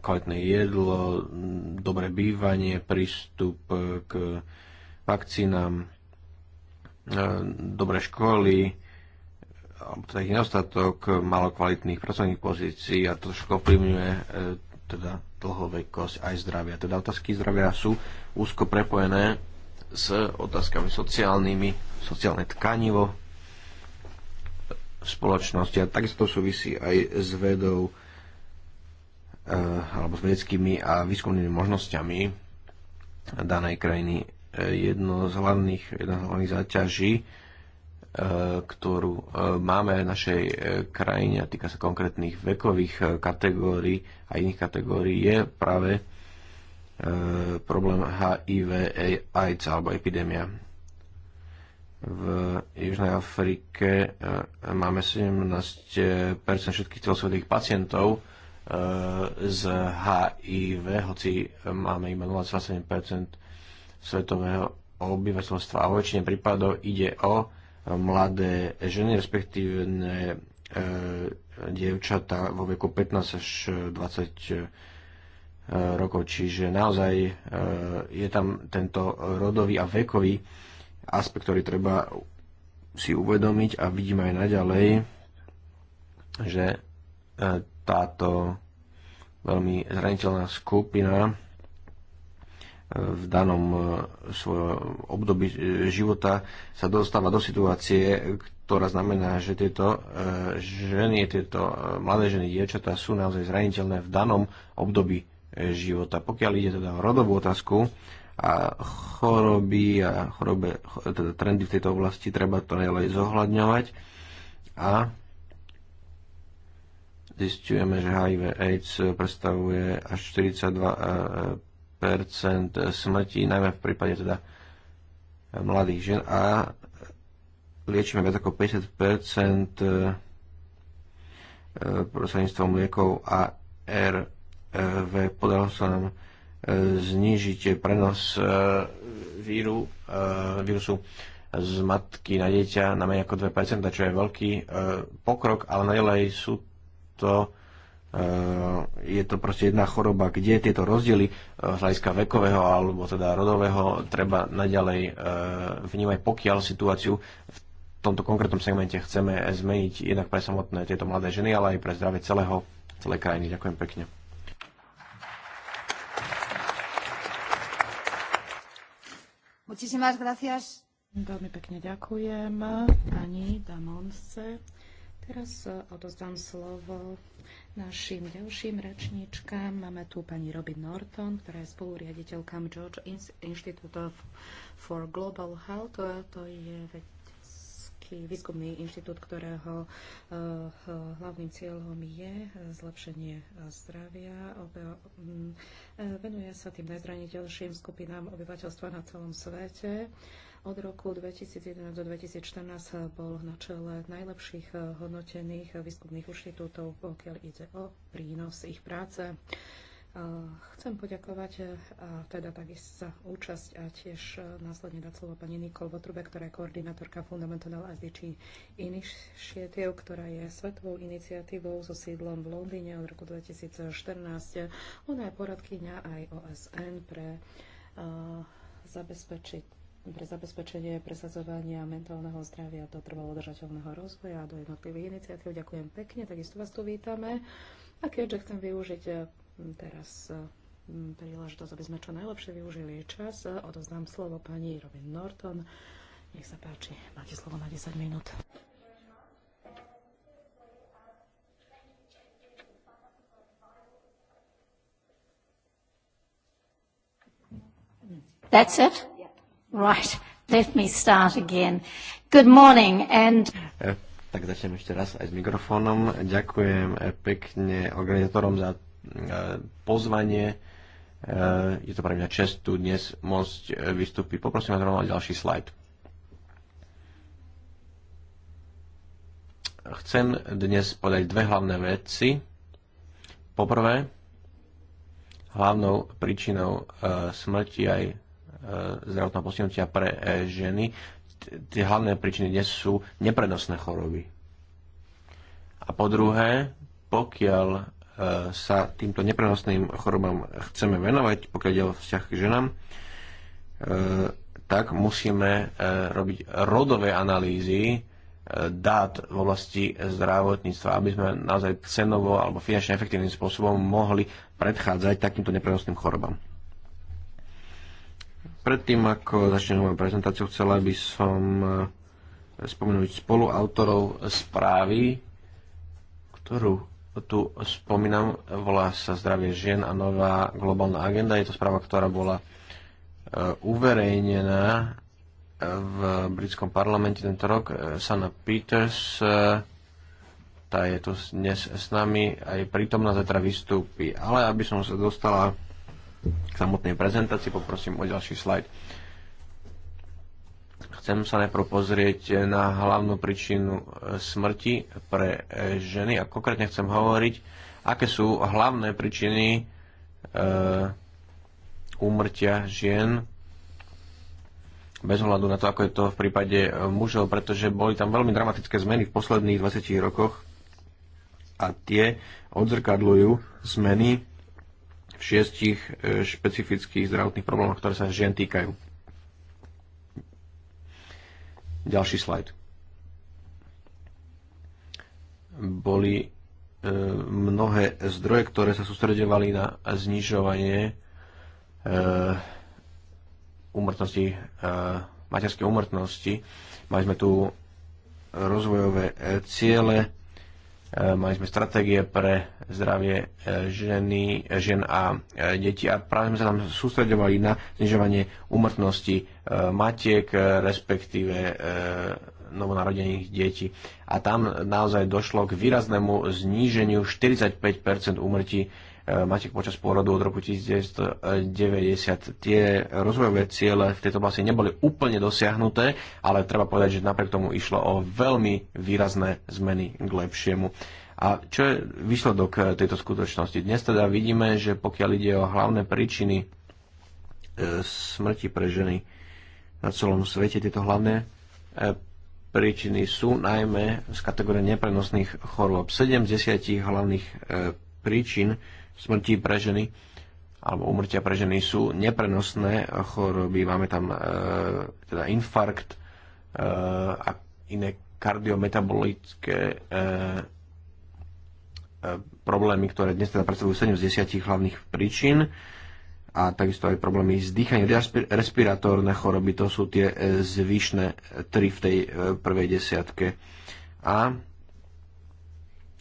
Speaker 5: kvalitné jedlo, dobré bývanie, prístup k vakcínám, e, dobré školy, alebo teda ich nedostatok malokvalitných pracovných pozícií a to trošku ovplyvňuje e, teda dlhovekosť aj zdravia. Teda otázky zdravia sú úzko prepojené s otázkami sociálnymi, sociálne tkanivo v spoločnosti a takisto súvisí aj s vedou e, alebo s vedeckými a výskumnými možnosťami danej krajiny. E, jedno z hlavných, jedna z hlavných záťaží ktorú e, máme v našej e, krajine a týka sa konkrétnych vekových e, kategórií a iných kategórií, je práve problém HIV AIDS alebo epidémia. V Južnej Afrike máme 17% všetkých celosvetových pacientov z HIV, hoci máme iba 0,7% svetového obyvateľstva a vo väčšine prípadov ide o mladé ženy, respektívne e, dievčatá vo veku 15 až 20 e, rokov. Čiže naozaj e, je tam tento rodový a vekový aspekt, ktorý treba si uvedomiť a vidíme aj naďalej, že táto veľmi zraniteľná skupina v danom e, svojom období e, života sa dostáva do situácie, ktorá znamená, že tieto e, ženy, tieto mladé ženy, dievčatá sú naozaj zraniteľné v danom období života. Pokiaľ ide teda o rodovú otázku a choroby a chorobe, teda trendy v tejto oblasti, treba to najlepšie zohľadňovať a zistujeme, že HIV AIDS predstavuje až 42 smrti, najmä v prípade teda mladých žien a liečíme viac ako 50% e, prostredníctvom liekov a RV. Podarilo sa nám e, znižiť prenos e, víru, vírusu z matky na dieťa na menej ako 2%, čo je veľký pokrok, ale najlej sú to Eh, je to proste jedna choroba, kde tieto rozdiely eh, z hľadiska vekového alebo teda rodového treba naďalej eh, vnímať, pokiaľ situáciu v tomto konkrétnom segmente chceme zmeniť jednak pre samotné tieto mladé ženy, ale aj pre zdravie celého, celej krajiny. Ďakujem pekne.
Speaker 4: Veľmi pekne ďakujem pani Damonce. Teraz odozdám slovo našim ďalším rečníčkám. Máme tu pani Robin Norton, ktorá je spoluriaditeľka George Institute for Global Health. To je vedecký výskumný inštitút, ktorého eh, hlavným cieľom je zlepšenie zdravia. Mm, eh, venuje sa tým najzraniteľším skupinám obyvateľstva na celom svete od roku 2011 do 2014 eh, bol na čele najlepších eh, hodnotených eh, výskumných inštitútov, pokiaľ ide o prínos ich práce. Chcem poďakovať a teda takisto za účasť a tiež následne dať slovo pani Nikol Votrube, ktorá je koordinátorka Fundamental SDG Initiative, ktorá je svetovou iniciatívou so sídlom v Londýne od roku 2014. Ona je poradkyňa aj OSN pre uh, zabezpečiť pre zabezpečenie presadzovania mentálneho zdravia do trvalo rozvoja a do jednotlivých iniciatív. Ďakujem pekne, takisto vás tu vítame. A keďže chcem využiť eh, teraz eh, príležitosť, aby sme čo najlepšie využili čas, eh, odozdám slovo pani Robin Norton. Nech sa páči, máte slovo na 10 minút.
Speaker 1: That's it? Right, let me start again. Good morning and...
Speaker 5: E, tak začnem ešte raz aj s mikrofónom. Ďakujem e, pekne organizátorom za e, pozvanie. Je to pre mňa čest tu dnes môcť vystúpiť. Poprosím vás rovno ďalší slajd. Chcem dnes podať dve hlavné veci. Poprvé, hlavnou príčinou smrti aj E, zdravotného postihnutia pre e, ženy, tie hlavné príčiny dnes sú neprenosné choroby. A po druhé, pokiaľ e, sa týmto neprenosným chorobám chceme venovať, pokiaľ je o vzťah k ženám, tak musíme robiť rodové analýzy dát v oblasti zdravotníctva, aby sme naozaj cenovo alebo finančne efektívnym spôsobom mohli predchádzať takýmto neprenosným chorobám. Predtým, ako začnem moju prezentáciu, chcela by som e, spomenúť spoluautorov správy, ktorú tu spomínam. Volá sa Zdravie žien a nová globálna agenda. Je to správa, ktorá bola e, uverejnená e, v britskom parlamente tento rok. Sana Peters, tá je tu dnes s nami, aj prítomná zatra vystúpi. Ale aby som sa dostala k samotnej prezentácii. Poprosím o ďalší slajd. Chcem sa najprv pozrieť na hlavnú príčinu e, smrti pre e, ženy a konkrétne chcem hovoriť, aké sú hlavné príčiny e, úmrtia žien bez ohľadu na to, ako je to v prípade mužov, pretože boli tam veľmi dramatické zmeny v posledných 20 rokoch a tie odzrkadľujú zmeny šiestich e, špecifických zdravotných problémoch, ktoré sa žien týkajú. Ďalší slajd. Boli e, mnohé zdroje, ktoré sa sústredovali na znižovanie umrtnosti, e, materskej umrtnosti. Mali sme tu rozvojové ciele, Eh, mali sme stratégie pre zdravie eh, ženy, eh, žen a detí a práve sme sa tam sústredovali na znižovanie umrtnosti matiek, respektíve novonarodených detí. A tam naozaj došlo k výraznému zníženiu 45% úmrtí Eh, máte počas pôrodu od roku 1990. Tie rozvojové ciele v tejto oblasti neboli úplne dosiahnuté, ale treba povedať, že napriek tomu išlo o veľmi výrazné zmeny k lepšiemu. A čo je výsledok eh, tejto skutočnosti? Dnes teda vidíme, že pokiaľ ide o hlavné príčiny eh, smrti pre ženy na celom svete, tieto hlavné príčiny sú najmä z kategórie neprenosných chorôb. 70 hlavných príčin smrti pre ženy alebo umrtia pre ženy sú neprenosné choroby. Máme tam e, teda infarkt e, a iné kardiometabolické e, e, problémy, ktoré dnes teda predstavujú 7 z 10 hlavných príčin a takisto aj problémy s dýchaním. Respirátorné choroby, to sú tie e, zvyšné tri v tej e, prvej desiatke. A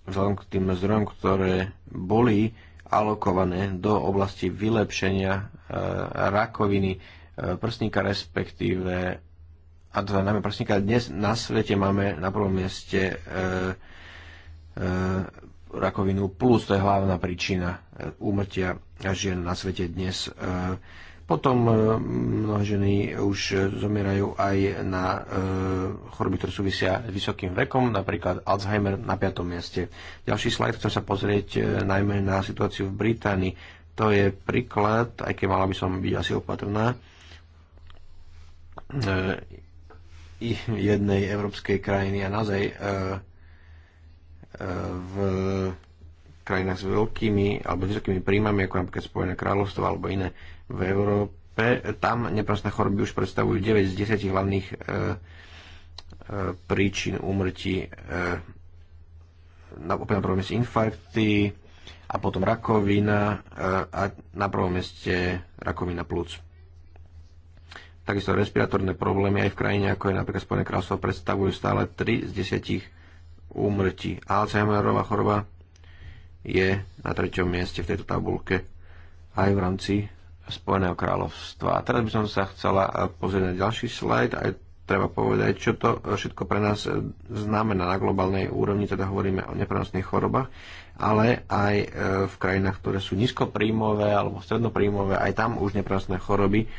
Speaker 5: vzhľadom k tým zdrojom, ktoré boli alokované do oblasti vylepšenia e, rakoviny e, prsníka, respektíve a to teda znamená prsníka. Dnes na svete máme na prvom mieste e, rakovinu plus, to je hlavná príčina úmrtia žien na svete dnes. E, potom e, mnohé ženy už e, zomierajú aj na e, choroby, ktoré súvisia s vysokým vekom, napríklad Alzheimer na 5. mieste. Ďalší slajd chcem sa pozrieť najmä na situáciu v Británii. To je príklad, aj keď mala by som byť asi opatrná, jednej európskej krajiny a naozaj v krajinách s veľkými alebo vysokými príjmami, ako napríklad Spojené kráľovstvo alebo iné v Európe. Tam neprostné choroby už predstavujú 9 z 10 hlavných e, e, príčin úmrtí. E, na, na prvom mieste infarkty a potom rakovina e, a na prvom mieste rakovina plúc. Takisto respiratórne problémy aj v krajine, ako je napríklad Spojené kráľovstvo, predstavujú stále 3 z 10 úmrtí. Alzheimerová choroba je na treťom mieste v tejto tabulke aj v rámci Spojeného kráľovstva. A teraz by som sa chcela e, pozrieť na ďalší slajd. Aj treba povedať, čo to e, všetko pre nás e, znamená na globálnej úrovni, teda hovoríme o neprenosných chorobách, ale aj v krajinách, ktoré sú nízkopríjmové alebo strednopríjmové, aj tam už neprenosné choroby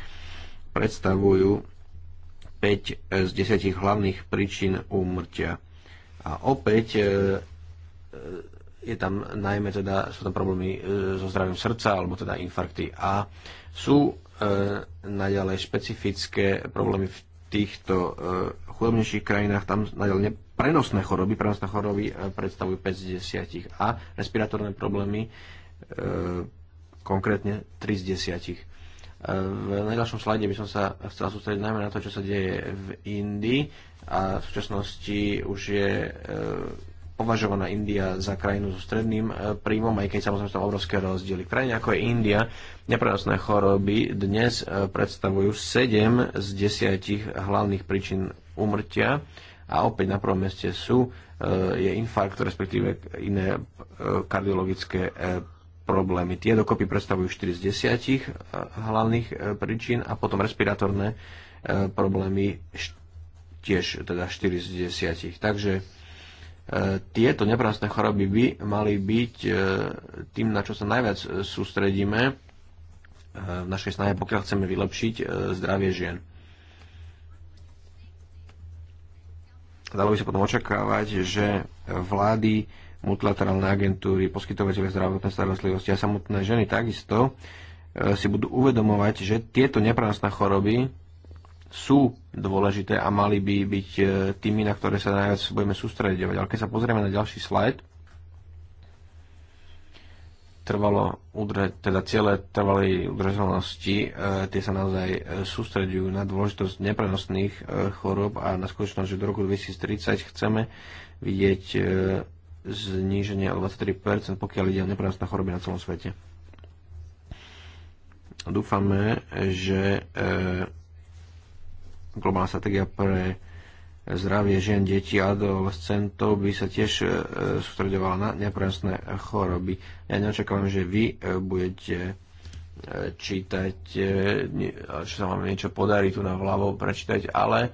Speaker 5: predstavujú 5 z 10 hlavných príčin úmrtia. A opäť je tam najmä teda, sú tam problémy e, so zdravím srdca alebo teda infarkty a sú e, naďalej špecifické problémy v týchto e, chudobnejších krajinách, tam naďalej prenosné choroby, prenosné choroby e, predstavujú 5 z 10 a respiratórne problémy e, konkrétne 3 z 10. E, v najďalšom slajde by som sa chcel sústrediť najmä na to, čo sa deje v Indii a v súčasnosti už je e, považovaná India za krajinu so stredným e, príjmom, aj keď samozrejme sú obrovské rozdiely. Krajiny ako je India, neprenosné choroby dnes e, predstavujú 7 z 10 hlavných príčin umrtia a opäť na prvom meste sú e, je infarkt, respektíve iné kardiologické problémy. Tie dokopy predstavujú 4 z 10 hlavných príčin a potom respiratórne problémy tiež teda 4 z 10. Takže E, tieto neprávostné choroby by mali byť e, tým, na čo sa najviac sústredíme e, v našej snahe, pokiaľ chceme vylepšiť zdravie žien. Dalo by sa potom očakávať, že vlády, multilaterálne agentúry, poskytovateľe zdravotnej starostlivosti a samotné ženy takisto si budú uvedomovať, že tieto neprenosné choroby sú dôležité a mali by byť e, tými, na ktoré sa najviac budeme sústrediť. Ale keď sa pozrieme na ďalší slajd, trvalo udre, teda ciele trvalej udržateľnosti, e, tie sa naozaj e, sústredujú na dôležitosť neprenosných e, chorób a na skutočnosť, že do roku 2030 chceme vidieť e, zníženie o 23%, pokiaľ ide o neprenosné choroby na celom svete. Dúfame, že e, globálna stratégia pre zdravie žien, detí a adolescentov by sa tiež e, sústredovala na neprenosné choroby. Ja neočakávam, že vy e, budete e, čítať, že sa vám niečo podarí tu na hlavou prečítať, ale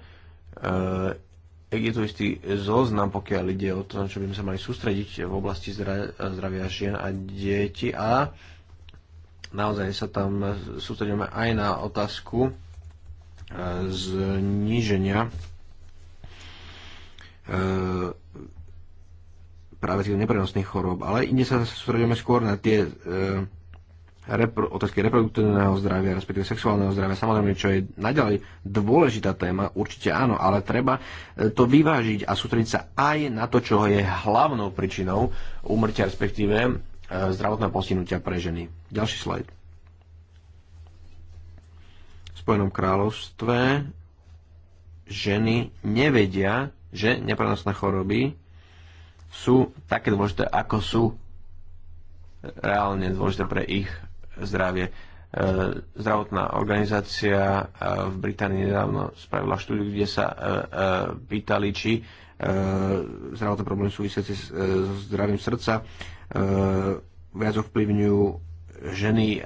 Speaker 5: je tu istý zoznam, pokiaľ ide o to, na čo by sme sa mali sústrediť v oblasti zdravia žien a detí a naozaj sa tam sústredíme aj na otázku zníženia e, práve tých neprenosných chorób, ale inde sa sústredujeme skôr na tie e, repro, otázky reproduktívneho zdravia, respektíve sexuálneho zdravia, samozrejme, čo je naďalej dôležitá téma, určite áno, ale treba e, to vyvážiť a sústrediť sa aj na to, čo je hlavnou príčinou úmrtia, respektíve zdravotného postihnutia pre ženy. Ďalší slide. Spojenom kráľovstve ženy nevedia, že neprenosné choroby sú také dôležité, ako sú reálne dôležité pre ich zdravie. E, zdravotná organizácia e, v Británii nedávno spravila štúdiu, kde sa e, pýtali, či zdravotné problémy súvisiaci so zdravím srdca viac ovplyvňujú ženy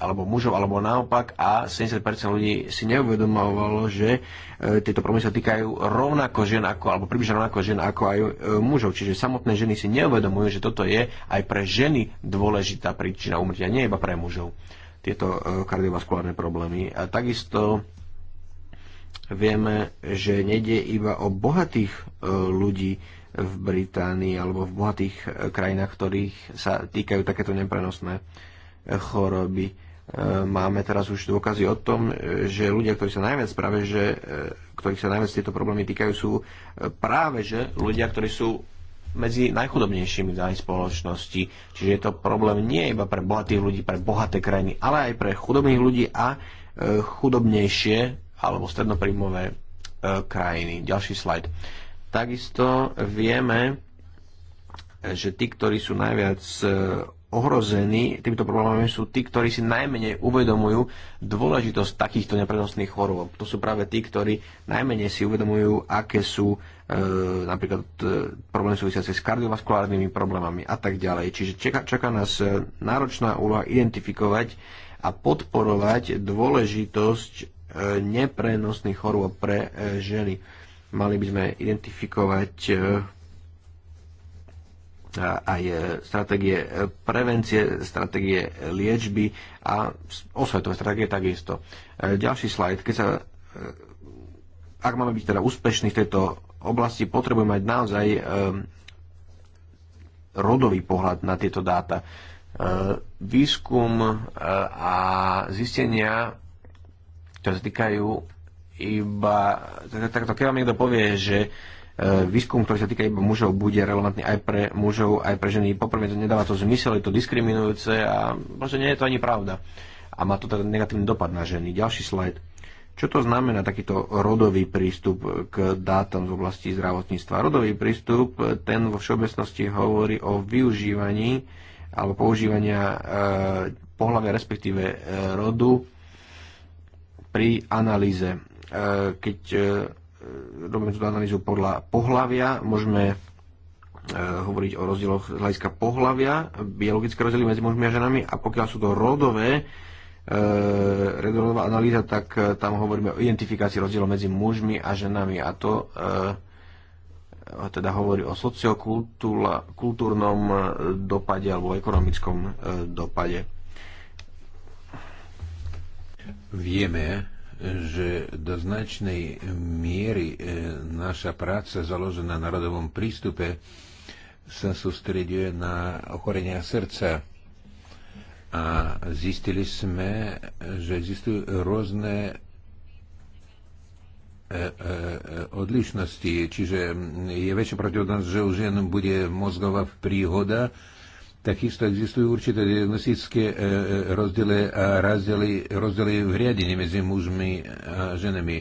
Speaker 5: alebo mužov, alebo naopak a 70% ľudí si neuvedomovalo, že e, tieto problémy sa týkajú rovnako žien ako, alebo približne rovnako žien ako aj e, mužov. Čiže samotné ženy si neuvedomujú, že toto je aj pre ženy dôležitá príčina umrtia, nie iba pre mužov tieto e, kardiovaskulárne problémy. A takisto vieme, že nejde iba o bohatých ľudí, v Británii alebo v bohatých e, krajinách, ktorých sa týkajú takéto neprenosné e, choroby. E, máme teraz už dôkazy o tom, že ľudia, ktorí sa najviac práve, že, ktorých sa najviac tieto problémy týkajú, sú práve že ľudia, ktorí sú medzi najchudobnejšími v danej spoločnosti. Čiže je to problém nie iba pre bohatých ľudí, pre bohaté krajiny, ale aj pre chudobných ľudí a chudobnejšie alebo strednopríjmové krajiny. Ďalší slajd. Takisto vieme, že tí, ktorí sú najviac e, ohrození týmito problémami sú tí, ktorí si najmenej uvedomujú dôležitosť takýchto neprenosných chorôb. To sú práve tí, ktorí najmenej si uvedomujú, aké sú e, napríklad e, problémy súvisiace s kardiovaskulárnymi problémami a tak ďalej. Čiže čaká, čaká nás e, náročná úloha identifikovať a podporovať dôležitosť e, neprenosných chorôb pre e, ženy Mali by sme identifikovať e, aj e, stratégie prevencie, stratégie liečby a osvetové stratégie takisto. E, ďalší slajd. Keď sa, ak máme byť teda úspešní v tejto oblasti, potrebujeme mať naozaj rodový pohľad na tieto dáta. Výskum a zistenia, ktoré sa týkajú iba, takto keď vám niekto povie, že e, výskum, ktorý sa týka iba mužov, bude relevantný aj pre mužov, aj pre ženy. Poprvé, to nedáva to zmysel, je to diskriminujúce a proste nie je to ani pravda. A má to teda negatívny dopad na ženy. Ďalší slajd. Čo to znamená takýto rodový prístup k dátam z oblasti zdravotníctva? Rodový prístup, ten vo všeobecnosti hovorí o využívaní alebo používania e, pohľavia, respektíve e, rodu pri analýze E, keď e, robíme túto analýzu podľa pohlavia, môžeme e, hovoriť o rozdieloch z hľadiska pohlavia, biologické rozdiely medzi mužmi a ženami a pokiaľ sú to rodové, e, rodová analýza, tak tam hovoríme o identifikácii rozdielov medzi mužmi a ženami a to e, teda hovorí o sociokultúrnom dopade
Speaker 3: alebo ekonomickom e, dopade. Vieme, že do značnej miery e, naša práca založená na rodovom prístupe sa sústreduje na ochorenia srdca. A zistili sme, že existujú rôzne e, e, odlišnosti. Čiže je väčšia pravdepodobnosť, že u žien bude mozgová príhoda, Takisto existujú určité diagnostické e, e, rozdiely a rozdiely, rozdiely v riadení medzi mužmi a ženami.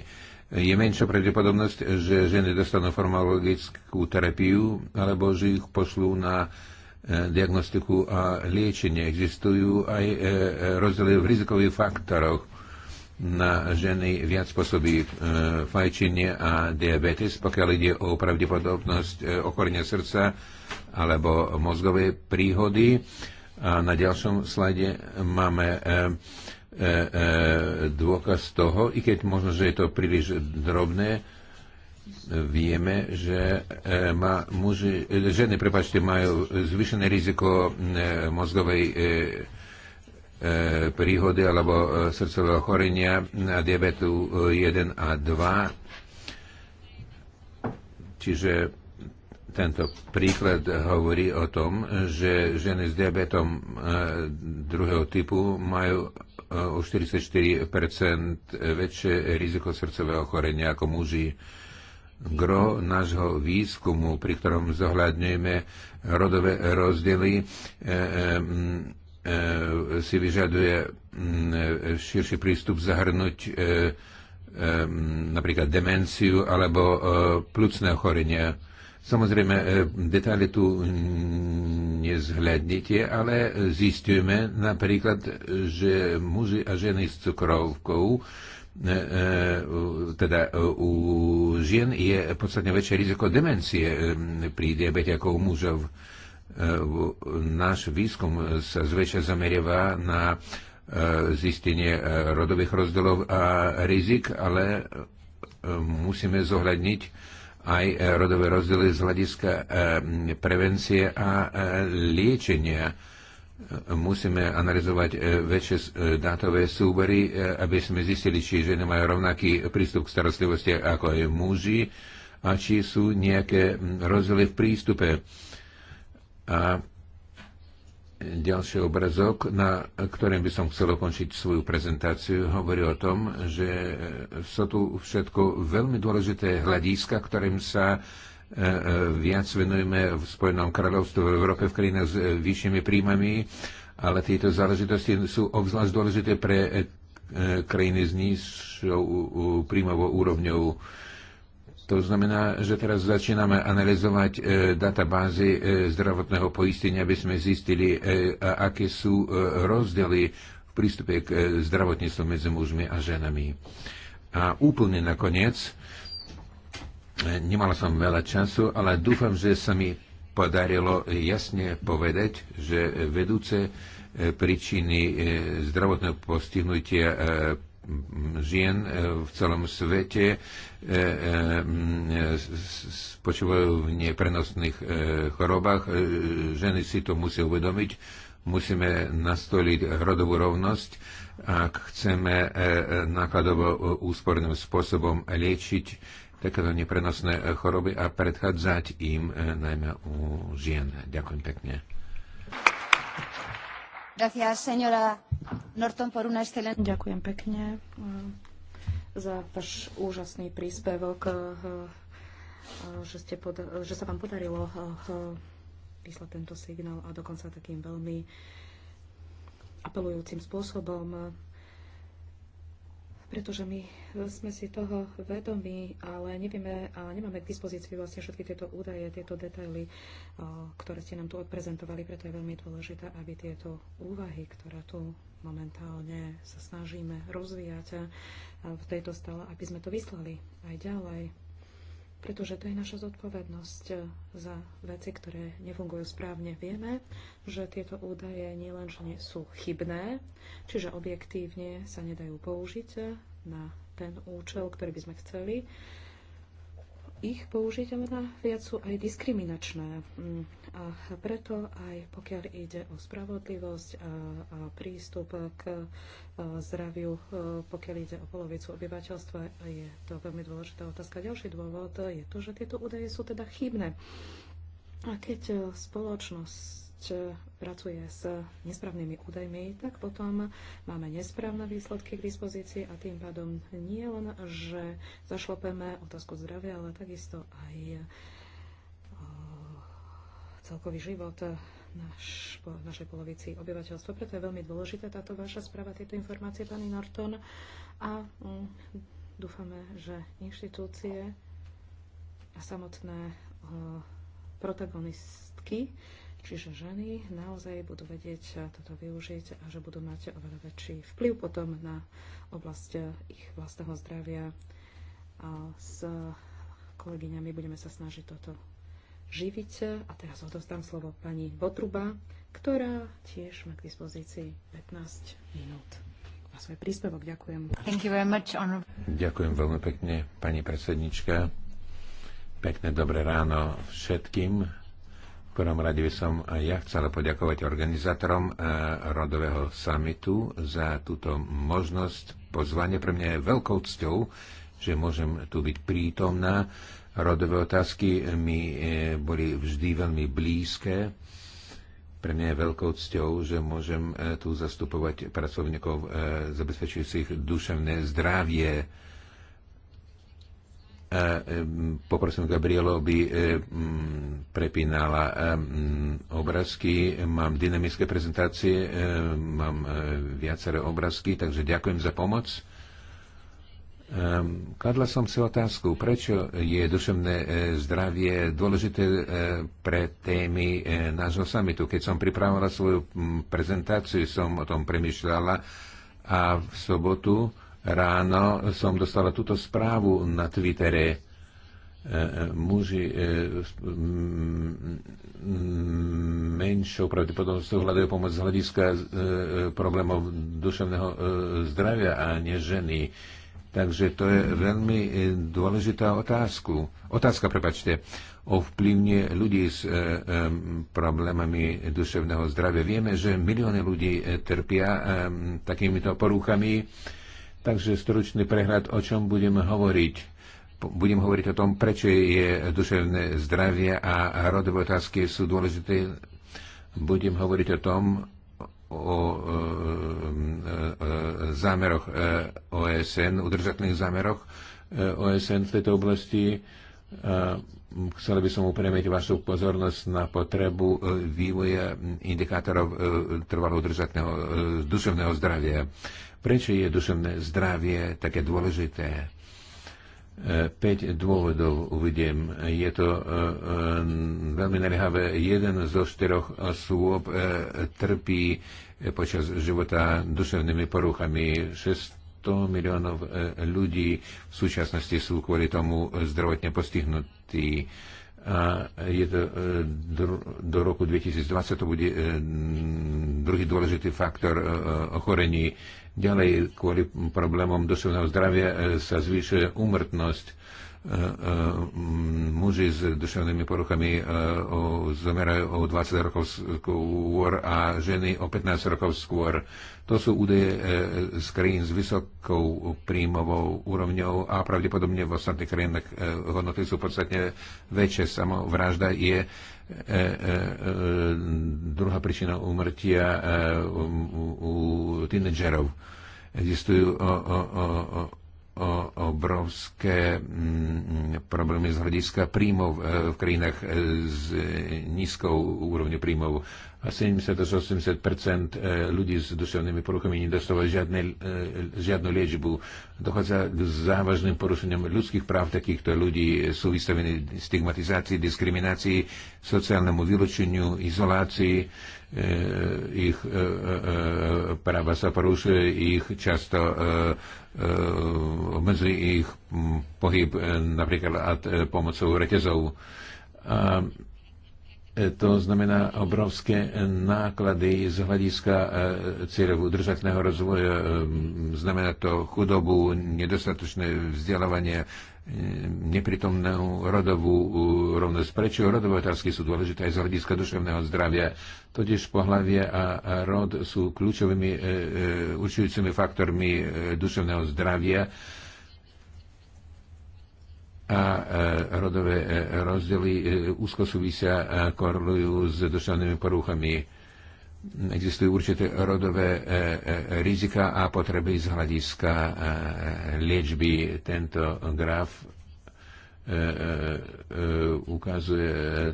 Speaker 3: Je menšia pravdepodobnosť, že ženy dostanú farmakologickú terapiu alebo že ich pošlú na e, diagnostiku a liečenie. Existujú aj rozdiely v rizikových faktoroch na ženy viac spôsobí fajčenie a diabetes, pokiaľ ide o pravdepodobnosť okorenia srdca alebo mozgové príhody. A na ďalšom slajde máme e, e, e, dôkaz toho, i keď možno, že je to príliš drobné, vieme, že, ma, muži, ženy prepáčte, majú zvyšené riziko mozgovej príhody alebo srdcového chorenia a diabetu 1 a 2. Čiže tento príklad hovorí o tom, že ženy s diabetom e, druhého typu majú e, o 44% väčšie riziko srdcového chorenia ako muži. Gro nášho výskumu, pri ktorom zohľadňujeme rodové rozdiely, e, si vyžaduje širší prístup zahrnúť napríklad demenciu alebo plúcne ochorenia Samozrejme, e, detaily tu nezhľadnite, ale zistujeme napríklad, že muži a ženy s cukrovkou e, e, teda u žien je podstatne väčšie riziko demencie pri diabete ako u mužov. Náš výskum sa zväčša zameriava na zistenie rodových rozdielov a rizik, ale musíme zohľadniť aj e, rodové rozdiely z hľadiska e, prevencie a e, liečenia. Musíme analyzovať väčšie dátové súbory, aby sme zistili, či ženy majú rovnaký prístup k starostlivosti ako aj muži a či sú nejaké rozdiely v prístupe. A ďalší obrazok, na ktorým by som chcel ukončiť svoju prezentáciu, hovorí o tom, že sú tu všetko veľmi dôležité hľadiska, ktorým sa e, e, viac venujeme v Spojenom kráľovstve, v Európe, v krajinách s e, vyššími príjmami, ale tieto záležitosti sú obzvlášť dôležité pre krajiny s nižšou príjmovou úrovňou to znamená, že teraz začíname analyzovať e, databázy e, zdravotného poistenia, aby sme zistili, e, aké sú e, rozdiely v prístupe k e, zdravotníctvu medzi mužmi a ženami. A úplne nakoniec, e, nemala som veľa času, ale dúfam, že sa mi podarilo jasne povedať, že vedúce e, príčiny e, zdravotného postihnutia e, žien e, v celom svete e, e, spočívajú v neprenosných chorobách. Ženy si to musia uvedomiť. Musíme nastoliť rodovú rovnosť, ak chceme nákladovo úsporným spôsobom liečiť takéto neprenosné choroby a predchádzať im najmä u žien. Ďakujem pekne.
Speaker 4: Ďakujem pekne eh, za váš úžasný príspevok, eh, eh, že, ste pod, že sa vám podarilo vyslať tento signál a dokonca takým veľmi apelujúcim spôsobom pretože my sme si toho vedomi, ale nevieme a nemáme k dispozícii vlastne všetky tieto údaje, tieto detaily, ktoré ste nám tu odprezentovali, preto je veľmi dôležité, aby tieto úvahy, ktoré tu momentálne sa snažíme rozvíjať v tejto stále, aby sme to vyslali aj ďalej pretože to je naša zodpovednosť eh, za veci, ktoré nefungujú správne. Vieme, že tieto údaje nielen, nie sú chybné, čiže objektívne sa nedajú použiť eh, na ten účel, ktorý by sme chceli, ich použiteľná viac sú aj diskriminačné. Mm, a preto aj pokiaľ ide o spravodlivosť a, a prístup k e, zdraviu, e, pokiaľ ide o polovicu obyvateľstva, je to veľmi dôležitá otázka. Ďalší dôvod je to, že tieto údaje sú teda chybné. A keď e, spoločnosť E, pracuje s nesprávnymi údajmi, tak potom máme nesprávne výsledky k dispozícii a tým pádom nie len, že zašlopeme otázku zdravia, ale takisto aj e, celkový život naš, po, našej polovici obyvateľstva. Preto je veľmi dôležité táto vaša správa, tieto informácie, pani Norton. A mm, dúfame, že inštitúcie a samotné e, protagonistky Čiže ženy naozaj budú vedieť toto využiť a že budú mať oveľa väčší vplyv potom na oblasť ich vlastného zdravia. A s kolegyňami budeme sa snažiť toto živiť. A teraz odostám slovo pani Botruba, ktorá tiež má k dispozícii 15 minút na svoj príspevok. Ďakujem. Thank you very much,
Speaker 3: Ďakujem veľmi pekne, pani predsednička. Pekné dobré ráno všetkým prvom rade by som aj ja chcela poďakovať organizátorom eh, rodového samitu za túto možnosť pozvania. Pre mňa je veľkou cťou, že môžem tu byť prítomná. Rodové otázky mi eh, boli vždy veľmi blízke. Pre mňa je veľkou cťou, že môžem eh, tu zastupovať pracovníkov zabezpečujúcich duševné zdravie Poprosím Gabrielo, aby prepínala obrázky. Mám dynamické prezentácie, mám e, viaceré obrázky, takže ďakujem za pomoc. Kladla som si otázku, prečo je duševné e, zdravie dôležité e, pre témy nášho samitu. Keď som pripravila svoju prezentáciu, som o tom premyšľala a v sobotu ráno som dostala túto správu na Twittere. E, muži e, menšou pravdepodobnosťou hľadajú pomoc z hľadiska e, problémov duševného zdravia a nie ženy. Takže to je veľmi dôležitá otázka. Otázka, prepačte, ovplyvňuje ľudí s problémami duševného zdravia. Vieme, že milióny ľudí trpia takýmito porúchami. Takže stručný prehľad, o čom budem hovoriť. Budem hovoriť o tom, prečo je duševné zdravie a rodové otázky sú dôležité. Budem hovoriť o tom, o e, e, e, zámeroch OSN, udržateľných zámeroch OSN v tejto oblasti. Chcel by som upriamiť vašu pozornosť na potrebu vývoja indikátorov trvalo udržateľného duševného zdravia. Prečo je duševné zdravie také dôležité? 5 e, dôvodov uvidím. Je to e, e, veľmi naliehavé. Jeden zo štyroch súb trpí počas života duševnými poruchami. 600 miliónov ľudí v súčasnosti sú kvôli tomu zdravotne postihnutí. A je to, do roku 2020 to bude druhý dôležitý faktor ochorení Ďalej, kvôli problémom duševného zdravia e, sa zvýšuje úmrtnosť. E, e, muži s duševnými poruchami zomerajú o 20 rokov skôr a ženy o 15 rokov skôr. To sú údaje z krajín s vysokou príjmovou úrovňou a pravdepodobne v ostatných krajinách hodnoty sú podstatne väčšie. Samovražda je E, e, e, druhá príčina umrtia e, u u tínedžerov. Existujú o, o, o, o, obrovské m, mm, problémy z hľadiska príjmov e, v krajinách e, s e, nízkou úrovňou príjmov a 70 až 80 e, ľudí s duševnými poruchami nedostáva žiadne, e, žiadnu liečbu. Dochádza k závažným porušeniam ľudských práv takýchto ľudí. Sú vystavení stigmatizácii, diskriminácii, sociálnemu vylúčeniu, izolácii. E, ich práva sa porušuje, ich často obmedzuje ich pohyb napríklad pomocou reťazov. To znamená obrovské náklady z hľadiska e, cieľov udržateľného rozvoja. E, znamená to chudobu, nedostatočné vzdelávanie, e, nepritomnú rodovú rovnosť. Prečo rodové otázky sú dôležité aj z hľadiska duševného zdravia? Totiž pohlavie a rod sú kľúčovými určujúcimi faktormi duševného zdravia a e, rodové e, rozdiely e, úzko súvisia a korelujú s duševnými poruchami. Existujú určité rodové rizika a potreby z hľadiska liečby. Tento graf ukazuje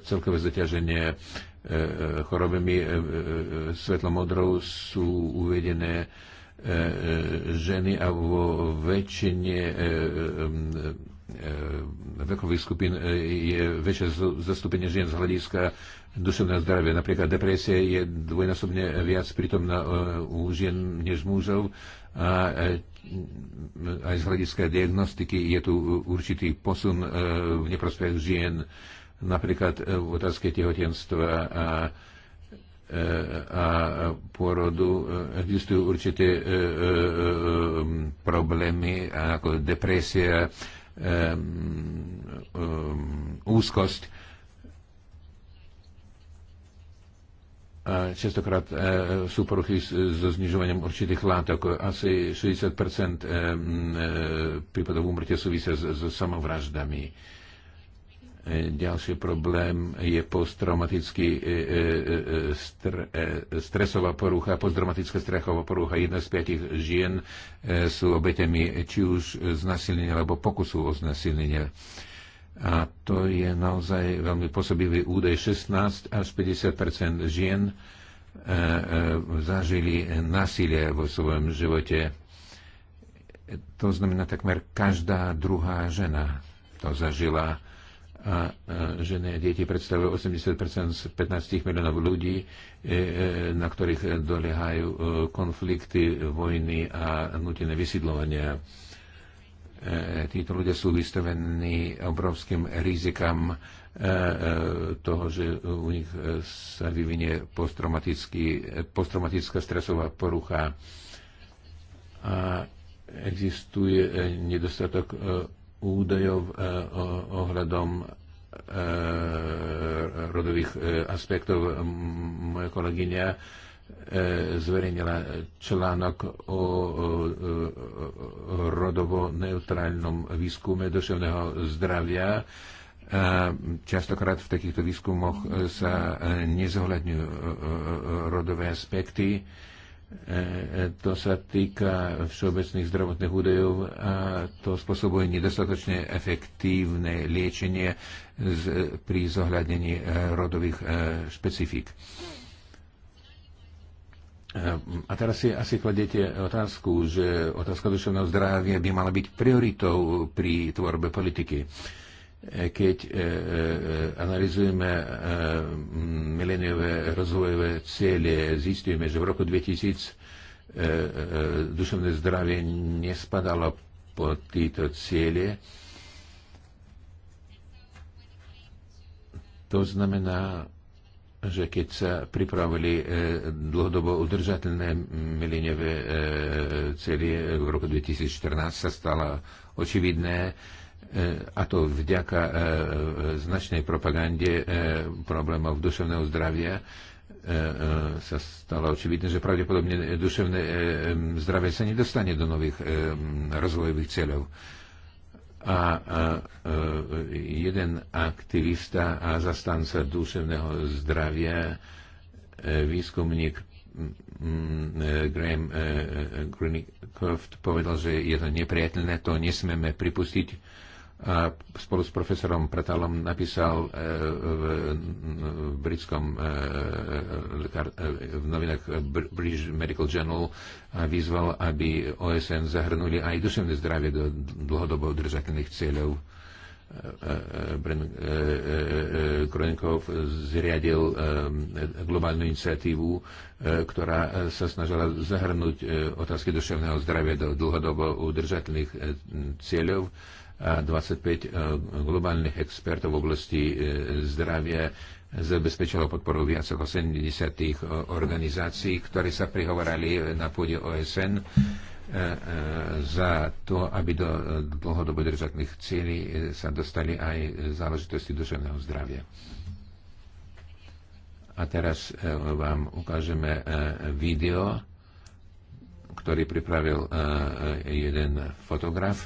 Speaker 3: celkové zaťaženie chorobami svetlomodrou sú uvedené ženy a vo väčšine E, vekových skupín e, je väčšie zastúpenie žien z hľadiska duševného zdravia. Napríklad depresie je dvojnásobne viac prítomná e, u žien než mužov a aj z hľadiska diagnostiky je tu určitý posun v neprospech žien, napríklad v otázke tehotenstva a a pôrodu existujú určité problémy ako depresia, úzkosť. častokrát e, sú poruchy so znižovaním určitých látok. Asi 60 e, prípadov úmrtia súvisia s, s samovraždami E, ďalší problém je posttraumatický e, e, stresová porucha, posttraumatická strachová porucha. Jedna z piatich žien sú obetemi či už znasilnenia alebo pokusu o znasilnenie. A to je naozaj veľmi pôsobivý údaj. 16 až 50 žien zažili násilie vo svojom živote. To znamená, takmer každá druhá žena to zažila a e, ženy a deti predstavujú 80 z 15 miliónov ľudí, e, e, na ktorých doliehajú konflikty, vojny a nutené vysídlovania. Títo ľudia sú vystavení obrovským rizikám toho, že u nich sa vyvinie posttraumatická stresová porucha a existuje nedostatok údajov e, ohľadom e, rodových e, aspektov. Moja kolegyňa zverejnila článok o rodovo-neutrálnom výskume duševného zdravia. Častokrát v takýchto výskumoch sa nezohľadňujú rodové aspekty E, e, to sa týka všeobecných zdravotných údajov a to spôsobuje nedostatočne efektívne liečenie z pri zohľadnení e, rodových špecifík. A teraz si asi kladete otázku, že otázka duševného zdravia by mala byť prioritou pri tvorbe politiky keď e, e, e, analizujeme mileniové rozvojové cieľe, zistujeme, že v roku 2000 duševné zdravie nespadalo po tieto cieľe. To znamená, že keď sa pripravili dlhodobo udržateľné mileniové cieľe v roku 2014, sa stalo očividné, E, a to vďaka e, e, značnej propagande problémov duševného zdravia sa stalo očividné, že pravdepodobne duševné zdravie sa nedostane do nových rozvojových cieľov. A jeden aktivista a zastanca duševného zdravia, výskumník Graham Greencroft povedal, že je to nepriateľné, to nesmeme pripustiť a spolu s profesorom Pratalom napísal e, v v, britskom e, e, v novinách British Medical Journal a vyzval, aby OSN zahrnuli aj duševné zdravie do dlhodobo udržateľných cieľov. Kronikov zriadil globálnu iniciatívu, ktorá sa snažila zahrnúť otázky duševného zdravia do dlhodobo udržateľných cieľov a 25 e, globálnych expertov v oblasti e, zdravia zabezpečilo podporu viac ako 70 e, organizácií, ktoré sa prihovorali na pôde OSN za to, aby do dlhodobo držateľných cieľí sa dostali aj záležitosti duševného zdravia. A teraz vám ukážeme video, ktorý pripravil jeden fotograf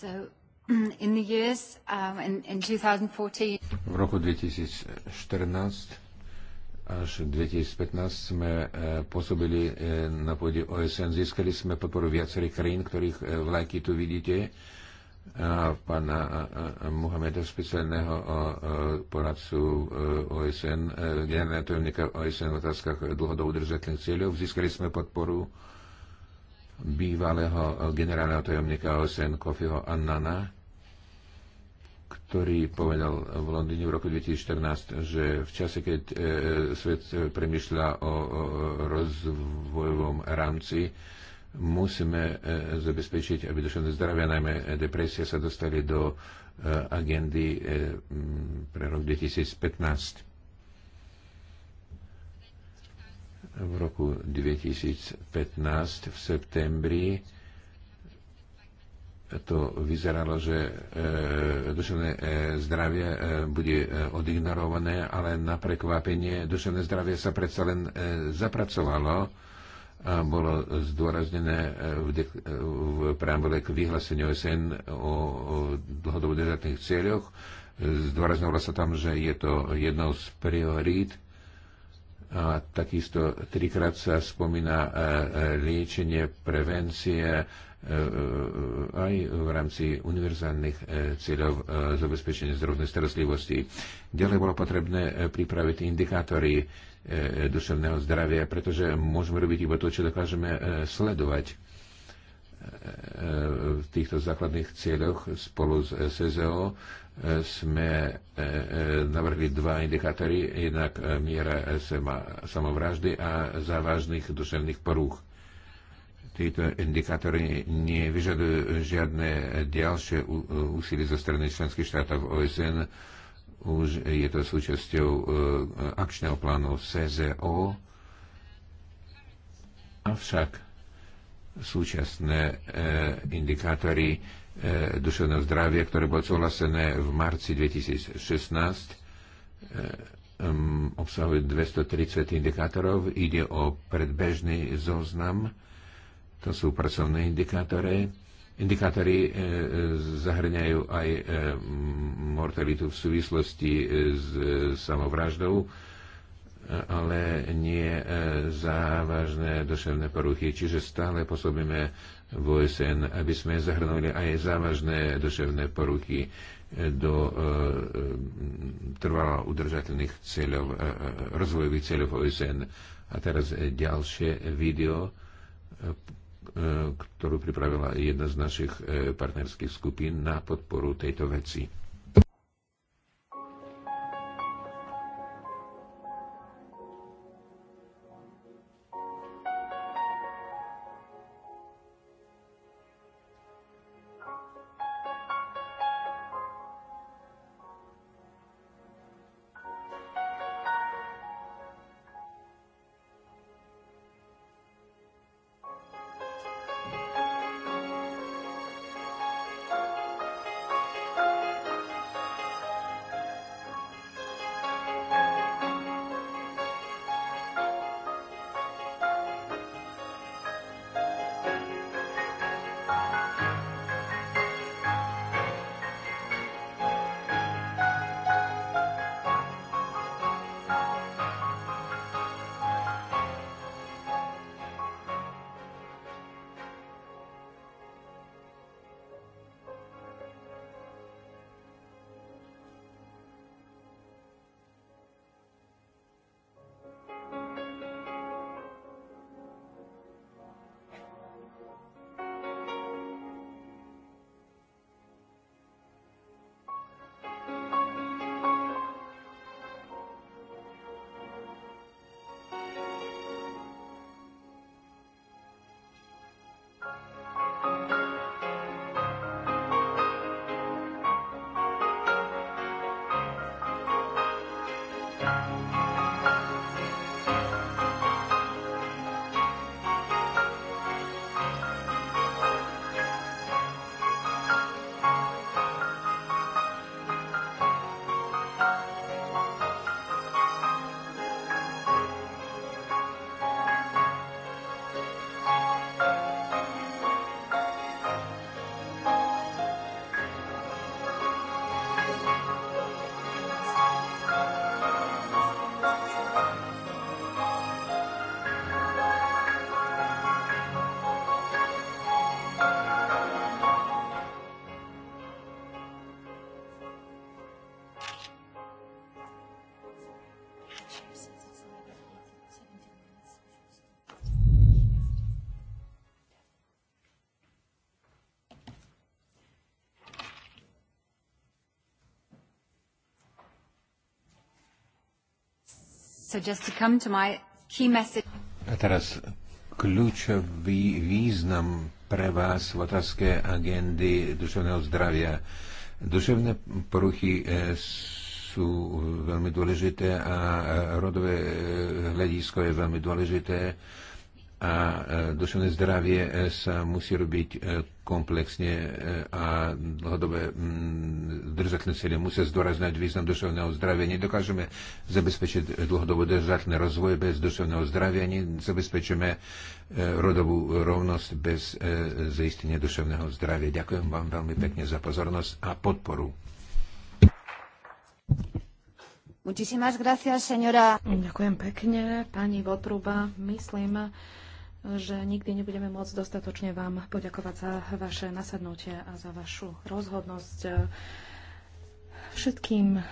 Speaker 1: <clears throat> in the years um, in, in 2014
Speaker 3: v roku 2014 až 2015 sme e, pôsobili e, na pôde OSN. Získali sme podporu viacerých krajín, ktorých e, vlajky tu vidíte. pána Mohameda, špeciálneho poradcu OSN, generálneho tajomníka OSN v otázkach dlhodobo udržateľných cieľov. Získali sme podporu bývalého eh, generálneho tajomníka OSN Kofiho Annana, ktorý povedal v Londýne v roku 2014, že v čase, keď e, svet eh, premyšľa o, o rozvojovom rámci, musíme e, zabezpečiť, aby duševné zdravia, najmä depresia, sa dostali do e, agendy e, pre rok 2015. v roku 2015 v septembri to vyzeralo, že e, duševné e, zdravie e, bude e, odignorované, ale na prekvapenie duševné zdravie sa predsa len e, zapracovalo a bolo zdôraznené e, v, de- e, v preambule k vyhláseniu SN o, o dlhodobo cieľoch. Zdôrazňovalo sa tam, že je to jednou z priorít a takisto trikrát sa spomína e, e, liečenie, prevencie e, aj v rámci univerzálnych cieľov zabezpečenia zdravotnej starostlivosti. Ďalej bolo potrebné pripraviť indikátory duševného zdravia, pretože môžeme robiť iba to, čo dokážeme sledovať v týchto základných cieľoch spolu s SZO sme e, e, navrhli dva indikátory, jednak e, miera samovraždy a závažných duševných porúch. Títo indikátory nevyžadujú žiadne ďalšie úsilie zo strany členských štátov OSN. Už je to súčasťou akčného plánu CZO. Avšak súčasné indikátory E, duševného zdravia, ktoré bolo súhlasené v marci 2016, e, obsahuje 230 indikátorov. Ide o predbežný zoznam, to sú pracovné indikátory. Indikátory e, zahrňajú aj mortalitu v súvislosti s samovraždou, ale nie závažné duševné poruchy. Čiže stále pôsobíme v OSN, aby sme zahrnuli aj závažné duševné poruchy do e, e, trvalo udržateľných cieľov, e, rozvojových cieľov OSN. A teraz ďalšie video, ktorú pripravila jedna z našich partnerských skupín na podporu tejto veci.
Speaker 1: So just to come to my key message.
Speaker 3: A teraz kľúčový význam pre vás v otázke agendy duševného zdravia. Duševné poruchy e, sú veľmi dôležité a e, rodové e, hľadisko je veľmi dôležité a e, duševné zdravie e, sa musí robiť e, komplexne a dlhodobé mm, držateľné cieľe musia zdôrazňovať význam duševného zdravia. Nedokážeme zabezpečiť dlhodobo držateľný rozvoj bez duševného zdravia, nezabezpečíme rodovú rovnosť bez zaistenia duševného zdravia. Ďakujem vám veľmi pekne za pozornosť a podporu.
Speaker 4: Muchísimas gracias, señora. Ďakujem pekne, pani Votruba. Myslím, že nikdy nebudeme môcť dostatočne vám poďakovať za vaše nasadnutie a za vašu rozhodnosť všetkým eh,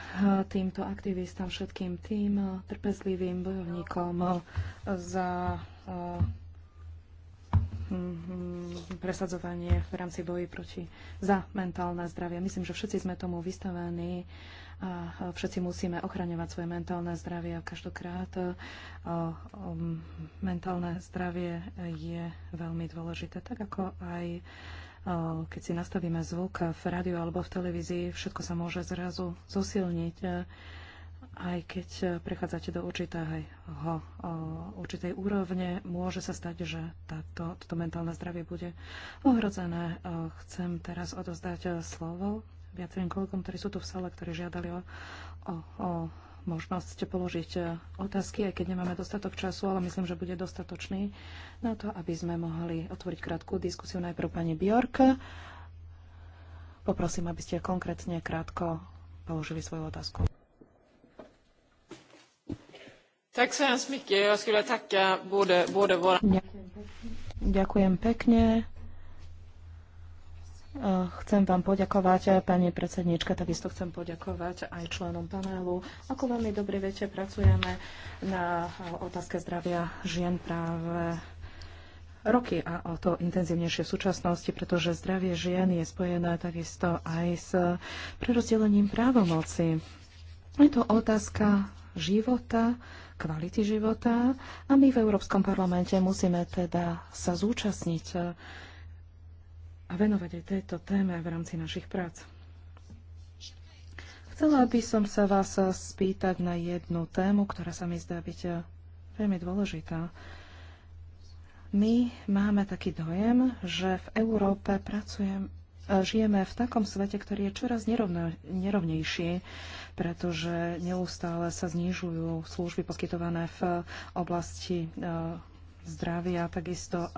Speaker 4: týmto aktivistom, všetkým tým eh, trpezlivým bojovníkom eh, za hm, hm, presadzovanie v rámci boji proti za mentálne zdravie. Myslím, že všetci sme tomu vystavení a všetci musíme ochraňovať svoje mentálne zdravie a každokrát o, o, um, mentálne zdravie je veľmi dôležité, tak ako aj o, keď si nastavíme zvuk v rádiu alebo v televízii, všetko sa môže zrazu zosilniť, aj keď prechádzate do určitého, určitej úrovne, môže sa stať, že táto, toto mentálne zdravie bude ohrozené. Chcem teraz odozdať slovo viacerým kolegom, ktorí sú tu v sale, ktorí žiadali o, o, o možnosť položiť e, otázky, aj keď nemáme dostatok času, ale myslím, že bude dostatočný na to, aby sme mohli otvoriť krátku diskusiu najprv pani Bjork. Poprosím, aby ste konkrétne krátko položili svoju otázku. Ďakujem pekne. Eh, chcem vám poďakovať, eh, pani predsedníčka, takisto chcem poďakovať aj členom panelu. Ako veľmi dobre viete, pracujeme na eh, otázke zdravia žien práve roky a o to intenzívnejšie v súčasnosti, pretože zdravie žien je spojené takisto aj s prerozdelením právomoci. Je to otázka života, kvality života a my v Európskom parlamente musíme teda sa zúčastniť a venovať aj tejto téme v rámci našich prác. Chcela by som sa vás spýtať na jednu tému, ktorá sa mi zdá byť veľmi dôležitá. My máme taký dojem, že v Európe pracujem, žijeme v takom svete, ktorý je čoraz nerovno, nerovnejší, pretože neustále sa znižujú služby poskytované v oblasti eh, zdravia. Takisto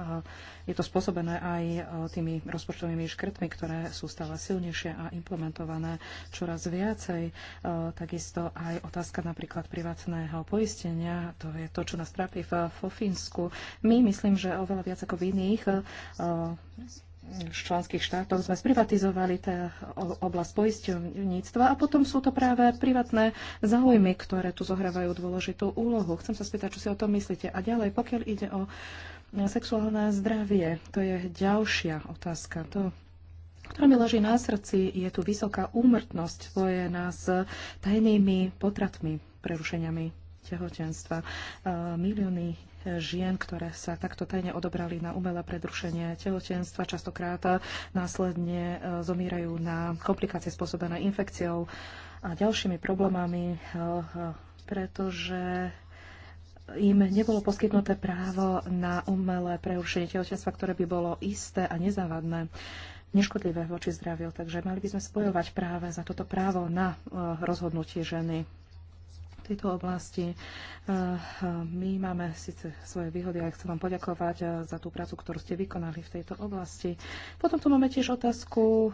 Speaker 4: je to spôsobené aj e, tými rozpočtovými škrtmi, ktoré sú stále silnejšie a implementované čoraz viacej. E, takisto aj otázka napríklad privátneho poistenia, to je to, čo nás trápi v Fofínsku. My myslím, že oveľa viac ako v iných e, členských štátoch sme sprivatizovali tá oblasť poisťovníctva a potom sú to práve privátne záujmy, ktoré tu zohrávajú dôležitú úlohu. Chcem sa spýtať, čo si o tom myslíte. A ďalej, pokiaľ ide o sexuálne zdravie, to je ďalšia otázka. To ktorá mi leží na srdci, je tu vysoká úmrtnosť spojená s tajnými potratmi, prerušeniami tehotenstva. E, milióny žien, ktoré sa takto tajne odobrali na umelé predrušenie tehotenstva, častokrát následne e, zomierajú na komplikácie spôsobené infekciou a ďalšími problémami, e, pretože im nebolo poskytnuté právo na umelé prerušenie tehotenstva, ktoré by bolo isté a nezávadné neškodlivé voči zdraviu. Takže mali by sme spojovať práve za toto právo na rozhodnutie ženy tejto oblasti. Eh, my máme síce svoje výhody, ale chcem vám poďakovať eh, za tú prácu, ktorú ste vykonali v tejto oblasti. Potom tu máme tiež otázku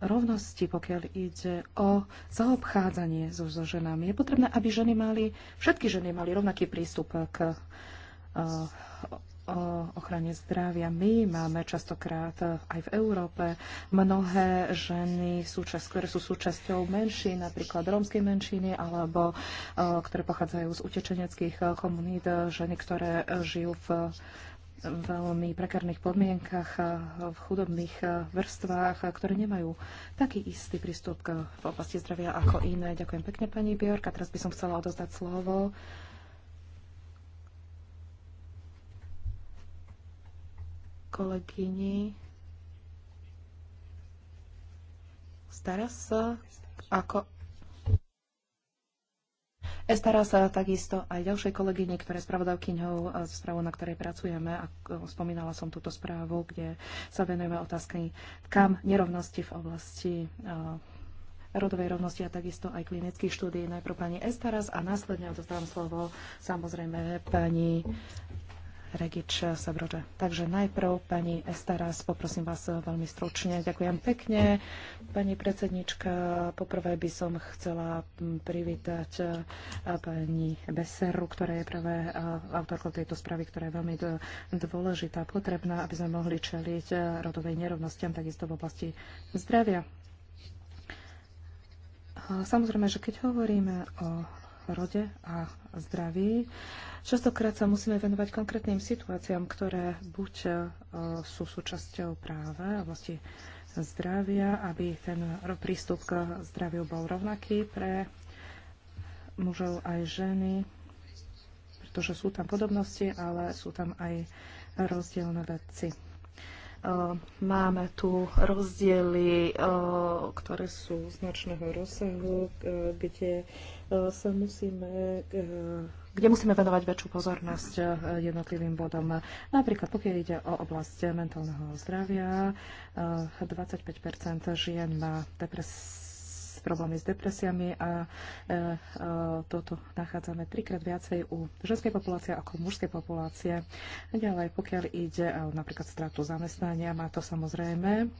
Speaker 4: rovnosti, pokiaľ ide o zaobchádzanie so, so ženami. Je potrebné, aby ženy mali, všetky ženy mali rovnaký prístup k eh, o ochrane zdravia. My máme častokrát aj v Európe mnohé ženy, súčasť, ktoré sú súčasťou menší, napríklad rómskej menšiny, alebo ktoré pochádzajú z utečeneckých komunít, ženy, ktoré žijú v veľmi prekárnych podmienkach, v chudobných vrstvách, ktoré nemajú taký istý prístup v oblasti zdravia ako iné. Ďakujem pekne, pani Bjorka. A teraz by som chcela odozdať slovo kolegyni Staras ako e, Stará sa takisto aj ďalšej kolegyne, ktoré spravodavkyňou e, správou, na ktorej pracujeme. A e, spomínala som túto správu, kde sa venujeme otázky, kam nerovnosti v oblasti rodovej rovnosti a takisto aj klinických štúdií. Najprv pani Estaras a následne odostávam slovo samozrejme pani Regič Sabrože. Takže najprv pani Estaras, poprosím vás veľmi stručne. Ďakujem pekne. Pani predsednička, poprvé by som chcela privítať pani Beseru, ktorá je práve autorkou tejto správy, ktorá je veľmi dôležitá, potrebná, aby sme mohli čeliť rodovej nerovnostiam, takisto v oblasti zdravia. Samozrejme, že keď hovoríme o porode a zdraví. Častokrát sa musíme venovať konkrétnym situáciám, ktoré buď e, sú súčasťou práva oblasti zdravia, aby ten prístup k zdraviu bol rovnaký pre mužov aj ženy, pretože sú tam podobnosti, ale sú tam aj rozdielne veci. Eh, máme tu rozdiely, eh, ktoré sú značného rozsahu, eh, kde sa musíme kde musíme venovať väčšiu pozornosť jednotlivým bodom. Napríklad, pokiaľ ide o oblasť mentálneho zdravia, 25 žien má depres problémy s depresiami a e, e, toto nachádzame trikrát viacej u ženskej populácie ako u mužskej populácie. Ďalej, pokiaľ ide napríklad stratu zamestnania, má to samozrejme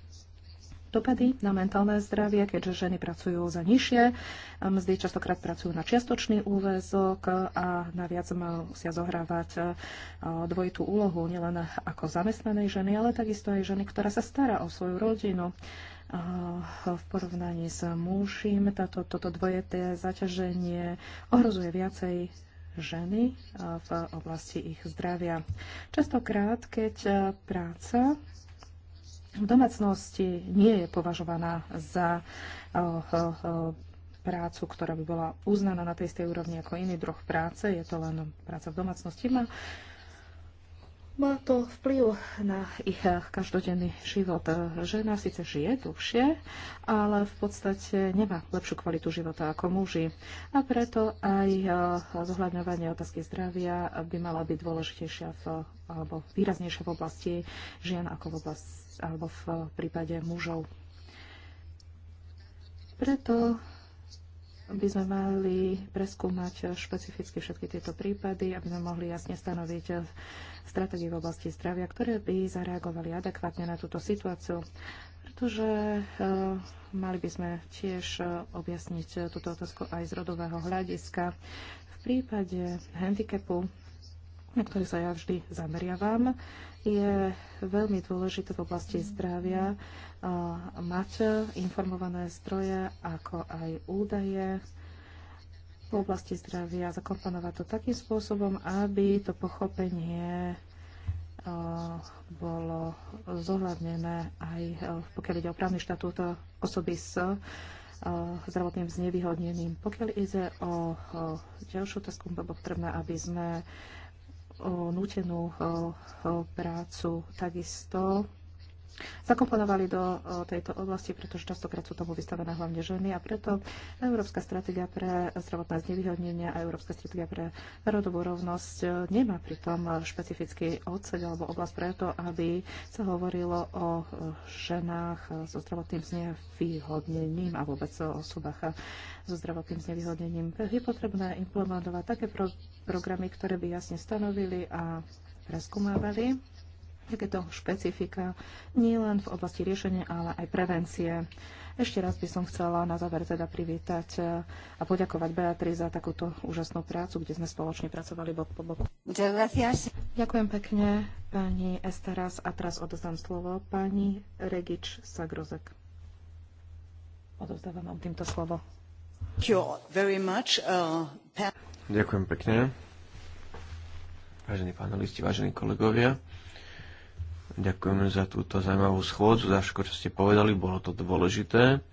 Speaker 4: dopady na mentálne zdravie, keďže ženy pracujú za nižšie mzdy, častokrát pracujú na čiastočný úvezok a naviac musia zohrávať e, dvojitú úlohu nielen ako zamestnanej ženy, ale takisto aj ženy, ktorá sa stará o svoju rodinu v porovnaní s mužím. Táto, toto dvojeté zaťaženie ohrozuje viacej ženy v oblasti ich zdravia. Častokrát, keď práca v domácnosti nie je považovaná za prácu, ktorá by bola uznaná na tej istej úrovni ako iný druh práce, je to len práca v domácnosti, má má to vplyv na ich každodenný život. Žena síce žije dlhšie, ale v podstate nemá lepšiu kvalitu života ako muži. A preto aj zohľadňovanie otázky zdravia by mala byť dôležitejšia v, alebo výraznejšia v oblasti žien ako v oblasti alebo v prípade mužov. Preto by sme mali preskúmať špecificky všetky tieto prípady, aby sme mohli jasne stanoviť stratégie v oblasti zdravia, ktoré by zareagovali adekvátne na túto situáciu pretože eh, mali by sme tiež eh, objasniť eh, túto otázku aj z rodového hľadiska. V prípade handicapu na ktorý sa ja vždy zameriavam, je veľmi dôležité v oblasti zdravia mať informované zdroje, ako aj údaje v oblasti zdravia, zakomponovať to takým spôsobom, aby to pochopenie bolo zohľadnené aj pokiaľ ide o právny štatút osoby s zdravotným znevýhodneným. Pokiaľ ide o ďalšiu otázku, bolo potrebné, aby sme nútenú prácu. Takisto zakomponovali do tejto oblasti, pretože častokrát sú tomu vystavené hlavne ženy a preto Európska stratégia pre zdravotné znevýhodnenia a Európska stratégia pre rodovú rovnosť e, nemá pritom špecifický odsed alebo oblasť preto, aby sa hovorilo o e, ženách so zdravotným znevýhodnením a vôbec o osobách so zdravotným znevýhodnením. Je potrebné implementovať také pro programy, ktoré by jasne stanovili a preskúmavali takéto špecifika nielen v oblasti riešenia, ale aj prevencie. Ešte raz by som chcela na záver teda privítať eh, a poďakovať Beatriz za takúto úžasnú prácu, kde sme spoločne pracovali bok po boku. Ďakujem pekne, pani Esteras. A teraz odozdám slovo pani Regič Sagrozek. Odozdávam vám týmto slovo. Uh,
Speaker 5: Ďakujem pekne. Vážení panelisti, vážení kolegovia, Ďakujeme za túto zaujímavú schôdzu, za všetko, čo ste povedali, bolo to dôležité.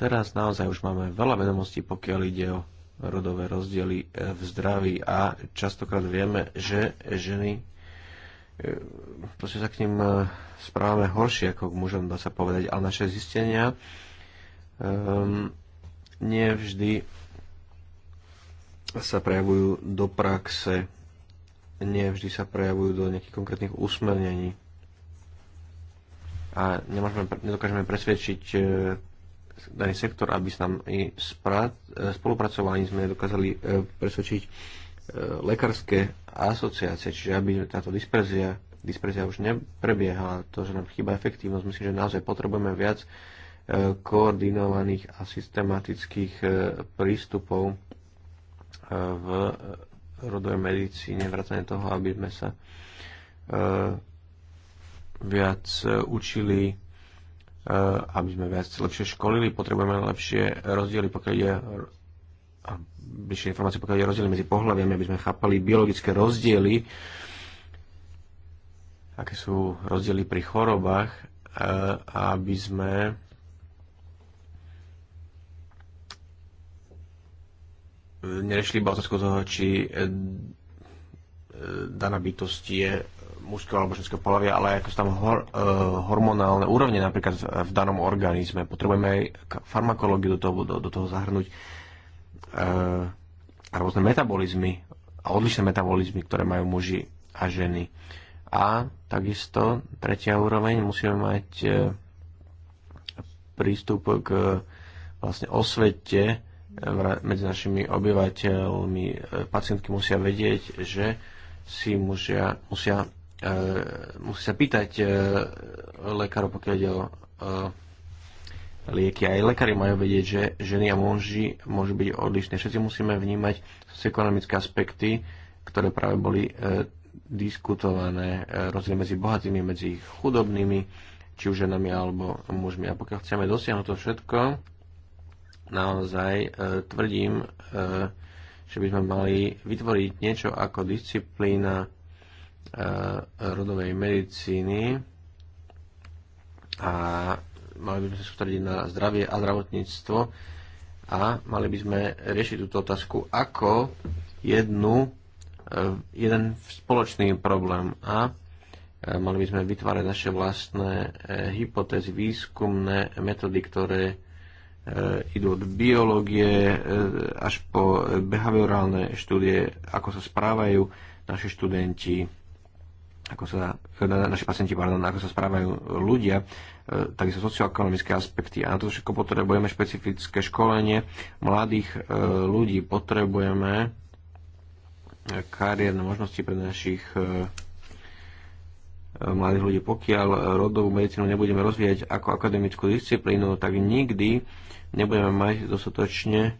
Speaker 5: Teraz naozaj už máme veľa vedomostí, pokiaľ ide o rodové rozdiely e, v zdraví a častokrát vieme, že ženy e, proste sa k ním e, správame horšie ako k mužom, dá sa povedať, ale naše zistenia um, nie vždy sa prejavujú do praxe, nie vždy sa prejavujú do nejakých konkrétnych usmernení a nemôžeme, nedokážeme presvedčiť e, daný sektor, aby s nami e, spolupracovali, sme dokázali e, presvedčiť lekárske asociácie, čiže aby táto disperzia, disperzia už neprebiehala, to, že nám chýba efektívnosť, myslím, že naozaj potrebujeme viac koordinovaných a systematických prístupov v rodovej medicíne, vracanie toho, aby sme sa viac e, učili, e, aby sme viac lepšie školili, potrebujeme lepšie rozdiely, pokiaľ je bližšie informácie, pokiaľ je rozdiel medzi pohľaviami, aby sme chápali biologické rozdiely, aké sú rozdiely pri chorobách, e, aby sme nerešili iba otázku toho, či daná bytosť je mužského alebo ženského pohľavia, ale ako sú tam hor, e, hormonálne úrovne napríklad v danom organizme. Potrebujeme aj farmakológiu do toho, do, do toho zahrnúť e, rôzne metabolizmy a odlišné metabolizmy, ktoré majú muži a ženy. A takisto tretia úroveň musíme mať e, prístup k vlastne osvete e, medzi našimi obyvateľmi. E, pacientky musia vedieť, že si musia, musia Eh, musí sa pýtať eh, lekárov, pokiaľ ide o eh, lieky. Aj lekári majú vedieť, že ženy a muži môžu byť odlišné. Všetci musíme vnímať socioekonomické aspekty, ktoré práve boli e, diskutované, e, rozdiel medzi bohatými, medzi chudobnými, či už ženami alebo mužmi. A pokiaľ chceme dosiahnuť to všetko, naozaj e, tvrdím, e, že by sme mali vytvoriť niečo ako disciplína rodovej medicíny a mali by sme sa sústrediť na zdravie a zdravotníctvo a mali by sme riešiť túto otázku ako jednu, e, jeden spoločný problém a e, mali by sme vytvárať naše vlastné e, hypotézy, výskumné metódy, ktoré idú od biológie až po behaviorálne štúdie, ako sa správajú naši študenti ako sa, naši pacienti, pardon, ako sa správajú ľudia, e, takisto socioekonomické aspekty. A na to všetko potrebujeme špecifické školenie mladých e, ľudí, potrebujeme e, kariérne možnosti pre našich mladých ľudí. Pokiaľ rodovú medicínu nebudeme rozvíjať ako akademickú disciplínu, tak nikdy nebudeme mať dostatočne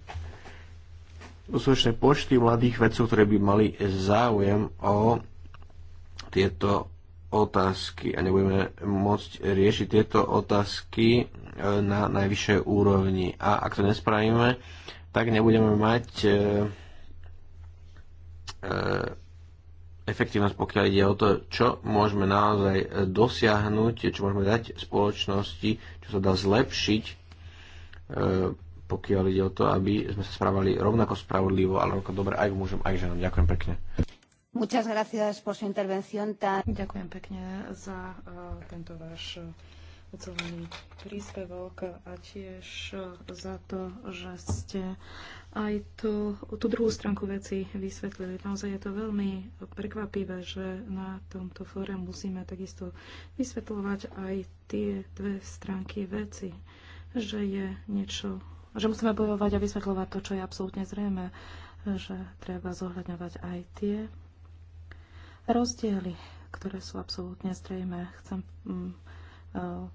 Speaker 5: dostatočné počty mladých vedcov, ktoré by mali záujem o tieto otázky a nebudeme môcť riešiť tieto otázky e, na najvyššej úrovni. A ak to nespravíme, tak nebudeme mať e, e, efektívnosť, pokiaľ ide o to, čo môžeme naozaj dosiahnuť, čo môžeme dať spoločnosti, čo sa dá zlepšiť, pokiaľ ide o to, aby sme sa správali rovnako spravodlivo, ale rovnako dobre aj k mužom, aj k ženom. Ďakujem pekne.
Speaker 4: Muchas gracias por su intervención tan... Ďakujem pekne za uh, tento váš ucelený eh, príspevok a tiež eh, za to, že ste aj tú, tú druhú stránku veci vysvetlili. Naozaj je to veľmi prekvapivé, že na tomto fóre musíme takisto vysvetľovať aj tie dve stránky veci, že je niečo, že musíme bojovať a vysvetľovať to, čo je absolútne zrejme, že treba zohľadňovať aj tie rozdiely, ktoré sú absolútne zrejme. Chcem mm, e,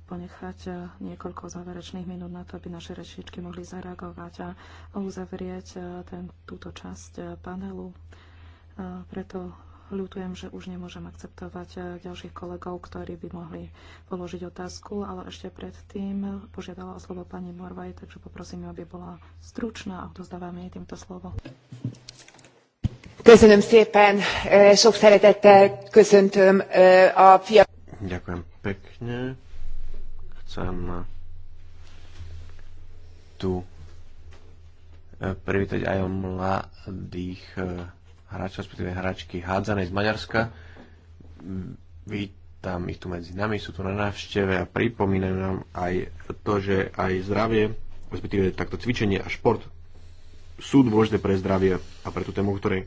Speaker 4: ponechať e, niekoľko záverečných minút na to, aby naše rečičky mohli zareagovať a uzavrieť e, ten, túto časť panelu. Preto ľutujem, že už nemôžem akceptovať ďalších kolegov, ktorí by mohli položiť otázku, ale ešte predtým požiadala o slovo pani Morvaj, takže poprosím aby bola stručná a odozdávam jej týmto slovo.
Speaker 1: Ďakujem
Speaker 5: pekne. Chcem tu privítať aj o mladých hráčov, respektíve hráčky hádzanej z Maďarska. Vítam ich tu medzi nami, sú tu na návšteve a pripomínajú nám aj to, že aj zdravie, respektíve takto cvičenie a šport sú dôležité pre zdravie a pre tú tému, o ktorej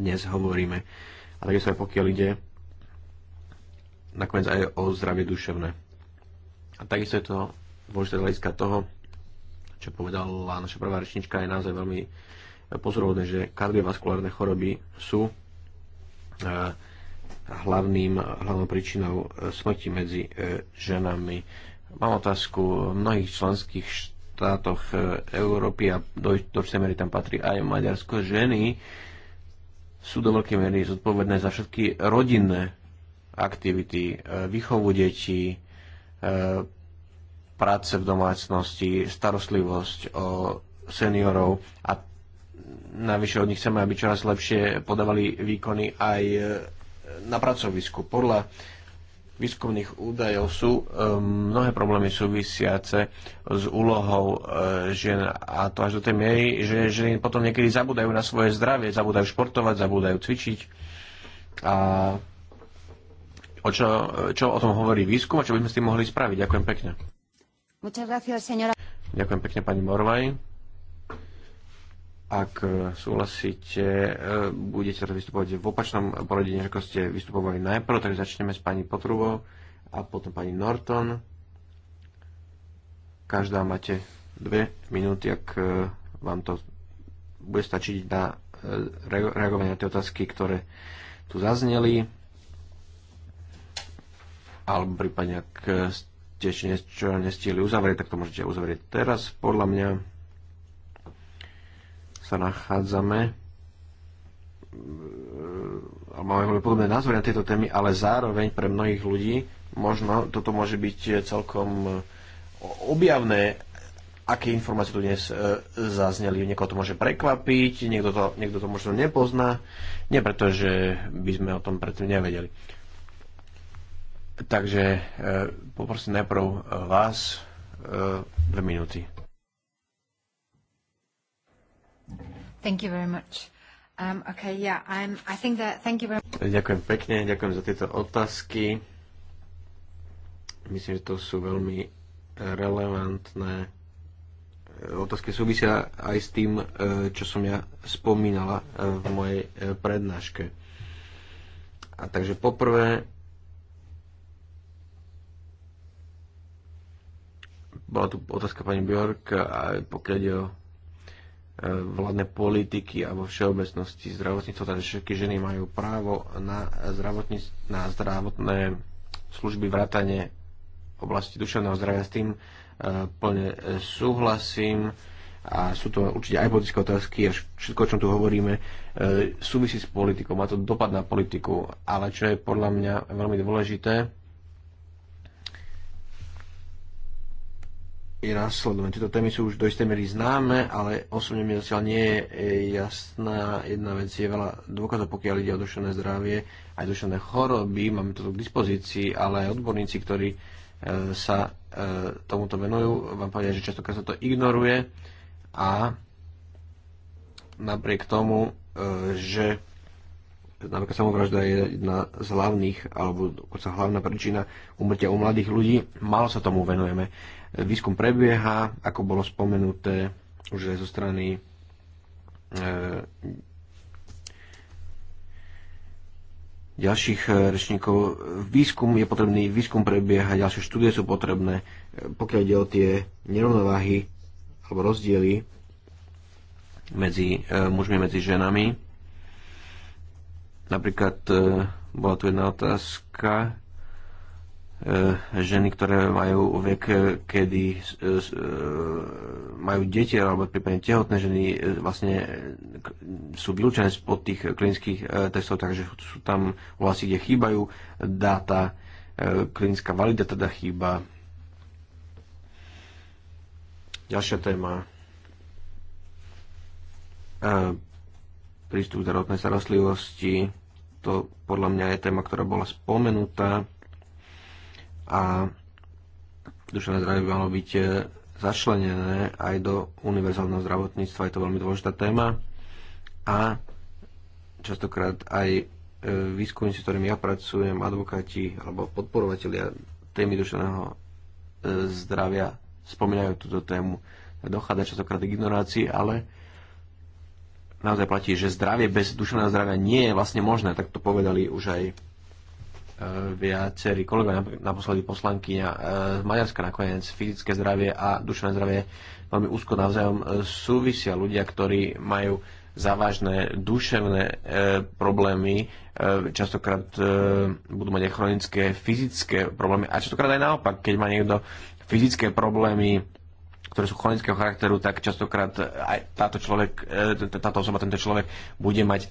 Speaker 5: dnes hovoríme. A takisto aj pokiaľ ide nakoniec aj o zdravie duševné. A takisto je to dôležité z hľadiska toho, čo povedala naša prvá rečnička, je naozaj veľmi pozorovné, že kardiovaskulárne choroby sú e, hlavným, hlavnou príčinou e, smrti medzi e, ženami. Mám otázku, v mnohých členských štátoch Európy a do do mery tam patrí aj Maďarsko, ženy sú do veľkej miery zodpovedné za všetky rodinné aktivity, e, výchovu detí, e, práce v domácnosti, starostlivosť o seniorov a navyše od nich chceme, aby čoraz lepšie podávali výkony aj e, na pracovisku. Podľa výskumných údajov sú e, mnohé problémy súvisiace s úlohou e, žien a to až do tej miery, že ženy potom niekedy zabúdajú na svoje zdravie, zabúdajú športovať, zabúdajú cvičiť a o čo, e, čo o tom hovorí výskum a čo by sme s tým mohli spraviť. Ďakujem pekne. Ďakujem pekne pani Morvaj. Ak e, súhlasíte, e, budete teraz vystupovať v opačnom poradí, než ako ste vystupovali najprv, takže začneme s pani Potrubou a potom pani Norton. Každá máte dve minúty, ak e, vám to bude stačiť na reagovanie na tie otázky, ktoré tu zazneli. Alebo prípadne, ak ste ešte niečo nestihli uzavrieť, tak to môžete uzavrieť teraz. Podľa mňa sa nachádzame e, a máme veľmi podobné názory na tieto témy, ale zároveň pre mnohých ľudí možno toto môže byť celkom e, objavné, aké informácie tu dnes e, zazneli. Niekoho to môže prekvapiť, niekto to, niekto to možno nepozná, nie preto, že by sme o tom predtým nevedeli. Takže poprosím najprv vás dve minúty.
Speaker 1: Thank you very much. Um, okay, yeah, I'm, I think that, thank you very much.
Speaker 5: Ďakujem pekne, ďakujem za tieto otázky. Myslím, že to sú veľmi relevantné e, otázky súvisia aj s tým, e, čo som ja spomínala e, v mojej prednáške. A takže poprvé bola tu otázka pani Bjork, a pokiaľ ide o vládne politiky a vo všeobecnosti zdravotníctvo, takže všetky ženy majú právo na, zdravotní, na zdravotné služby vrátane oblasti duševného zdravia. S tým e, plne súhlasím a sú to určite aj politické otázky a všetko, o čom tu hovoríme, e, súvisí s politikou, má to dopad na politiku, ale čo je podľa mňa veľmi dôležité, je následovne. Tieto témy sú už do istej miery známe, ale osobne mi zatiaľ nie je jasná. Jedna vec je veľa dôkazov, pokiaľ ide o duševné zdravie, aj duševné choroby. Máme to k dispozícii, ale aj odborníci, ktorí e, sa e, tomuto venujú, vám povedia, že častokrát sa to ignoruje a napriek tomu, e, že napríklad samovražda je jedna z hlavných, alebo dokonca hlavná príčina umrtia u mladých ľudí, málo sa tomu venujeme. Výskum prebieha, ako bolo spomenuté už aj zo strany e, ďalších e, rečníkov. Výskum je potrebný, výskum prebieha, ďalšie štúdie sú potrebné. E, pokiaľ ide o tie nerovnováhy alebo rozdiely medzi mužmi medzi ženami, napríklad bola tu jedna otázka, E, ženy, ktoré majú vek, e, kedy e, majú deti alebo prípadne tehotné ženy, vlastne sú vylúčené spod tých klinických testov, takže sú tam vlastne, kde chýbajú dáta, klinická valida teda chýba. Ďalšia téma. Prístup zdravotnej starostlivosti. To podľa mňa je téma, ktorá bola spomenutá a duševné zdravie by malo byť e, začlenené aj do univerzálneho zdravotníctva. Je to veľmi dôležitá téma a častokrát aj e, výskumníci, s ktorými ja pracujem, advokáti alebo podporovatelia témy duševného e, zdravia spomínajú túto tému. Dochádza častokrát k ignorácii, ale naozaj platí, že zdravie bez duševného zdravia nie je vlastne možné. Tak to povedali už aj viacerí kolegovia, naposledy poslankyňa e, z Maďarska nakoniec, fyzické zdravie a duševné zdravie veľmi úzko navzájom e, súvisia. Ľudia, ktorí majú závažné duševné e, problémy, e, častokrát e, budú mať aj chronické fyzické problémy a častokrát aj naopak, keď má niekto fyzické problémy, ktoré sú chronického charakteru, tak častokrát aj táto, človek, e, táto osoba, tento človek bude mať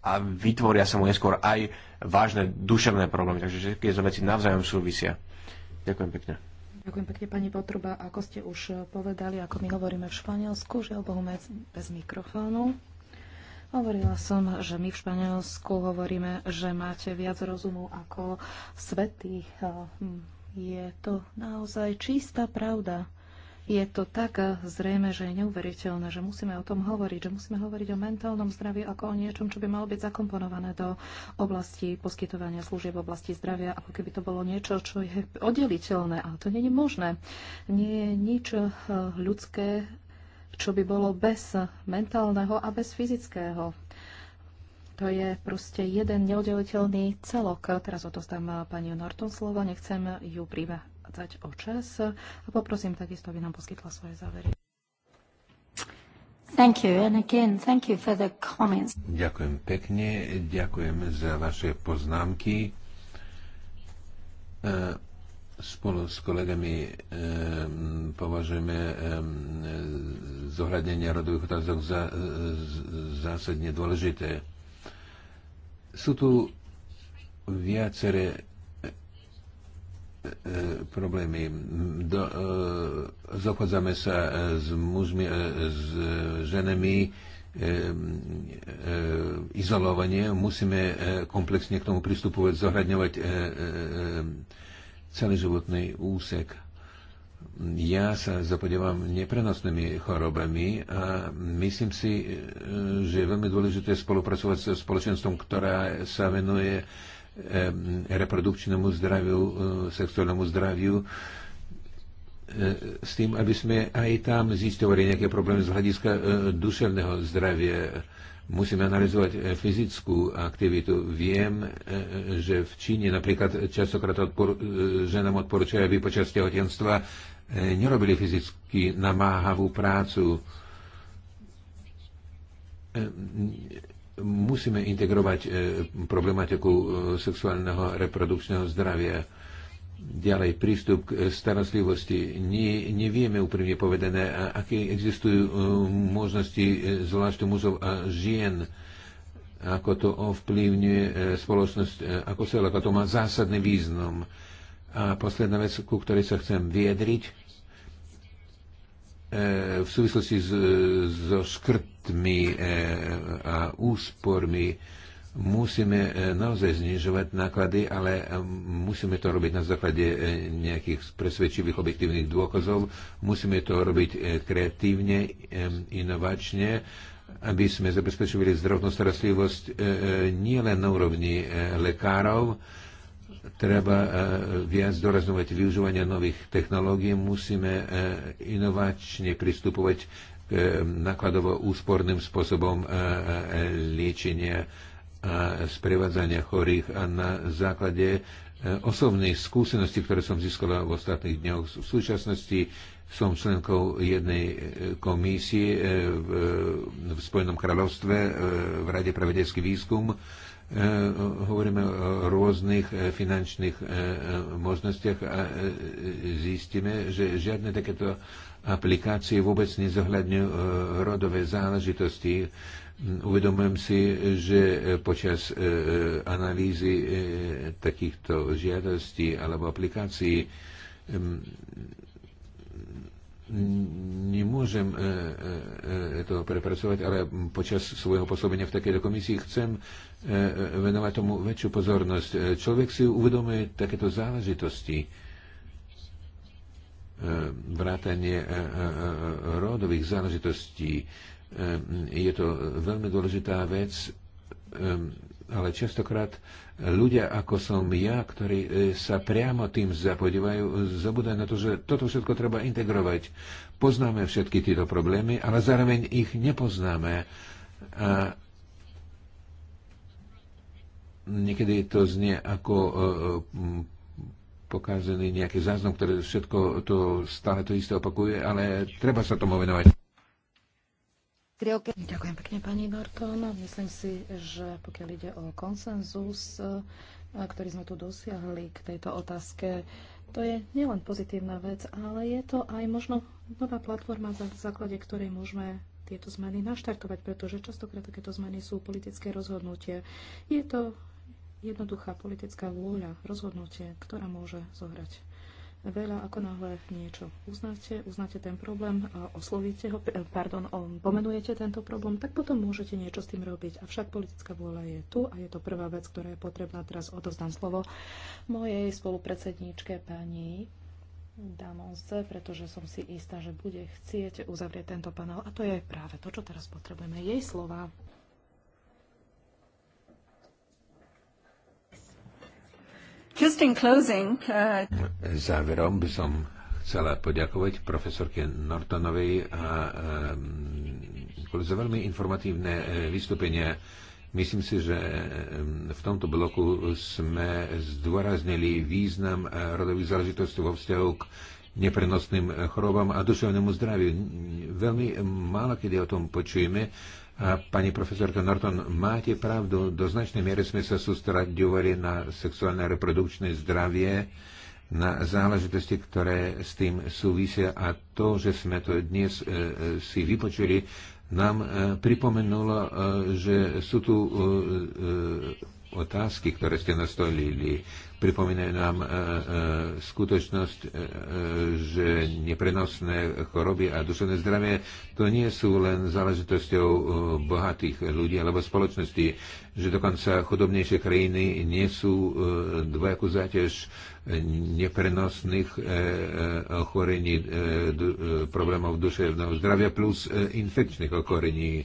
Speaker 5: a vytvoria sa mu neskôr aj vážne duševné problémy. Takže všetky tieto veci navzájom súvisia. Ďakujem pekne.
Speaker 4: Ďakujem pekne, pani Potruba. Ako ste už povedali, ako my hovoríme v Španielsku, žiaľ Bohu, bez mikrofónu. Hovorila som, že my v Španielsku hovoríme, že máte viac rozumu ako svety. Hm, je to naozaj čistá pravda je to tak zrejme, že je neuveriteľné, že musíme o tom hovoriť, že musíme hovoriť o mentálnom zdraví ako o niečom, čo by malo byť zakomponované do oblasti poskytovania služieb v oblasti zdravia, ako keby to bolo niečo, čo je oddeliteľné, ale to nie je možné. Nie je nič eh, ľudské, čo by bolo bez mentálneho a bez fyzického. To je proste jeden neoddeliteľný celok. Teraz o odozdám eh, pani Norton slovo, nechcem ju prichádzať o čas. A poprosím takisto, aby nám poskytla svoje závery. Thank you. And again, thank you for the comments.
Speaker 3: Ďakujem pekne, ďakujem za vaše poznámky. E, spolu s kolegami e, považujeme e, zohľadnenie rodových otázok za zásadne dôležité. Sú tu viaceré E, problémy. Do, e, zochádzame sa e, s mužmi, s ženami izolovanie. Musíme komplexne k tomu pristupovať, e, celý životný úsek. Ja sa zapodievam neprenosnými chorobami a myslím si, že je veľmi dôležité spolupracovať so spoločenstvom, ktorá sa venuje reprodukčnému zdraviu, e, sexuálnemu zdraviu, e, s tým, aby sme aj tam zistovali nejaké problémy z hľadiska e, duševného zdravia. Musíme analyzovať fyzickú aktivitu. Viem, že v Číne napríklad častokrát odpor- ženám odporúčajú, aby počas tehotenstva nerobili fyzicky namáhavú prácu musíme integrovať e, problematiku e, sexuálneho reprodukčného zdravia. Ďalej prístup k e, starostlivosti. Nie, nevieme úprimne povedané, aké existujú možnosti zvlášť mužov a žien, ako to ovplyvňuje spoločnosť ako celok. ako to má zásadný význam. A posledná vec, ku ktorej sa chcem vyjadriť, v súvislosti so škrtmi e, a úspormi musíme e, naozaj znižovať náklady, ale e, musíme to robiť na základe nejakých presvedčivých objektívnych dôkazov. Musíme to robiť kreatívne, inovačne, aby sme zabezpečovali zdravotnú starostlivosť nielen na úrovni lekárov, treba e, viac doraznovať využívanie nových technológií, musíme e, inovačne pristupovať k e, nakladovo úsporným spôsobom liečenia a sprevádzania chorých a na základe osobnej skúsenosti, ktoré som získala v ostatných dňoch. V súčasnosti som členkou jednej komisie v, v Spojenom kráľovstve v Rade pre vedecký výskum E, hovoríme o rôznych e, finančných e, možnostiach a zistíme, že žiadne takéto aplikácie vôbec nezohľadňujú rodové záležitosti. Uvedomujem si, že počas analýzy takýchto žiadostí alebo aplikácií nemôžem e, e, e, to prepracovať, ale počas svojho pôsobenia v takejto komisii chcem venovať tomu väčšiu pozornosť. Človek si uvedomuje takéto záležitosti vrátanie rodových záležitostí. Je to veľmi dôležitá vec, ale častokrát ľudia, ako som ja, ktorí e, sa priamo tým zapodívajú, zabúdajú na to, že toto všetko treba integrovať. Poznáme všetky tieto problémy, ale zároveň ich nepoznáme. A niekedy to znie ako e, pokázený nejaký záznam, ktorý všetko to stále to isté opakuje, ale treba sa tomu venovať.
Speaker 4: Creo que... Ďakujem pekne, pani Norton. Myslím si, že pokiaľ ide o konsenzus, e, ktorý sme tu dosiahli k tejto otázke, to je nielen pozitívna vec, ale je to aj možno nová platforma, za základe ktorej môžeme tieto zmeny naštartovať, pretože častokrát takéto zmeny sú politické rozhodnutie. Je to jednoduchá politická vôľa, rozhodnutie, ktorá môže zohrať veľa, ako náhle niečo uznáte, uznáte ten problém, oslovíte ho, pardon, pomenujete tento problém, tak potom môžete niečo s tým robiť. Avšak politická vôľa je tu a je to prvá vec, ktorá je potrebná. Teraz odovzdám slovo mojej spolupredsedníčke pani Damonce, pretože som si istá, že bude chcieť uzavrieť tento panel a to je práve to, čo teraz potrebujeme. Jej slova.
Speaker 1: Just in closing, uh...
Speaker 3: Záverom by som chcela poďakovať profesorke Nortonovej a um, za veľmi informatívne e, vystúpenie. Myslím si, že e, v tomto bloku sme zdôraznili význam e, rodových záležitostí vo vzťahu k neprenosným chorobám a duševnému zdraviu. Veľmi málo kedy o tom počujeme a pani profesorka Norton, máte pravdu, do značnej miery sme sa sústraďovali na sexuálne reprodukčné zdravie, na záležitosti, ktoré s tým súvisia a to, že sme to dnes e, e, si vypočuli, nám e, pripomenulo, e, že sú tu e, e, otázky, ktoré ste nastolili pripomínajú nám e, e, skutočnosť, e, že neprenosné choroby a duševné zdravie to nie sú len záležitosťou bohatých ľudí alebo spoločnosti, že dokonca chudobnejšie krajiny nie sú dvojakú záťaž neprenosných ochorení, problémov duševného zdravia plus infekčných ochorení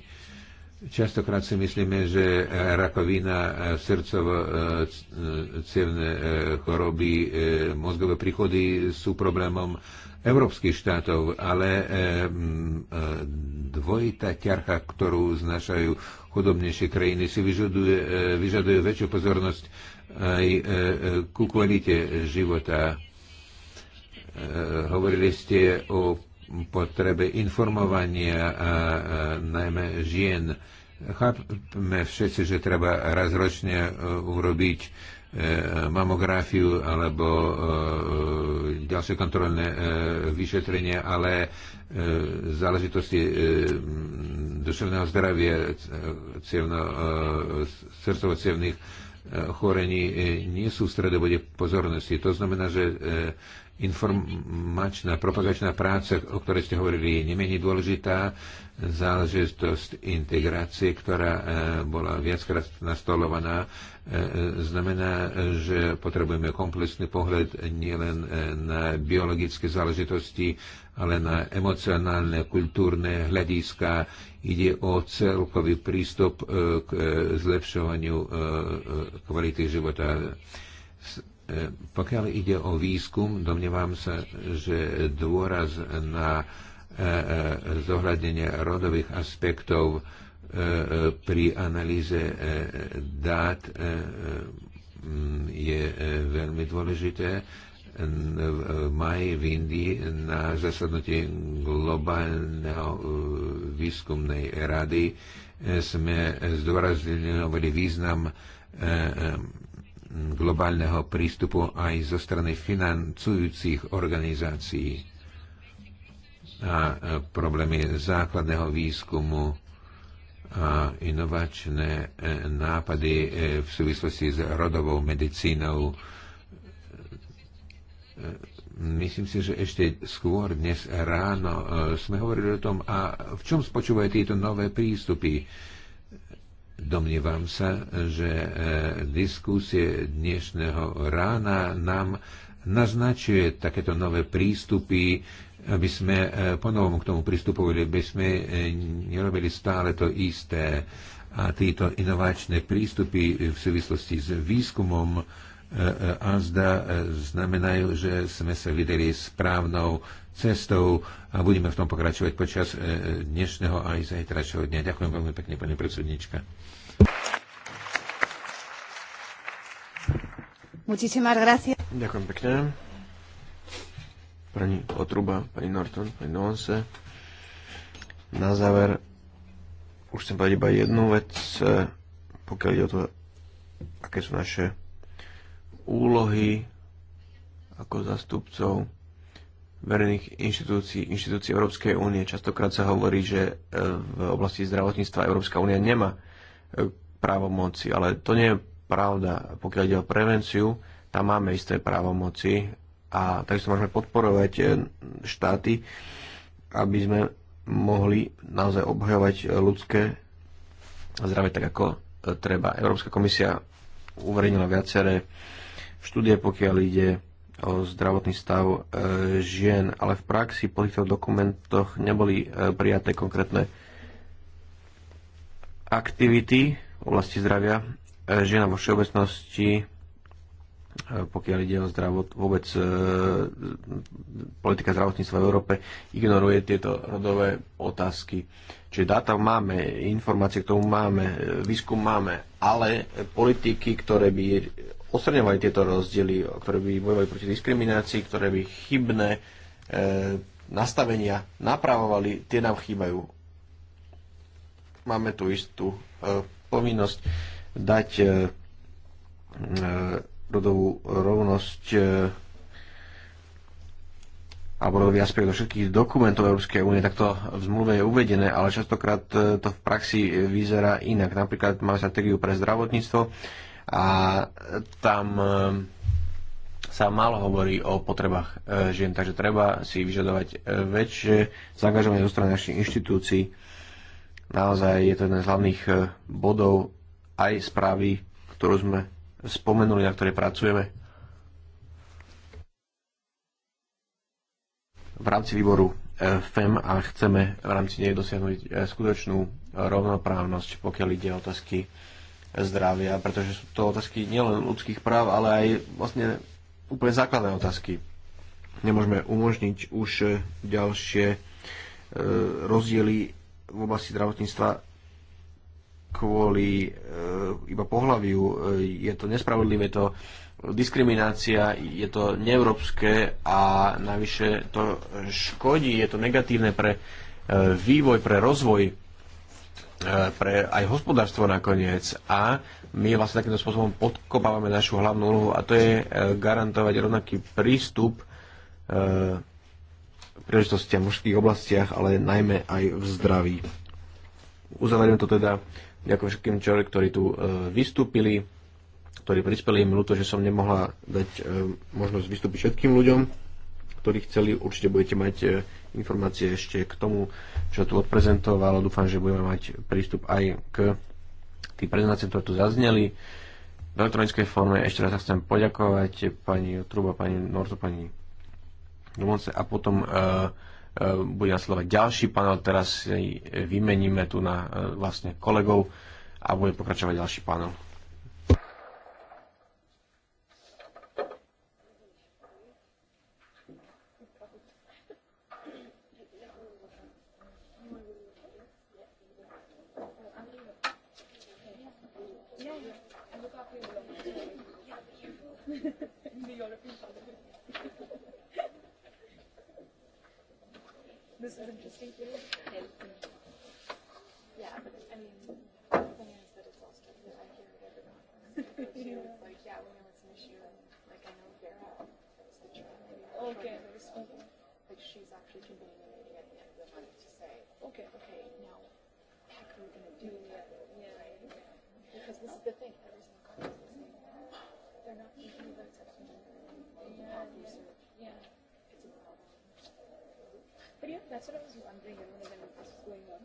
Speaker 3: Častokrát si myslíme, že rakovina, e, srdcovo-cievne e, e, choroby, mozgové príchody sú problémom európskych štátov, ale dvojitá ťarcha, ktorú znašajú chudobnejšie krajiny, si vyžaduje, vyžaduje väčšiu pozornosť aj ku kvalite života. Hovorili ste o potrebe informovania a, a najmä žien. E, Chápeme všetci, že treba raz ročne e, urobiť e, mamografiu alebo e, ďalšie kontrolné vyšetrenie, ale záležitosti duševného zdravia, srdcovo-cievných chorení nie sú v stredobode pozornosti. To znamená, že informačná, propagačná práca, o ktorej ste hovorili, je nemenej dôležitá záležitosť integrácie, ktorá e, bola viackrát nastolovaná. E, znamená, že potrebujeme komplexný pohľad nielen e, na biologické záležitosti, ale na emocionálne, kultúrne hľadiska. Ide o celkový prístup k zlepšovaniu kvality života E, pokiaľ ide o výskum, domnievam sa, že dôraz na e, e, zohľadenie rodových aspektov pri analýze dát je veľmi dôležité. V maji v Indii na zasadnutí globálneho výskumnej rady sme zdôraznili no, význam globálneho prístupu aj zo strany financujúcich organizácií a e, problémy základného výskumu a inovačné e, nápady e, v súvislosti s rodovou medicínou. Myslím si, že ešte skôr dnes ráno sme hovorili o tom, a v čom spočúvajú tieto nové prístupy Domnievam sa, že e, diskusie dnešného rána nám naznačuje takéto nové prístupy, aby sme e, ponovom k tomu pristupovali, aby sme e, nerobili stále to isté. A títo inovačné prístupy v súvislosti s výskumom a zda e, znamenajú, že sme sa vydali správnou cestou a budeme v tom pokračovať počas e, dnešného aj zajtrajšieho dňa. Ďakujem veľmi pekne, pani predsednička.
Speaker 1: Ďakujem
Speaker 5: pekne. Pani Otruba, pani Norton, pani Nonse. Na záver už chcem povedať iba jednu vec, e, pokiaľ ide o to, aké sú naše
Speaker 3: úlohy
Speaker 5: ako zastupcov verejných inštitúcií, inštitúcií Európskej únie. Častokrát sa hovorí, že e, v oblasti zdravotníctva Európska únia nemá e, právomoci, ale to nie je pravda. Pokiaľ ide o prevenciu, tam máme isté právomoci a takisto môžeme podporovať e, štáty, aby sme mohli naozaj obhajovať ľudské zdravie tak, ako treba. Európska komisia uverejnila viaceré štúdie, pokiaľ ide o zdravotný stav e, žien, ale v praxi po týchto dokumentoch neboli e, prijaté konkrétne aktivity v oblasti zdravia e, žena vo všeobecnosti, pokiaľ ide o zdravot, vôbec politika zdravotníctva v Európe ignoruje tieto rodové otázky. Čiže dáta máme, informácie k tomu máme, výskum máme, ale politiky, ktoré by odstraňovali tieto rozdiely, ktoré by bojovali proti diskriminácii, ktoré by chybné e, nastavenia napravovali, tie nám chýbajú. Máme tu istú e, povinnosť dať e, e rodovú rovnosť e, alebo rodový aspekt do všetkých dokumentov Európskej únie, takto v zmluve je uvedené, ale častokrát e, to v praxi vyzerá inak. Napríklad máme stratégiu pre zdravotníctvo, a tam e, sa málo hovorí o potrebách e, žien, takže treba si vyžadovať e, väčšie zaangažovanie zo strany našich inštitúcií. Naozaj je to jeden z hlavných bodov aj správy, ktorú sme spomenuli, na ktorej pracujeme. V rámci výboru FEM a chceme v rámci nej dosiahnuť skutočnú rovnoprávnosť, pokiaľ ide o otázky zdravia, pretože sú to otázky nielen ľudských práv, ale aj vlastne úplne základné otázky. Nemôžeme umožniť už e, ďalšie e, rozdiely v oblasti zdravotníctva kvôli e, iba pohľaviu. Je to nespravodlivé, je to diskriminácia, je to neeurópske a navyše to škodí, je to negatívne pre vývoj, pre rozvoj Eh, pre aj hospodárstvo nakoniec a my vlastne takýmto spôsobom podkopávame našu hlavnú úlohu a to je eh, garantovať rovnaký prístup v eh, príležitostiam v mužských oblastiach, ale najmä aj v zdraví. Uzaveriem to teda ďakujem všetkým čo, ktorí tu vystúpili, ktorí prispeli im ľúto, že som nemohla dať možnosť vystúpiť všetkým ľuďom ktorí chceli. Určite budete mať e, informácie ešte k tomu, čo tu odprezentoval. Dúfam, že budeme mať prístup aj k tým prezentáciám, ktoré tu zazneli. V elektronickej forme ešte raz sa chcem poďakovať pani Truba, pani Norto, pani Dumonce a potom uh, bude nasledovať ďalší panel. Teraz vymeníme tu na vlastne kolegov a bude pokračovať ďalší panel.
Speaker 1: sie I mean, the thing is that it's also, I hear it every night. She like, I know Vera, that's the child, speaking. Like, she's actually convening a meeting at the end of the month to say, okay, okay, now, heck, are we going do yeah. Because this is the thing, every single country is the They're not thinking about such yeah. But that's what I was wondering, you know, when it was going on.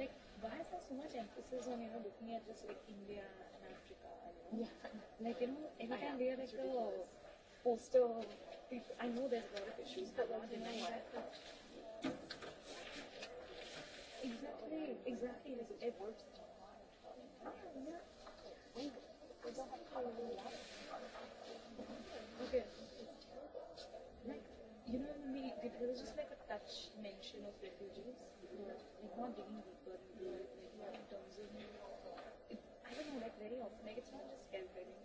Speaker 1: Like, why is there so much emphasis on, you know, looking at just like India and Africa, you know? Yeah. Like, you know, every time we are like the poster people, I know there's a lot of issues, but do in America. Exactly, exactly. Like, it works. Yeah. you know, we, there was just like a touch mention of refugees, but like not digging deeper like in terms of, it, I don't know, like very often, like it's not just self-reading,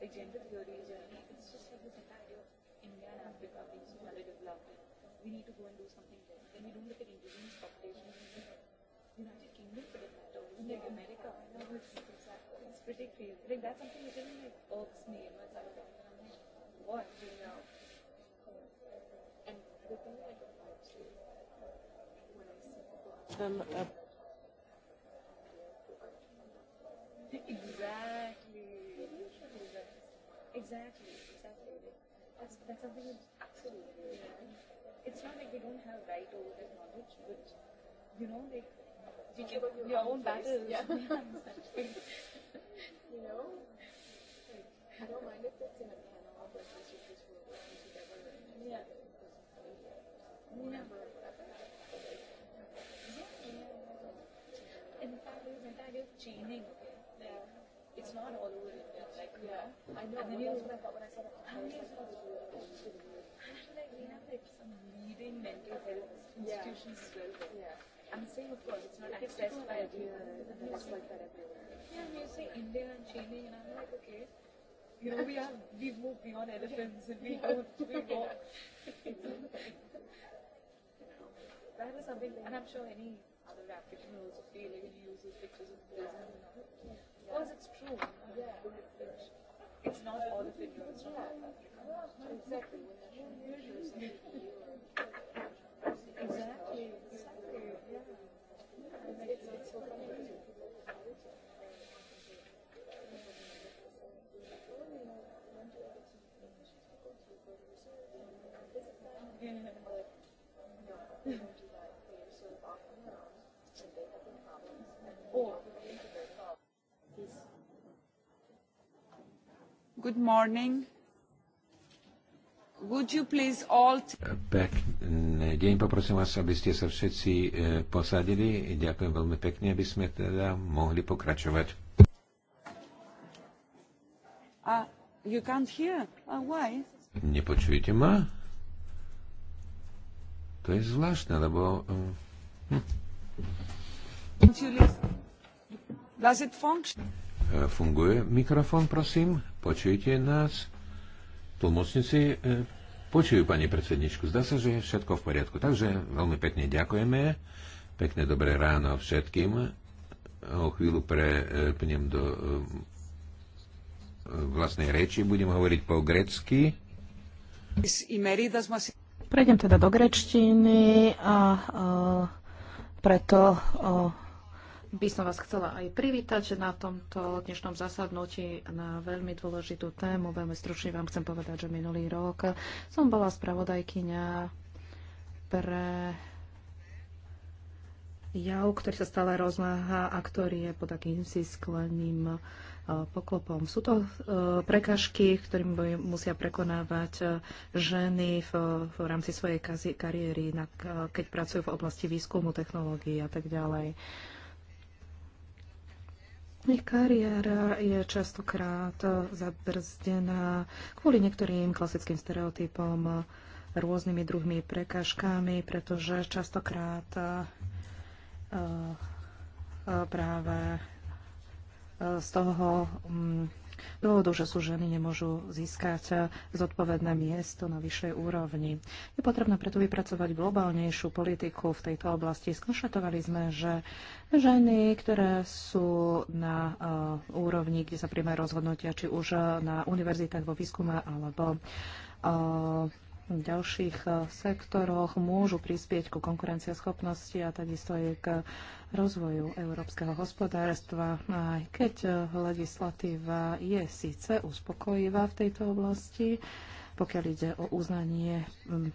Speaker 1: like gender theories or anything, it's just like this entire idea of India and Africa being so underdeveloped, and we need to go and do something there. Then we don't look at indigenous populations, we look United Kingdom for that matter, even like America, I know it's, it's, it's pretty crazy. Like that's something which really like irks me, in my side. like, what, you know? Um, uh, exactly. Exactly. Exactly. That's that's something that's absolutely Yeah. It's not like they don't have right over their knowledge, but you know, they you give up your, your own, own battles. Yeah. <laughs> you know, like, I don't mind if it's in a panel, but it's just we're working together. And yeah changing. Yeah. It's not all over India. Like yeah. I know. And then you like when I saw the like, we have like some leading mental health institutions yeah. I'm saying of course it's not accessed by that everywhere. Yeah, when you say India and changing and I'm like, okay. You know, we have we've moved beyond elephants and we have we walk. That was something, and I'm sure any other application will also feel like he uses pictures of prison yeah. Yeah. Because it's true. Yeah. It's not all of it, it's not all of Africa. Exactly. Exactly. Exactly. Yeah. It's, it's so funny.
Speaker 2: Good morning. Would you please all...
Speaker 3: Pekný deň, poprosím vás, aby ste sa všetci e, posadili. Ďakujem veľmi pekne, aby sme teda mohli pokračovať.
Speaker 1: Uh, you can't hear. Uh, why?
Speaker 3: Nepočujete ma? To je zvláštne, lebo... Uh, hm.
Speaker 1: Does it function?
Speaker 3: E, funguje mikrofón, prosím? Počujete nás? Tlmočníci e, počujú pani predsedničku. Zdá sa, že je všetko v poriadku. Takže veľmi pekne ďakujeme. Pekné dobré ráno všetkým. O chvíľu prepnem do e, vlastnej reči. Budem hovoriť po grecky.
Speaker 4: Prejdem teda do grečtiny a, a preto a, by som vás chcela aj privítať že na tomto dnešnom zasadnutí na veľmi dôležitú tému. Veľmi stručne vám chcem povedať, že minulý rok som bola spravodajkyňa pre jav, ktorý sa stále rozmáha a ktorý je pod takým si skleným e, poklopom. Sú to e, prekažky, ktorým musia prekonávať e, ženy v, v rámci svojej kariéry, keď pracujú v oblasti výskumu, technológií a tak ďalej. Ich kariéra je častokrát zabrzdená kvôli niektorým klasickým stereotypom, rôznymi druhmi prekažkami, pretože častokrát eh, eh, práve eh, z toho mm, dôvodu, že sú ženy, nemôžu získať zodpovedné miesto na vyššej úrovni. Je potrebné preto vypracovať globálnejšiu politiku v tejto oblasti. Skonštatovali sme, že ženy, ktoré sú na eh, úrovni, kde sa príjme rozhodnutia, či už na univerzitách vo výskume alebo eh, ďalších e, sektoroch môžu prispieť ku konkurencieschopnosti a takisto aj k rozvoju európskeho hospodárstva, aj keď e, legislatíva je síce uspokojivá v tejto oblasti. Pokiaľ ide o uznanie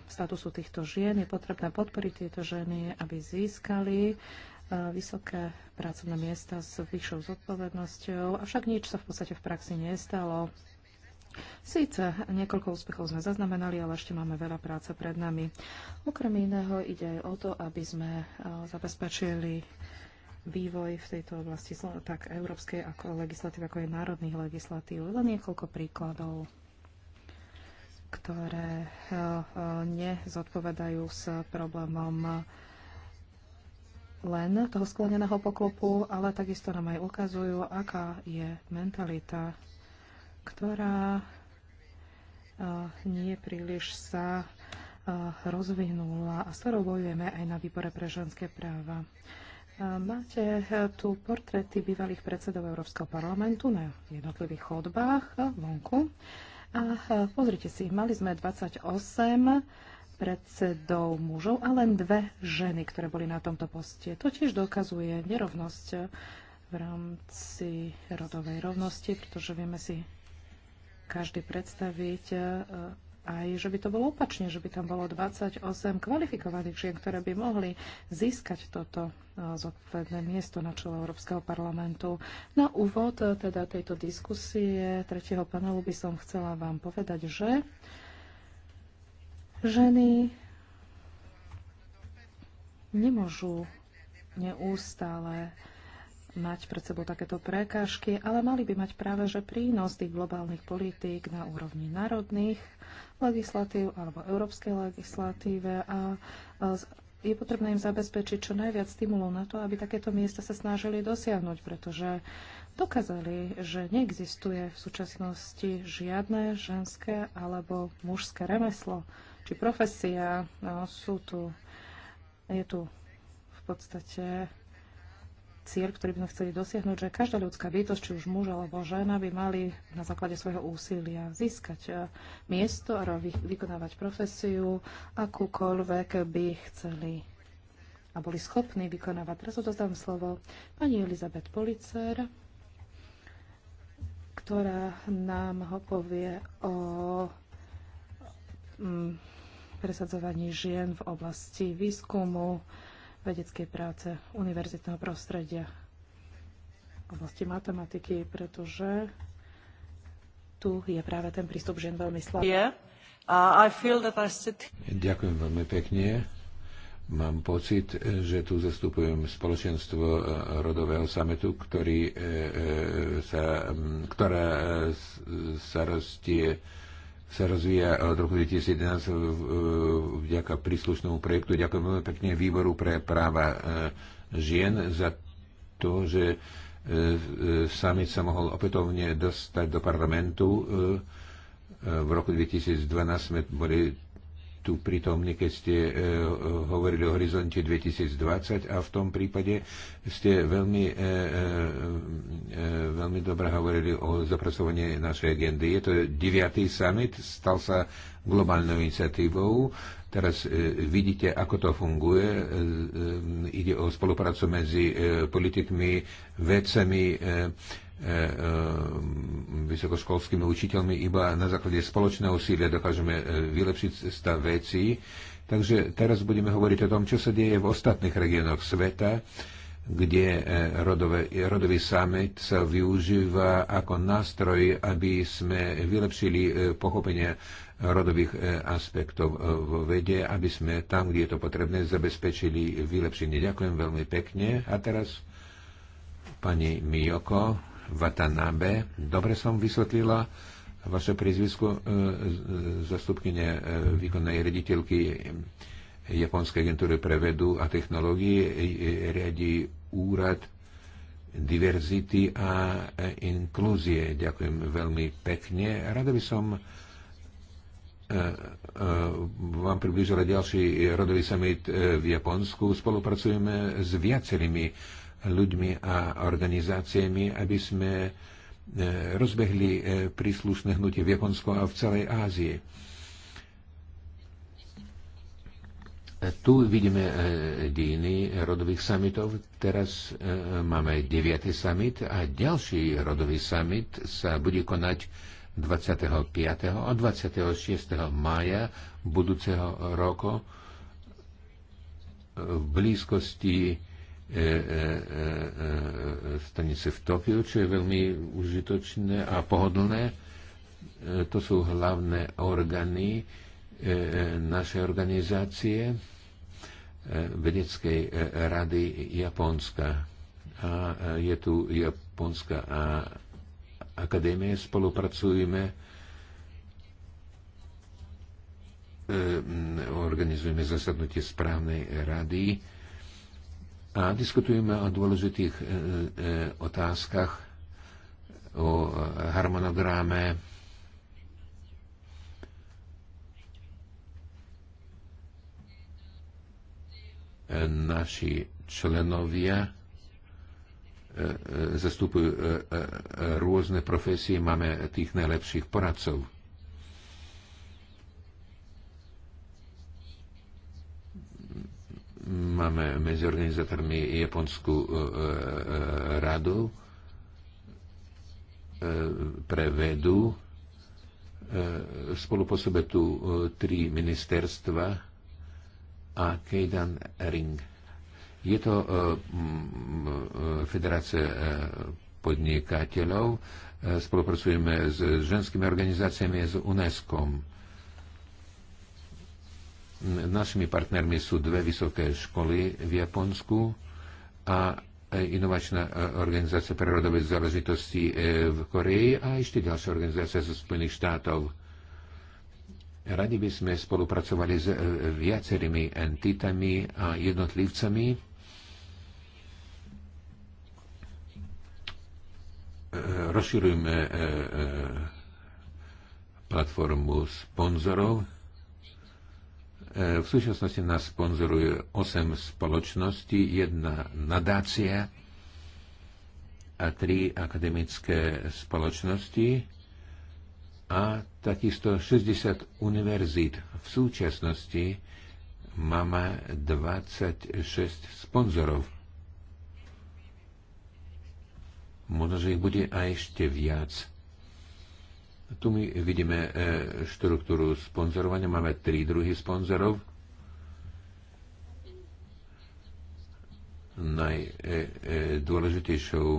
Speaker 4: statusu týchto žien, je potrebné podporiť tieto ženy, aby získali e, vysoké pracovné miesta s vyššou zodpovednosťou, avšak nič sa v podstate v praxi nestalo. Síce niekoľko úspechov sme zaznamenali, ale ešte máme veľa práce pred nami. Okrem iného ide aj o to, aby sme e, zabezpečili vývoj v tejto oblasti tak európskej ako legislatívy, ako aj národných legislatív. Len niekoľko príkladov ktoré e, e, nezodpovedajú s problémom len toho skloneného poklopu, ale takisto nám aj ukazujú, aká je mentalita ktorá eh, nie príliš sa eh, rozvinula a s ktorou bojujeme aj na výbore pre ženské práva. Eh, máte tu portréty bývalých predsedov Európskeho parlamentu na jednotlivých chodbách vonku. A pozrite si, mali sme 28 predsedov mužov a len dve ženy, ktoré boli na tomto poste. To tiež dokazuje nerovnosť v rámci rodovej rovnosti, pretože vieme si každý predstaviť e, aj, že by to bolo opačne, že by tam bolo 28 kvalifikovaných žien, ktoré by mohli získať toto e, zodpovedné miesto na čele Európskeho parlamentu. Na úvod e, teda tejto diskusie tretieho panelu by som chcela vám povedať, že ženy nemôžu neustále uh, mať pred sebou takéto prekážky, ale mali by mať práve že prínos tých globálnych politík na úrovni národných legislatív alebo európskej legislatíve a, je potrebné im zabezpečiť čo najviac stimulov na to, aby takéto miesta sa snažili dosiahnuť, pretože dokázali, že neexistuje v súčasnosti žiadne ženské alebo mužské remeslo či profesia. No, sú tu, je tu v podstate cieľ, ktorý by sme chceli dosiahnuť, že každá ľudská bytosť, či už muž alebo žena, by mali na základe svojho úsilia získať e, miesto a vykonávať profesiu, akúkoľvek by chceli a boli schopní vykonávať. Teraz odozdám slovo pani Elizabeth Policer, ktorá nám ho povie o mm, presadzovaní žien v oblasti výskumu, vedeckej práce univerzitného prostredia v oblasti matematiky, pretože tu je práve ten prístup žien veľmi slabý. Yeah. Uh, sit...
Speaker 3: Ďakujem veľmi pekne. Mám pocit, že tu zastupujem spoločenstvo uh, rodového sametu, ktorý uh, uh, sa, um, ktorá sa rastie sa rozvíja od roku 2011 e, vďaka príslušnému projektu. Ďakujem veľmi pekne Výboru pre práva e, žien za to, že e, summit sa mohol opätovne dostať do parlamentu. V roku 2012 sme boli tu pritomne, keď ste e, e, hovorili o horizonte 2020 a v tom prípade ste veľmi, e, veľmi dobre hovorili o zapracovaní našej agendy. Je to 9. summit, stal sa globálnou iniciatívou. Teraz vidíte, ako to funguje. Ide o spoluprácu medzi politikmi, vedcami, E, e, vysokoškolskými učiteľmi, iba na základe spoločného úsilia dokážeme e, vylepšiť stav vecí. Takže teraz budeme hovoriť o tom, čo sa deje v ostatných regiónoch sveta, kde rodové, rodový summit sa využíva ako nástroj, aby sme vylepšili pochopenie rodových aspektov vo vede, aby sme tam, kde je to potrebné, zabezpečili vylepšenie. Ďakujem veľmi pekne. A teraz pani Mijoko. Watanabe. Dobre som vysvetlila vaše e, zastupkine e, výkonnej rediteľky Japonskej agentúry pre vedu a technológie, e, e, riadi úrad diverzity a inklúzie. Ďakujem veľmi pekne. Rada by som vám približila ďalší rodový summit v Japonsku. Spolupracujeme s viacerými ľuďmi a organizáciami, aby sme e, rozbehli e, príslušné hnutie v Japonsku a v celej Ázii. E, tu vidíme dejiny rodových samitov. Teraz máme 9. summit a ďalší rodový summit sa bude konať 25. a 26. mája budúceho roku v blízkosti E, e, e, stanice v Tokiu, čo je veľmi užitočné a pohodlné. To sú hlavné orgány našej organizácie, vedeckej rady Japonska. A je tu Japonská akadémie, spolupracujeme organizujeme zasadnutie správnej rady a diskutujeme o dôležitých e, e, otázkach, o harmonográme. Naši členovia e, zastupujú rôzne profesie, máme tých najlepších poradcov. Máme medzi organizátormi Japonskú e, e, e, radu pre vedu. Spolu po sebe tu tri ministerstva a Keidan Ring. Je to federácia podnikateľov. Spolupracujeme s ženskými organizáciami a s UNESCO. Našimi partnermi sú dve vysoké školy v Japonsku a e, inovačná e, organizácia pre rodové záležitosti e, v Koreji a ešte ďalšia organizácia zo Spojených štátov. Radi by sme spolupracovali s viacerými entitami a jednotlivcami. Rozširujeme platformu sponzorov v súčasnosti nás sponzoruje 8 spoločností, jedna nadácia a tri akademické spoločnosti a takisto 60 univerzít. V súčasnosti máme 26 sponzorov. Možno, že ich bude aj ešte viac tu my vidíme e, štruktúru sponzorovania. Máme tri druhy sponzorov. Najdôležitejšou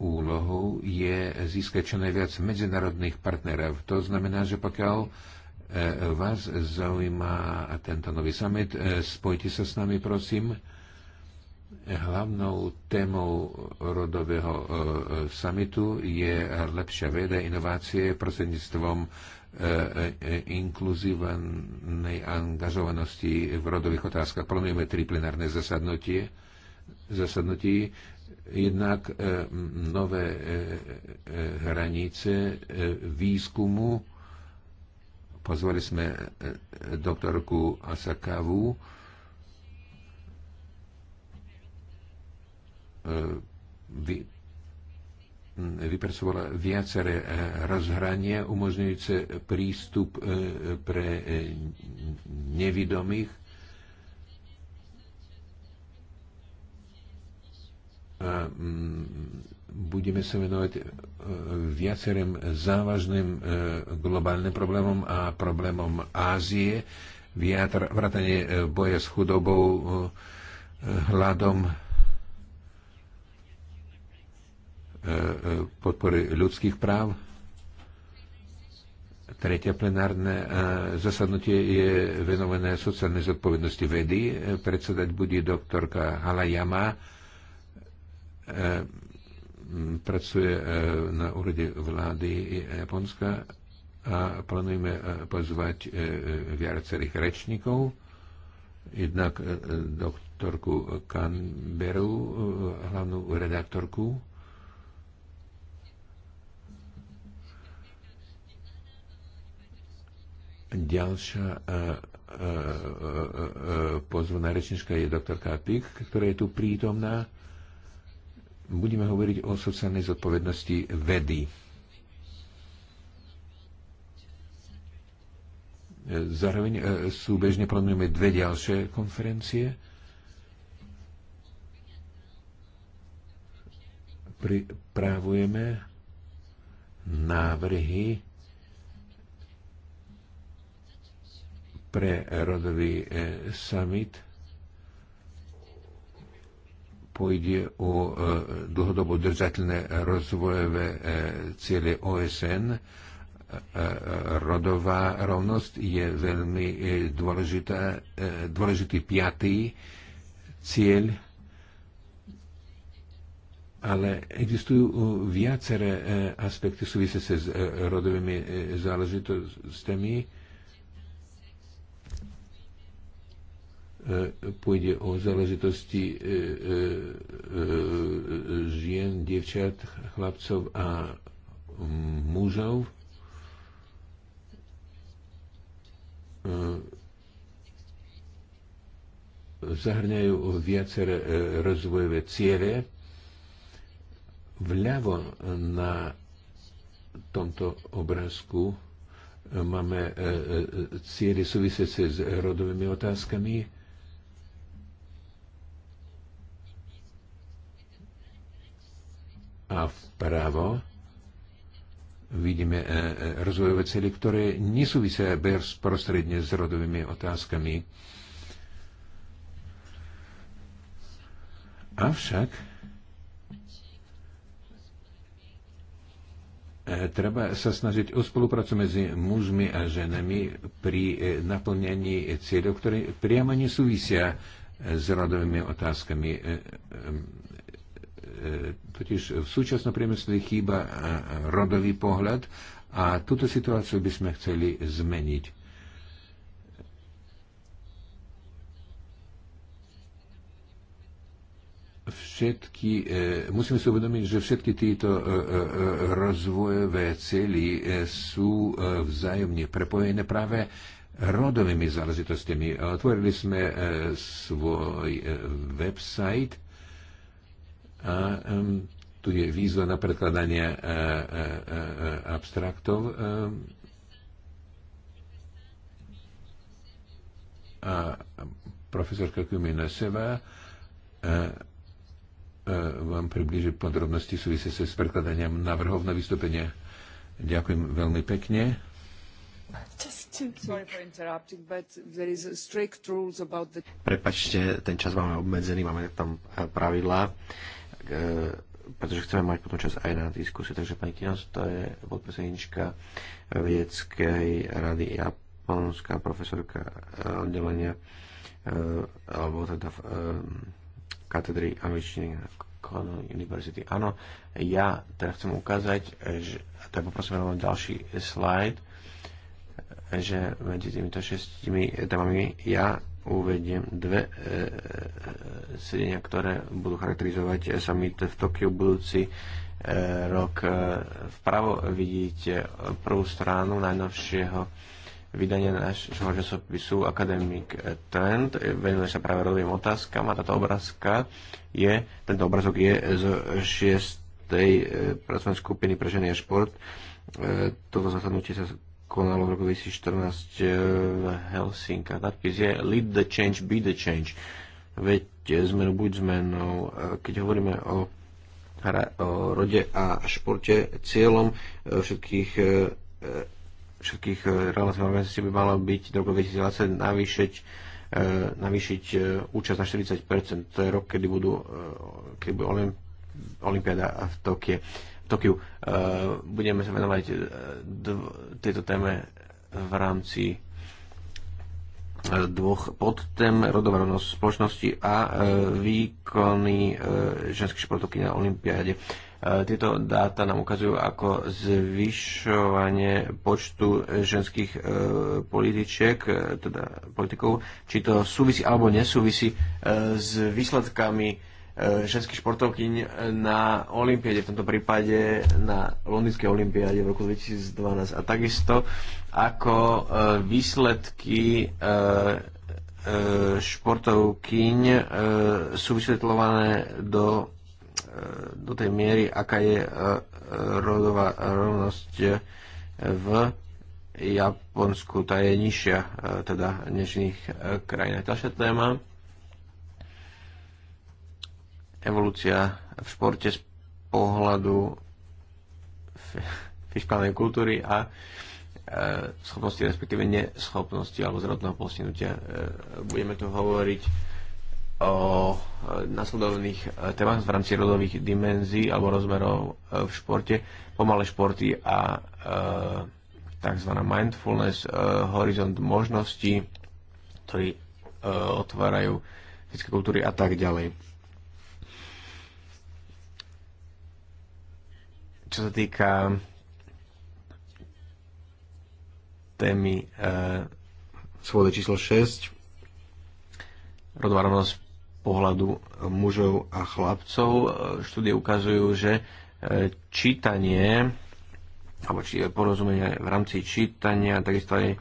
Speaker 3: úlohou je získať čo najviac medzinárodných partnerov. To znamená, že pokiaľ e, vás zaujíma tento nový summit, e, spojte sa s nami, prosím Hlavnou témou rodového e, e, samitu je lepšia veda, inovácie prostredníctvom e, inkluzívnej angažovanosti v rodových otázkach. Plánujeme tri plenárne zasadnutie, zasadnutie. jednak nové hranice výskumu. Pozvali sme doktorku Asakavu, E, vy, vypracovala viaceré e, rozhrania umožňujúce prístup e, pre nevidomých a mm, budeme sa venovať viacerým závažným globálnym problémom a problémom Ázie, vrátanie boja s chudobou, hladom, podpory ľudských práv. Tretie plenárne e, zasadnutie je venované sociálnej zodpovednosti vedy. E, predsedať bude doktorka Halayama. E, pracuje na úrade vlády Japonska a plánujeme pozvať viacerých rečníkov. Jednak doktorku Kanberu, hlavnú redaktorku Ďalšia e, e, e, pozvaná rečnička je doktorka Pik, ktorá je tu prítomná. Budeme hovoriť o sociálnej zodpovednosti vedy. Zároveň súbežne plánujeme dve ďalšie konferencie. Pripravujeme návrhy pre rodový e, summit pôjde o e, dlhodobo držateľné rozvojové e, ciele OSN. Rodová rovnosť je veľmi dôležitá, dôležitý piatý cieľ, ale existujú viaceré aspekty súvisiace s rodovými záležitostami E, pôjde o záležitosti e, e, žien, dievčat, chlapcov a mužov. Zahrňajú viaceré rozvojové ciele. Vľavo na tomto obrázku máme cieľy súvisiace s rodovými otázkami a vpravo vidíme e, e, rozvojové cely, ktoré nesúvisia bezprostredne s rodovými otázkami. Avšak e, treba sa snažiť o spoluprácu medzi mužmi a ženami pri naplňaní cieľov, ktoré priamo nesúvisia s rodovými otázkami E, totiž v súčasnom priemysle chýba e, rodový pohľad a túto situáciu by sme chceli zmeniť. všetky, e, musíme si uvedomiť, že všetky títo e, e, e rozvojové cely e, sú e, vzájomne prepojené práve rodovými záležitostiami. Otvorili sme e, svoj e, website e, a um, tu je výzva na prekladanie uh, e, uh, e, uh, e, abstraktov. Um, a profesorka Kuminaseva uh, vám približí podrobnosti sa s prekladaním návrhov na vystúpenie. Ďakujem veľmi pekne.
Speaker 5: Prepačte, ten čas máme obmedzený, máme tam pravidlá. Eh, pretože chceme mať potom čas aj na diskusiu. Takže pani Kinos, to je podpredsednička vedeckej rady Japonská profesorka eh, oddelenia eh, alebo teda katedry angličtiny na Cornell University. Áno, ja teda chcem ukázať, že, tak teda poprosím vám ďalší slide, že medzi týmito šestimi témami ja uvediem dve e, e sedenia, ktoré budú charakterizovať summit v Tokiu budúci e, rok. E, vpravo vidíte prvú stranu najnovšieho vydania nášho časopisu Academic Trend. Venuje sa práve rodovým otázkam a táto obrázka je, tento obrázok je z šiestej e, pracovnej skupiny pre ženy a šport. E, Toto zasadnutie sa konalo v roku 2014 v e, Helsinka. Nadpis je Lead the change, be the change. Veď zmenu buď zmenou. E, keď hovoríme o, hra, o rode a športe, cieľom e, všetkých všetkých relevantných organizácií by malo byť do roku 2020 navýšiť navýšiť účasť na 40%. To je rok, kedy budú, kedy budú Olympiáda v Tokie. Tokiu. E, budeme sa venovať e, tejto téme v rámci e, dvoch podtém rodová rovnosť spoločnosti a výkony ženských športovky na Olympiáde. Tieto dáta nám ukazujú, ako zvyšovanie počtu ženských političiek, teda politikov, či to súvisí alebo nesúvisí s výsledkami E, ženských športovkyň na Olympiade, v tomto prípade na Londýnskej Olympiáde v roku 2012. A takisto ako e, výsledky e, športovkyň sú vysvetľované do, do tej miery, aká je rodová rovnosť v Japonsku. Tá je nižšia teda než v iných krajinách. Ďalšia téma evolúcia v športe z pohľadu fiskálnej kultúry a e, schopnosti, respektíve neschopnosti alebo zrodného postihnutia. E, budeme tu hovoriť o e, nasledovných e, témach v rámci rodových dimenzí alebo rozmerov e, v športe, pomalé športy a e, tzv. mindfulness, horizont možností, ktorý otvárajú fyzické kultúry a tak ďalej Čo sa týka témy uh, e, svobody číslo 6, rodová rovnosť pohľadu mužov a chlapcov, e, štúdie ukazujú, že e, čítanie alebo či, porozumenie v rámci čítania, takisto aj e,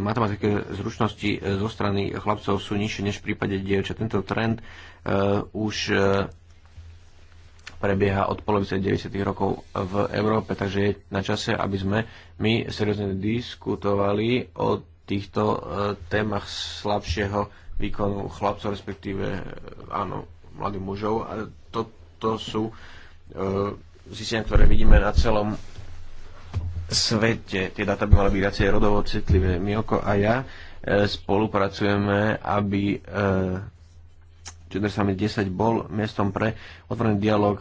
Speaker 5: matematické zručnosti zo strany chlapcov sú nižšie než v prípade dievčat. Tento trend e, už e, prebieha od polovice 90. rokov v Európe. Takže je na čase, aby sme my seriózne diskutovali o týchto e, témach slabšieho výkonu chlapcov, respektíve e, áno, mladých mužov. A toto sú e, zistenia, ktoré vidíme na celom svete. Tie dáta by mali byť viacej rodovo citlivé. My ako a ja spolupracujeme, aby Gender Summit 10 bol miestom pre otvorený dialog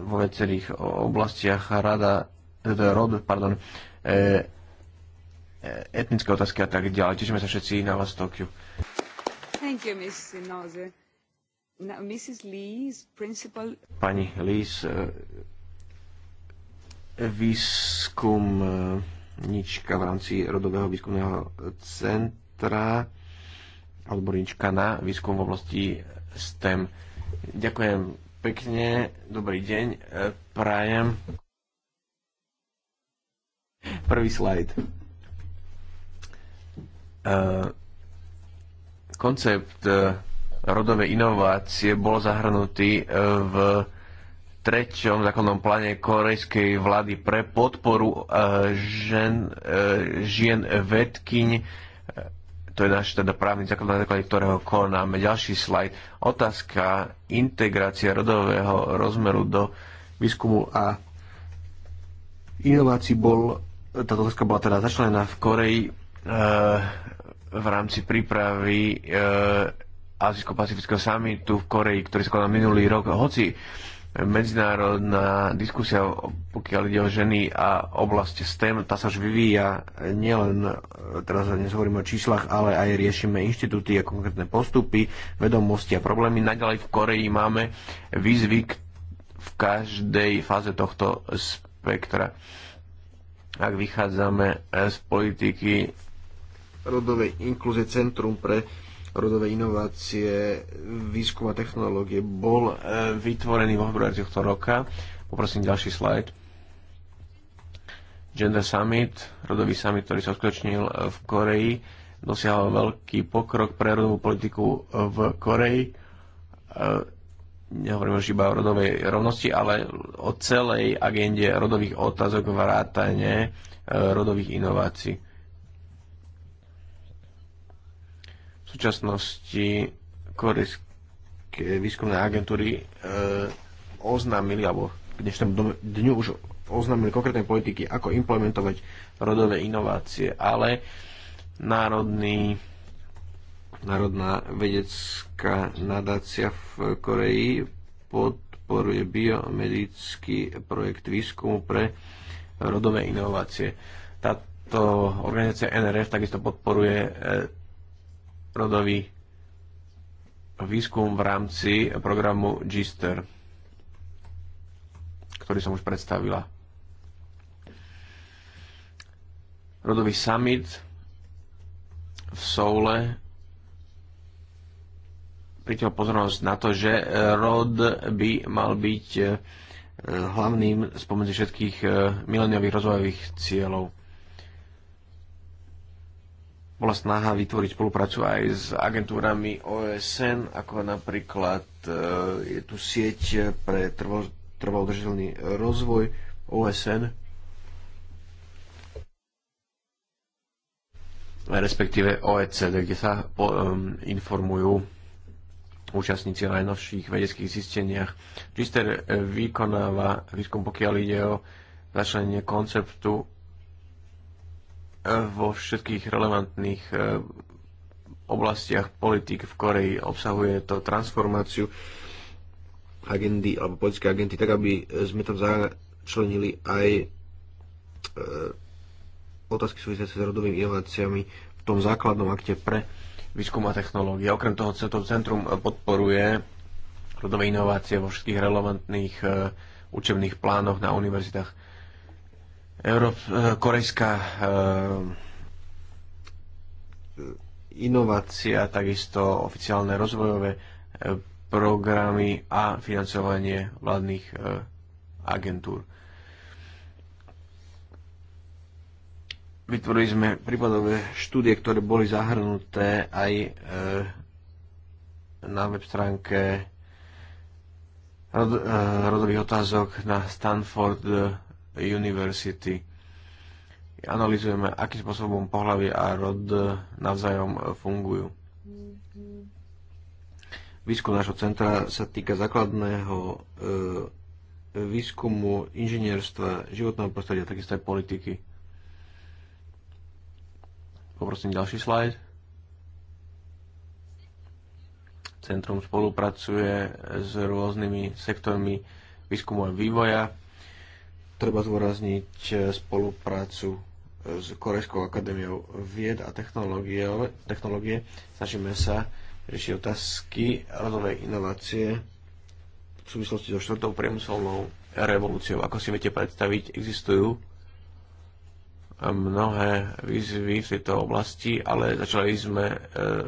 Speaker 5: vo viacerých oblastiach rada, teda rod, pardon, e, e, etnické otázky a tak ďalej. Tešíme sa všetci na vás v Tokiu.
Speaker 1: Thank you, Mrs. Noze. Now, Mrs. Lee's principal...
Speaker 5: Pani Lee's e, výskum e, nička v rámci Rodového výskumného centra odborníčka na výskum v oblasti STEM. Ďakujem pekne, dobrý deň, e, prajem. Prvý slajd. E, koncept e, rodovej inovácie bol zahrnutý v treťom zákonnom pláne korejskej vlády pre podporu žien, žien vedkyň to je náš teda právny základ, na základe ktorého konáme. Ďalší slajd. Otázka integrácia rodového rozmeru do výskumu a inovácií bol, táto otázka bola teda začlenená v Koreji e, v rámci prípravy e, Azijsko-Pacifického samitu v Koreji, ktorý sa konal minulý rok. Hoci medzinárodná diskusia, pokiaľ ide o ženy a oblasti STEM, tá sa už vyvíja nielen, e, teraz hovoríme o číslach, ale aj riešime inštitúty a konkrétne postupy, vedomosti a problémy. Naďalej v Koreji máme výzvy v každej fáze tohto spektra. Ak vychádzame e, z politiky rodovej inklúzie Centrum pre rodové inovácie, výskum a technológie bol e, vytvorený v februári tohto roka. Poprosím ďalší slajd. Gender Summit, rodový summit, ktorý sa uskutočnil e, v Koreji, dosiahol veľký pokrok pre rodovú politiku v Koreji. E, nehovorím už iba o rodovej rovnosti, ale o celej agende rodových otázok vrátane rodových inovácií. V súčasnosti korejské výskumné agentúry e, oznámili, alebo k dnešnému dňu už oznámili konkrétne politiky, ako implementovať rodové inovácie, ale národný Národná vedecká nadácia v Koreji podporuje biomedický projekt výskumu pre rodové inovácie. Táto organizácia NRF takisto podporuje e, rodový výskum v rámci programu GISTER, ktorý som už predstavila. Rodový summit v Soule priťahol pozornosť na to, že rod by mal byť eh, hlavným spomedzi všetkých eh, mileniových rozvojových cieľov bola snaha vytvoriť spoluprácu aj s agentúrami OSN, ako napríklad e, je tu sieť pre trvo, trvoudržiteľný rozvoj OSN, respektíve OECD, kde sa e, informujú účastníci o najnovších vedeckých zisteniach. Čister e, vykonáva výskum, pokiaľ ide o začlenie konceptu vo všetkých relevantných e, oblastiach politik v Koreji. Obsahuje to transformáciu agendy alebo politické agendy, tak aby sme tam začlenili aj e, otázky súvisiace s rodovými inováciami v tom základnom akte pre výskum a technológie. Okrem toho, to centrum podporuje rodové inovácie vo všetkých relevantných e, učebných plánoch na univerzitách Európ, e, korejská e, inovácia, takisto oficiálne rozvojové e, programy a financovanie vládnych agentúr. Vytvorili sme prípadové štúdie, ktoré boli zahrnuté aj na web stránke rodových otázok na Stanford University. Analizujeme, akým spôsobom pohľavy a rod navzájom fungujú. Výskum našho centra sa týka základného e, výskumu inžinierstva, životného prostredia, takisto aj politiky. Poprosím ďalší slajd. Centrum spolupracuje s rôznymi sektormi výskumu a vývoja treba zvorazniť eh, spoluprácu eh, s Korejskou akadémiou vied a technológie. technológie. Snažíme sa riešiť otázky rodovej inovácie v súvislosti so štvrtou priemyselnou revolúciou. Ako si viete predstaviť, existujú eh, mnohé výzvy v tejto oblasti, ale začali sme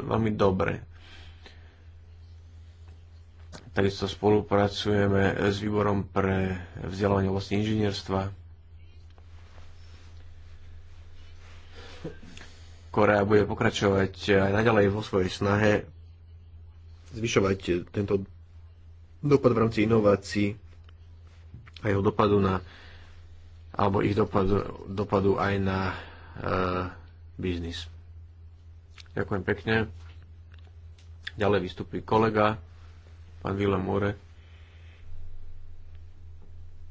Speaker 5: veľmi dobre Takisto spolupracujeme s výborom pre vzdelávanie vlastne inžinierstva. Korea bude pokračovať aj naďalej vo svojej snahe zvyšovať tento dopad v rámci inovácií a jeho dopadu na alebo ich dopadu, dopadu aj na e, biznis. Ďakujem pekne. Ďalej vystupí kolega pán Vila More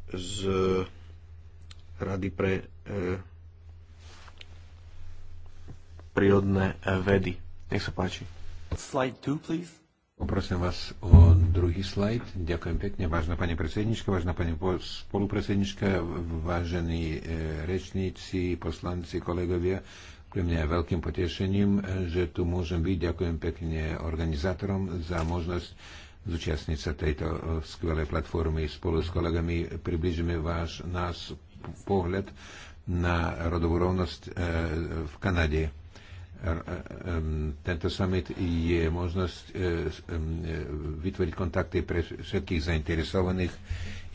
Speaker 5: z Rady pre e, prírodné e, vedy. Nech sa páči.
Speaker 4: Slide
Speaker 3: 2, please. Poprosím vás o druhý slajd. Ďakujem pekne, vážna pani predsednička, vážna pani spolupredsednička, vážení e, rečníci, poslanci, kolegovia. Pre mňa je veľkým potešením, e, že tu môžem byť. Ďakujem pekne organizátorom za možnosť zúčastniť sa tejto e, skvelej platformy. Spolu s kolegami približíme váš, nás pohľad na rodovú rovnosť e, v Kanade. E, tento summit je možnosť vytvoriť kontakty pre všetkých zainteresovaných.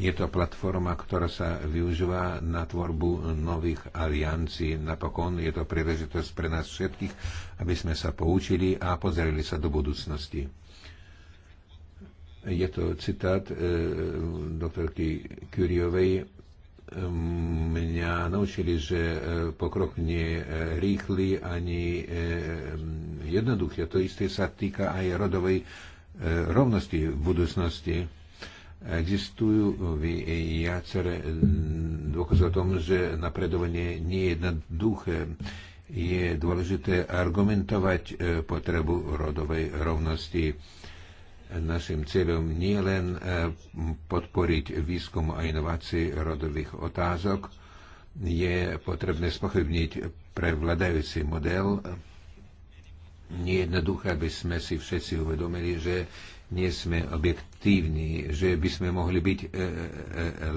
Speaker 3: Je to platforma, ktorá sa využíva na tvorbu nových aliancií. Napokon je to príležitosť pre nás všetkých, aby sme sa poučili a pozreli sa do budúcnosti. Je to citát e, doktorky Kuriovej. Mňa naučili, že e, pokrok nie je e, rýchly ani e, jednoduchý. A to isté sa týka aj rodovej rovnosti v budúcnosti. Existujú viaceré dôkazy o tom, že napredovanie nie je jednoduché. Je dôležité argumentovať potrebu rodovej rovnosti Našim cieľom nie len e, podporiť výskum a inovácii rodových otázok, je potrebné spochybniť prevladajúci model. Nie jednoduché, aby sme si všetci uvedomili, že nie sme objektívni, že by sme mohli byť e, e,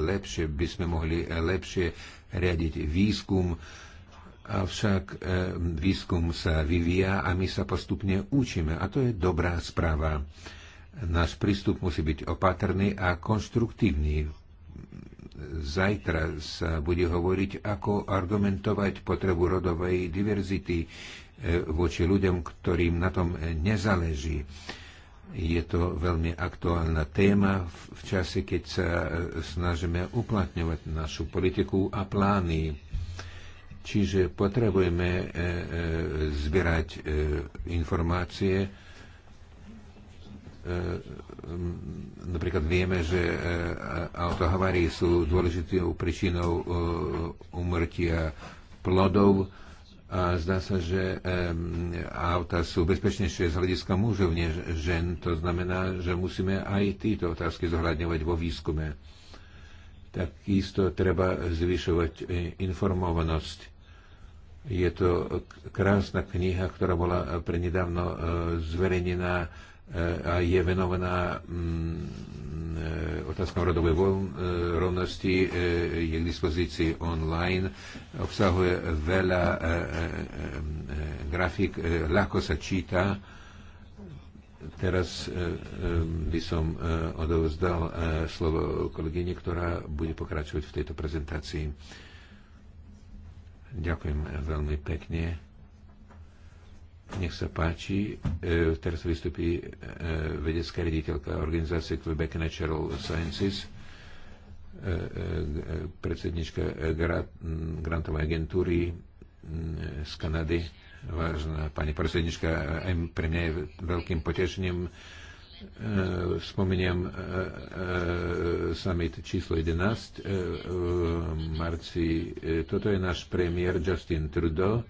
Speaker 3: lepšie, by sme mohli lepšie riadiť výskum, avšak výskum sa vyvíja a my sa postupne učíme a to je dobrá správa. Náš prístup musí byť opatrný a konstruktívny. Zajtra sa bude hovoriť, ako argumentovať potrebu rodovej diverzity e, voči ľuďom, ktorým na tom nezáleží. Je to veľmi aktuálna téma v čase, keď sa e, snažíme uplatňovať našu politiku a plány. Čiže potrebujeme e, zbierať informácie, E, napríklad vieme, že e, autohavárie sú dôležitou príčinou e, umrtia plodov a zdá sa, že auta sú bezpečnejšie z hľadiska mužov než žen. To znamená, že musíme aj tieto otázky zohľadňovať vo výskume. Takisto treba zvyšovať informovanosť. Je to krásna kniha, ktorá bola prenedávno zverejnená a je venovaná mm, e, otázkam rodovej e, rovnosti e, je k dispozícii online, obsahuje veľa grafik, ľahko sa číta. Teraz by som odovzdal slovo kolegyne, ktorá bude pokračovať v tejto prezentácii. Ďakujem veľmi pekne. Nech sa páči, e, teraz vystupí e, vedecká riaditeľka organizácie Quebec Natural Sciences, e, e, predsednička grantovej agentúry e, z Kanady. Vážna pani predsednička, aj pre mňa je veľkým potešením. E, Spomeniem e, e, summit číslo 11 e, v marci. E, Toto je náš premiér Justin Trudeau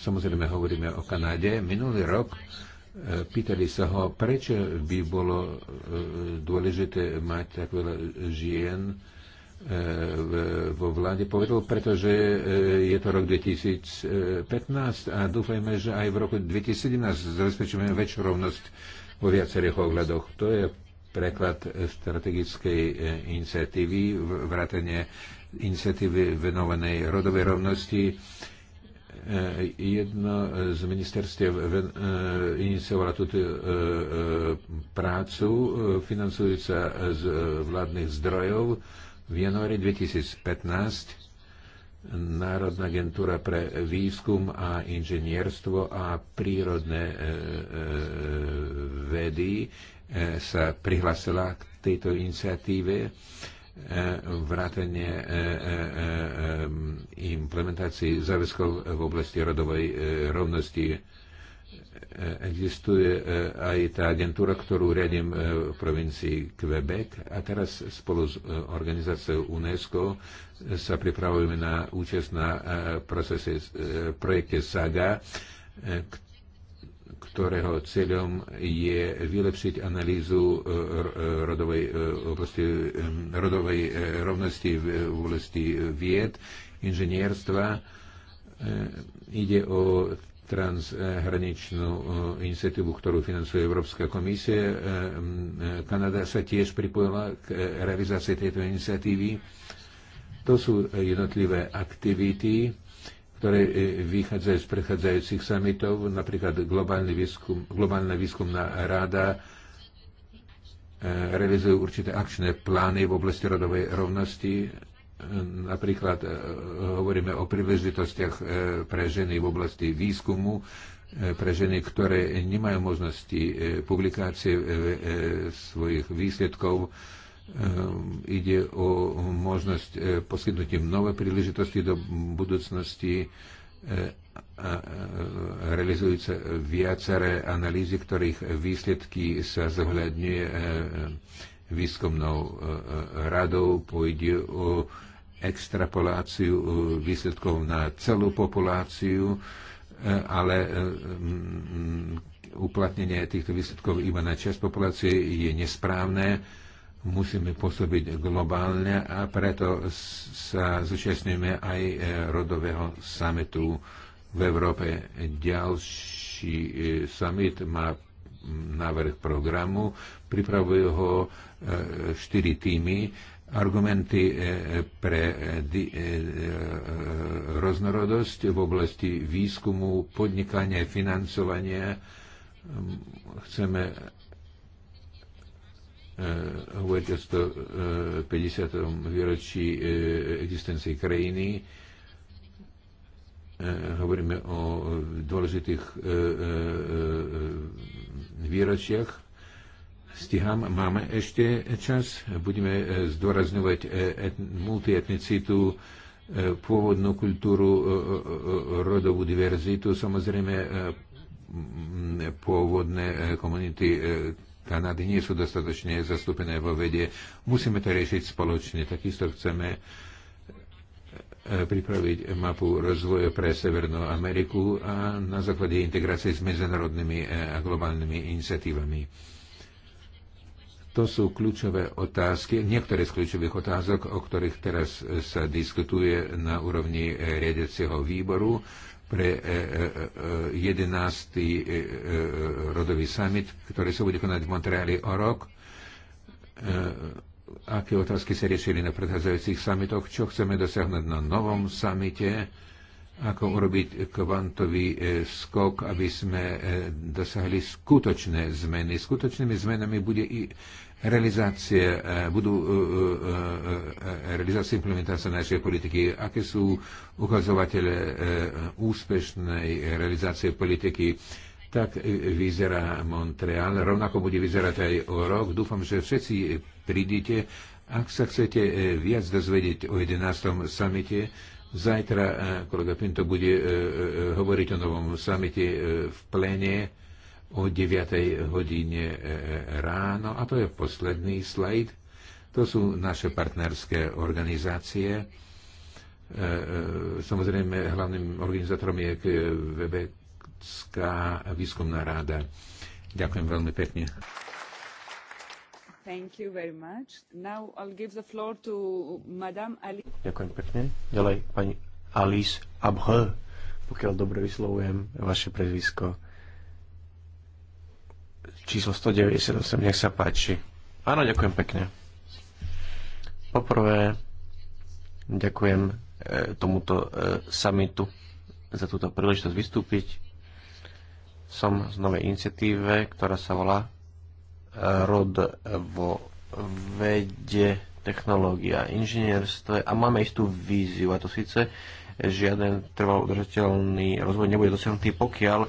Speaker 3: Samozrejme hovoríme o Kanade. Minulý rok e, pýtali sa ho, prečo by bolo e, dôležité mať tak veľa žien e, vo vláde. Povedal, pretože je to rok 2015 a dúfajme, že aj v roku 2017 zabezpečíme väčšiu rovnosť vo viacerých ohľadoch. To je preklad strategickej iniciatívy, vrátanie iniciatívy venovanej rodovej rovnosti jedno z ministerstiev e, iniciovala túto e, e, prácu, financujúca z vládnych zdrojov. V januári 2015 Národná agentúra pre výskum a inžinierstvo a prírodné vedy sa prihlásila k tejto iniciatíve E, vrátanie e, e, implementácií záväzkov v oblasti rodovej rovnosti. Existuje aj tá agentúra, ktorú riadím v provincii Quebec a teraz spolu s organizáciou UNESCO sa pripravujeme na účasť na procese, projekte SAGA, ktorého cieľom je vylepšiť analýzu e, e, rodovej, e, oblasti, rodovej rovnosti v oblasti vied, inžinierstva. Ide o transhraničnú iniciatívu, ktorú financuje Európska komisia. Kanada sa tiež pripojila k realizácii tejto iniciatívy. To sú jednotlivé aktivity, ktoré e, vychádzajú z prechádzajúcich samitov, napríklad globálny výskum, globálna výskumná rada e, realizujú určité akčné plány v oblasti rodovej rovnosti. E, napríklad hovoríme o príležitostiach pre ženy v oblasti výskumu, pre ženy, ktoré nemajú možnosti publikácie svojich výsledkov, Ehm, ide o možnosť e, poskytnúť nové príležitosti do budúcnosti e, e, realizujú sa viaceré analýzy, ktorých výsledky sa zohľadňuje výskumnou radou, pôjde o extrapoláciu výsledkov na celú populáciu, ale uplatnenie týchto výsledkov iba na časť populácie je nesprávne musíme pôsobiť globálne a preto sa zúčastňujeme aj e, rodového sametu v Európe. Ďalší e, summit má návrh programu, pripravujú ho e, štyri týmy. Argumenty pre roznorodosť v oblasti výskumu, podnikania, financovania chceme Eh, hovoriť o 150. Eh, výročí eh, existencie krajiny. Hovoríme o dôležitých výročiach. Stíham, máme ešte čas. Budeme zdôrazňovať multietnicitu, pôvodnú kultúru, rodovú diverzitu, samozrejme pôvodné komunity Kanady nie sú dostatočne zastúpené vo vede. Musíme to riešiť spoločne. Takisto chceme e, pripraviť mapu rozvoja pre Severnú Ameriku a na základe integrácie s medzinárodnými e, a globálnymi iniciatívami. To sú kľúčové otázky, niektoré z kľúčových otázok, o ktorých teraz sa diskutuje na úrovni e, riadiaceho výboru pre 11. E, e, e, rodový summit, ktorý sa bude konať v Montreali o rok. Aké otázky sa riešili na predchádzajúcich summitoch? Čo chceme dosiahnuť na novom summite? Ako urobiť kvantový skok, aby sme dosahli skutočné zmeny? Skutočnými zmenami bude i realizácie, e, budú e, e, realizácie implementácie našej politiky, aké sú ukazovatele úspešnej realizácie politiky, tak vyzerá Montreal. Rovnako bude vyzerať aj o rok. Dúfam, že všetci prídete. Ak sa chcete viac dozvedieť o 11. samite, zajtra kolega Pinto bude hovoriť o novom samite v pléne o 9 hodine e, e, ráno a to je posledný slajd. To sú naše partnerské organizácie. E, samozrejme, hlavným organizátorom je Vebecká výskumná ráda. Ďakujem veľmi pekne.
Speaker 1: Thank you very much. Now I'll give the floor to Madame Ali.
Speaker 5: Ďakujem pekne. Ďalej pani Alice Abhe, pokiaľ dobre vyslovujem vaše prezvisko číslo 198, nech sa páči. Áno, ďakujem pekne. Poprvé, ďakujem e, tomuto e, samitu za túto príležitosť vystúpiť. Som z novej iniciatíve, ktorá sa volá e, Rod vo vede, technológia, inžinierstve a máme istú víziu a to síce žiaden trvalo udržateľný rozvoj nebude dosiahnutý, pokiaľ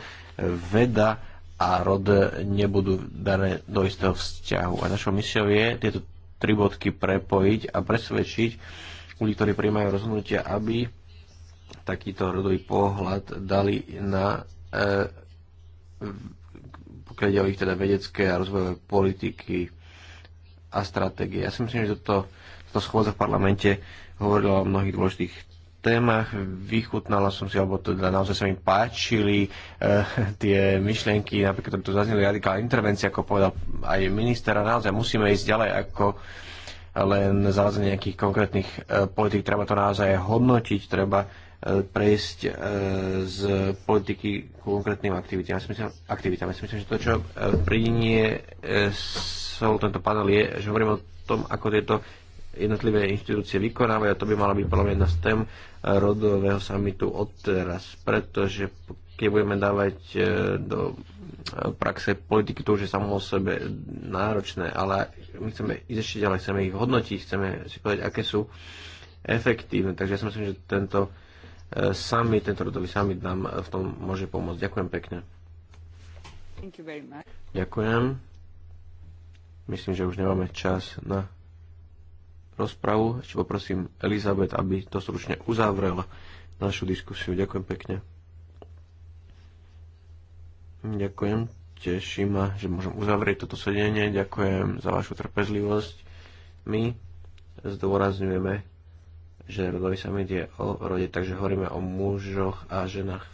Speaker 5: veda a rod nebudú dané do istého vzťahu. A našou misiou je tieto tri bodky prepojiť a presvedčiť ľudí, ktorí príjmajú rozhodnutia, aby takýto rodový pohľad dali na e, pokiaľ ide o ich teda vedecké a rozvojové politiky a stratégie. Ja si myslím, že toto, toto schôdza v parlamente hovorila o mnohých dôležitých témach. Vychutnala som si, alebo teda naozaj sa mi páčili e, tie myšlienky, napríklad tu zazneli radikálna intervencia, ako povedal aj minister, a naozaj musíme ísť ďalej ako len zavádzanie nejakých konkrétnych e, eh, politik. Treba to naozaj hodnotiť, treba eh, prejsť z politiky k konkrétnym aktivitám. Ja si myslím, aktivitám. Ja si myslím, že to, čo priniesol tento panel je, že hovoríme o tom, ako tieto jednotlivé inštitúcie vykonávajú a to by mala byť podľa mňa jedna z tém, rodového samitu odteraz, pretože keď budeme dávať e, do e, praxe politiky, to už je samo o sebe náročné, ale my chceme ísť ešte ďalej, chceme ich hodnotiť, chceme si povedať, aké sú efektívne. Takže ja si myslím, že tento e, summit, tento rodový summit nám v tom môže pomôcť. Ďakujem pekne. Ďakujem. Myslím, že už nemáme čas na rozpravu. Ešte poprosím Elizabet, aby to stručne uzavrela našu diskusiu. Ďakujem pekne. Ďakujem. Teší ma, že môžem uzavrieť toto sedenie. Ďakujem za vašu trpezlivosť. My zdôrazňujeme, že rodový summit je o rode, takže hovoríme o mužoch a ženách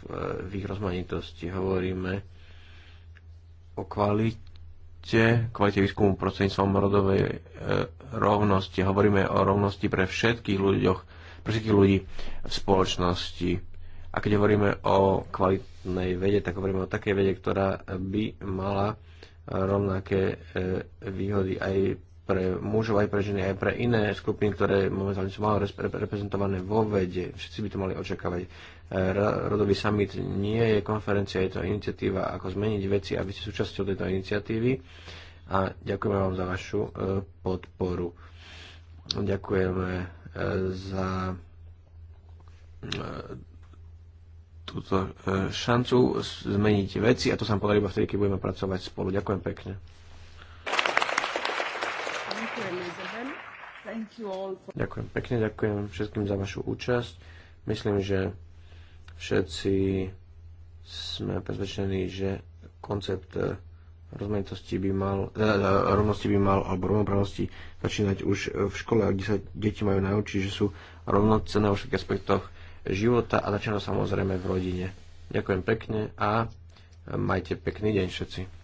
Speaker 5: v ich rozmanitosti. Hovoríme o kvalite, kvalite výskumu prostredníctvom rodovej e, rovnosti. Hovoríme o rovnosti pre všetkých ľuďoch, pre všetkých ľudí v spoločnosti. A keď hovoríme o kvalitnej vede, tak hovoríme o takej vede, ktorá by mala rovnaké e, výhody aj pre mužov, aj pre ženy, aj pre iné skupiny, ktoré momentálne sú malo reprezentované vo vede. Všetci by to mali očakávať. E, rodový summit nie je konferencia, je to iniciatíva, ako zmeniť veci aby ste súčasťou tejto iniciatívy a ďakujeme vám za vašu e, podporu. Ďakujeme e, za e, túto šancu zmeniť veci a to sa nám podarí iba vtedy, keď budeme pracovať spolu. Ďakujem pekne. Ďakujem pekne, ďakujem všetkým za vašu účasť. Myslím, že všetci sme presvedčení, že koncept rozmanitosti by mal, teda, rovnosti by mal, alebo rovnoprávnosti začínať už v škole, kde sa deti majú naučiť, že sú rovnocené vo všetkých aspektoch života a začína samozrejme v rodine. Ďakujem pekne a majte pekný deň všetci.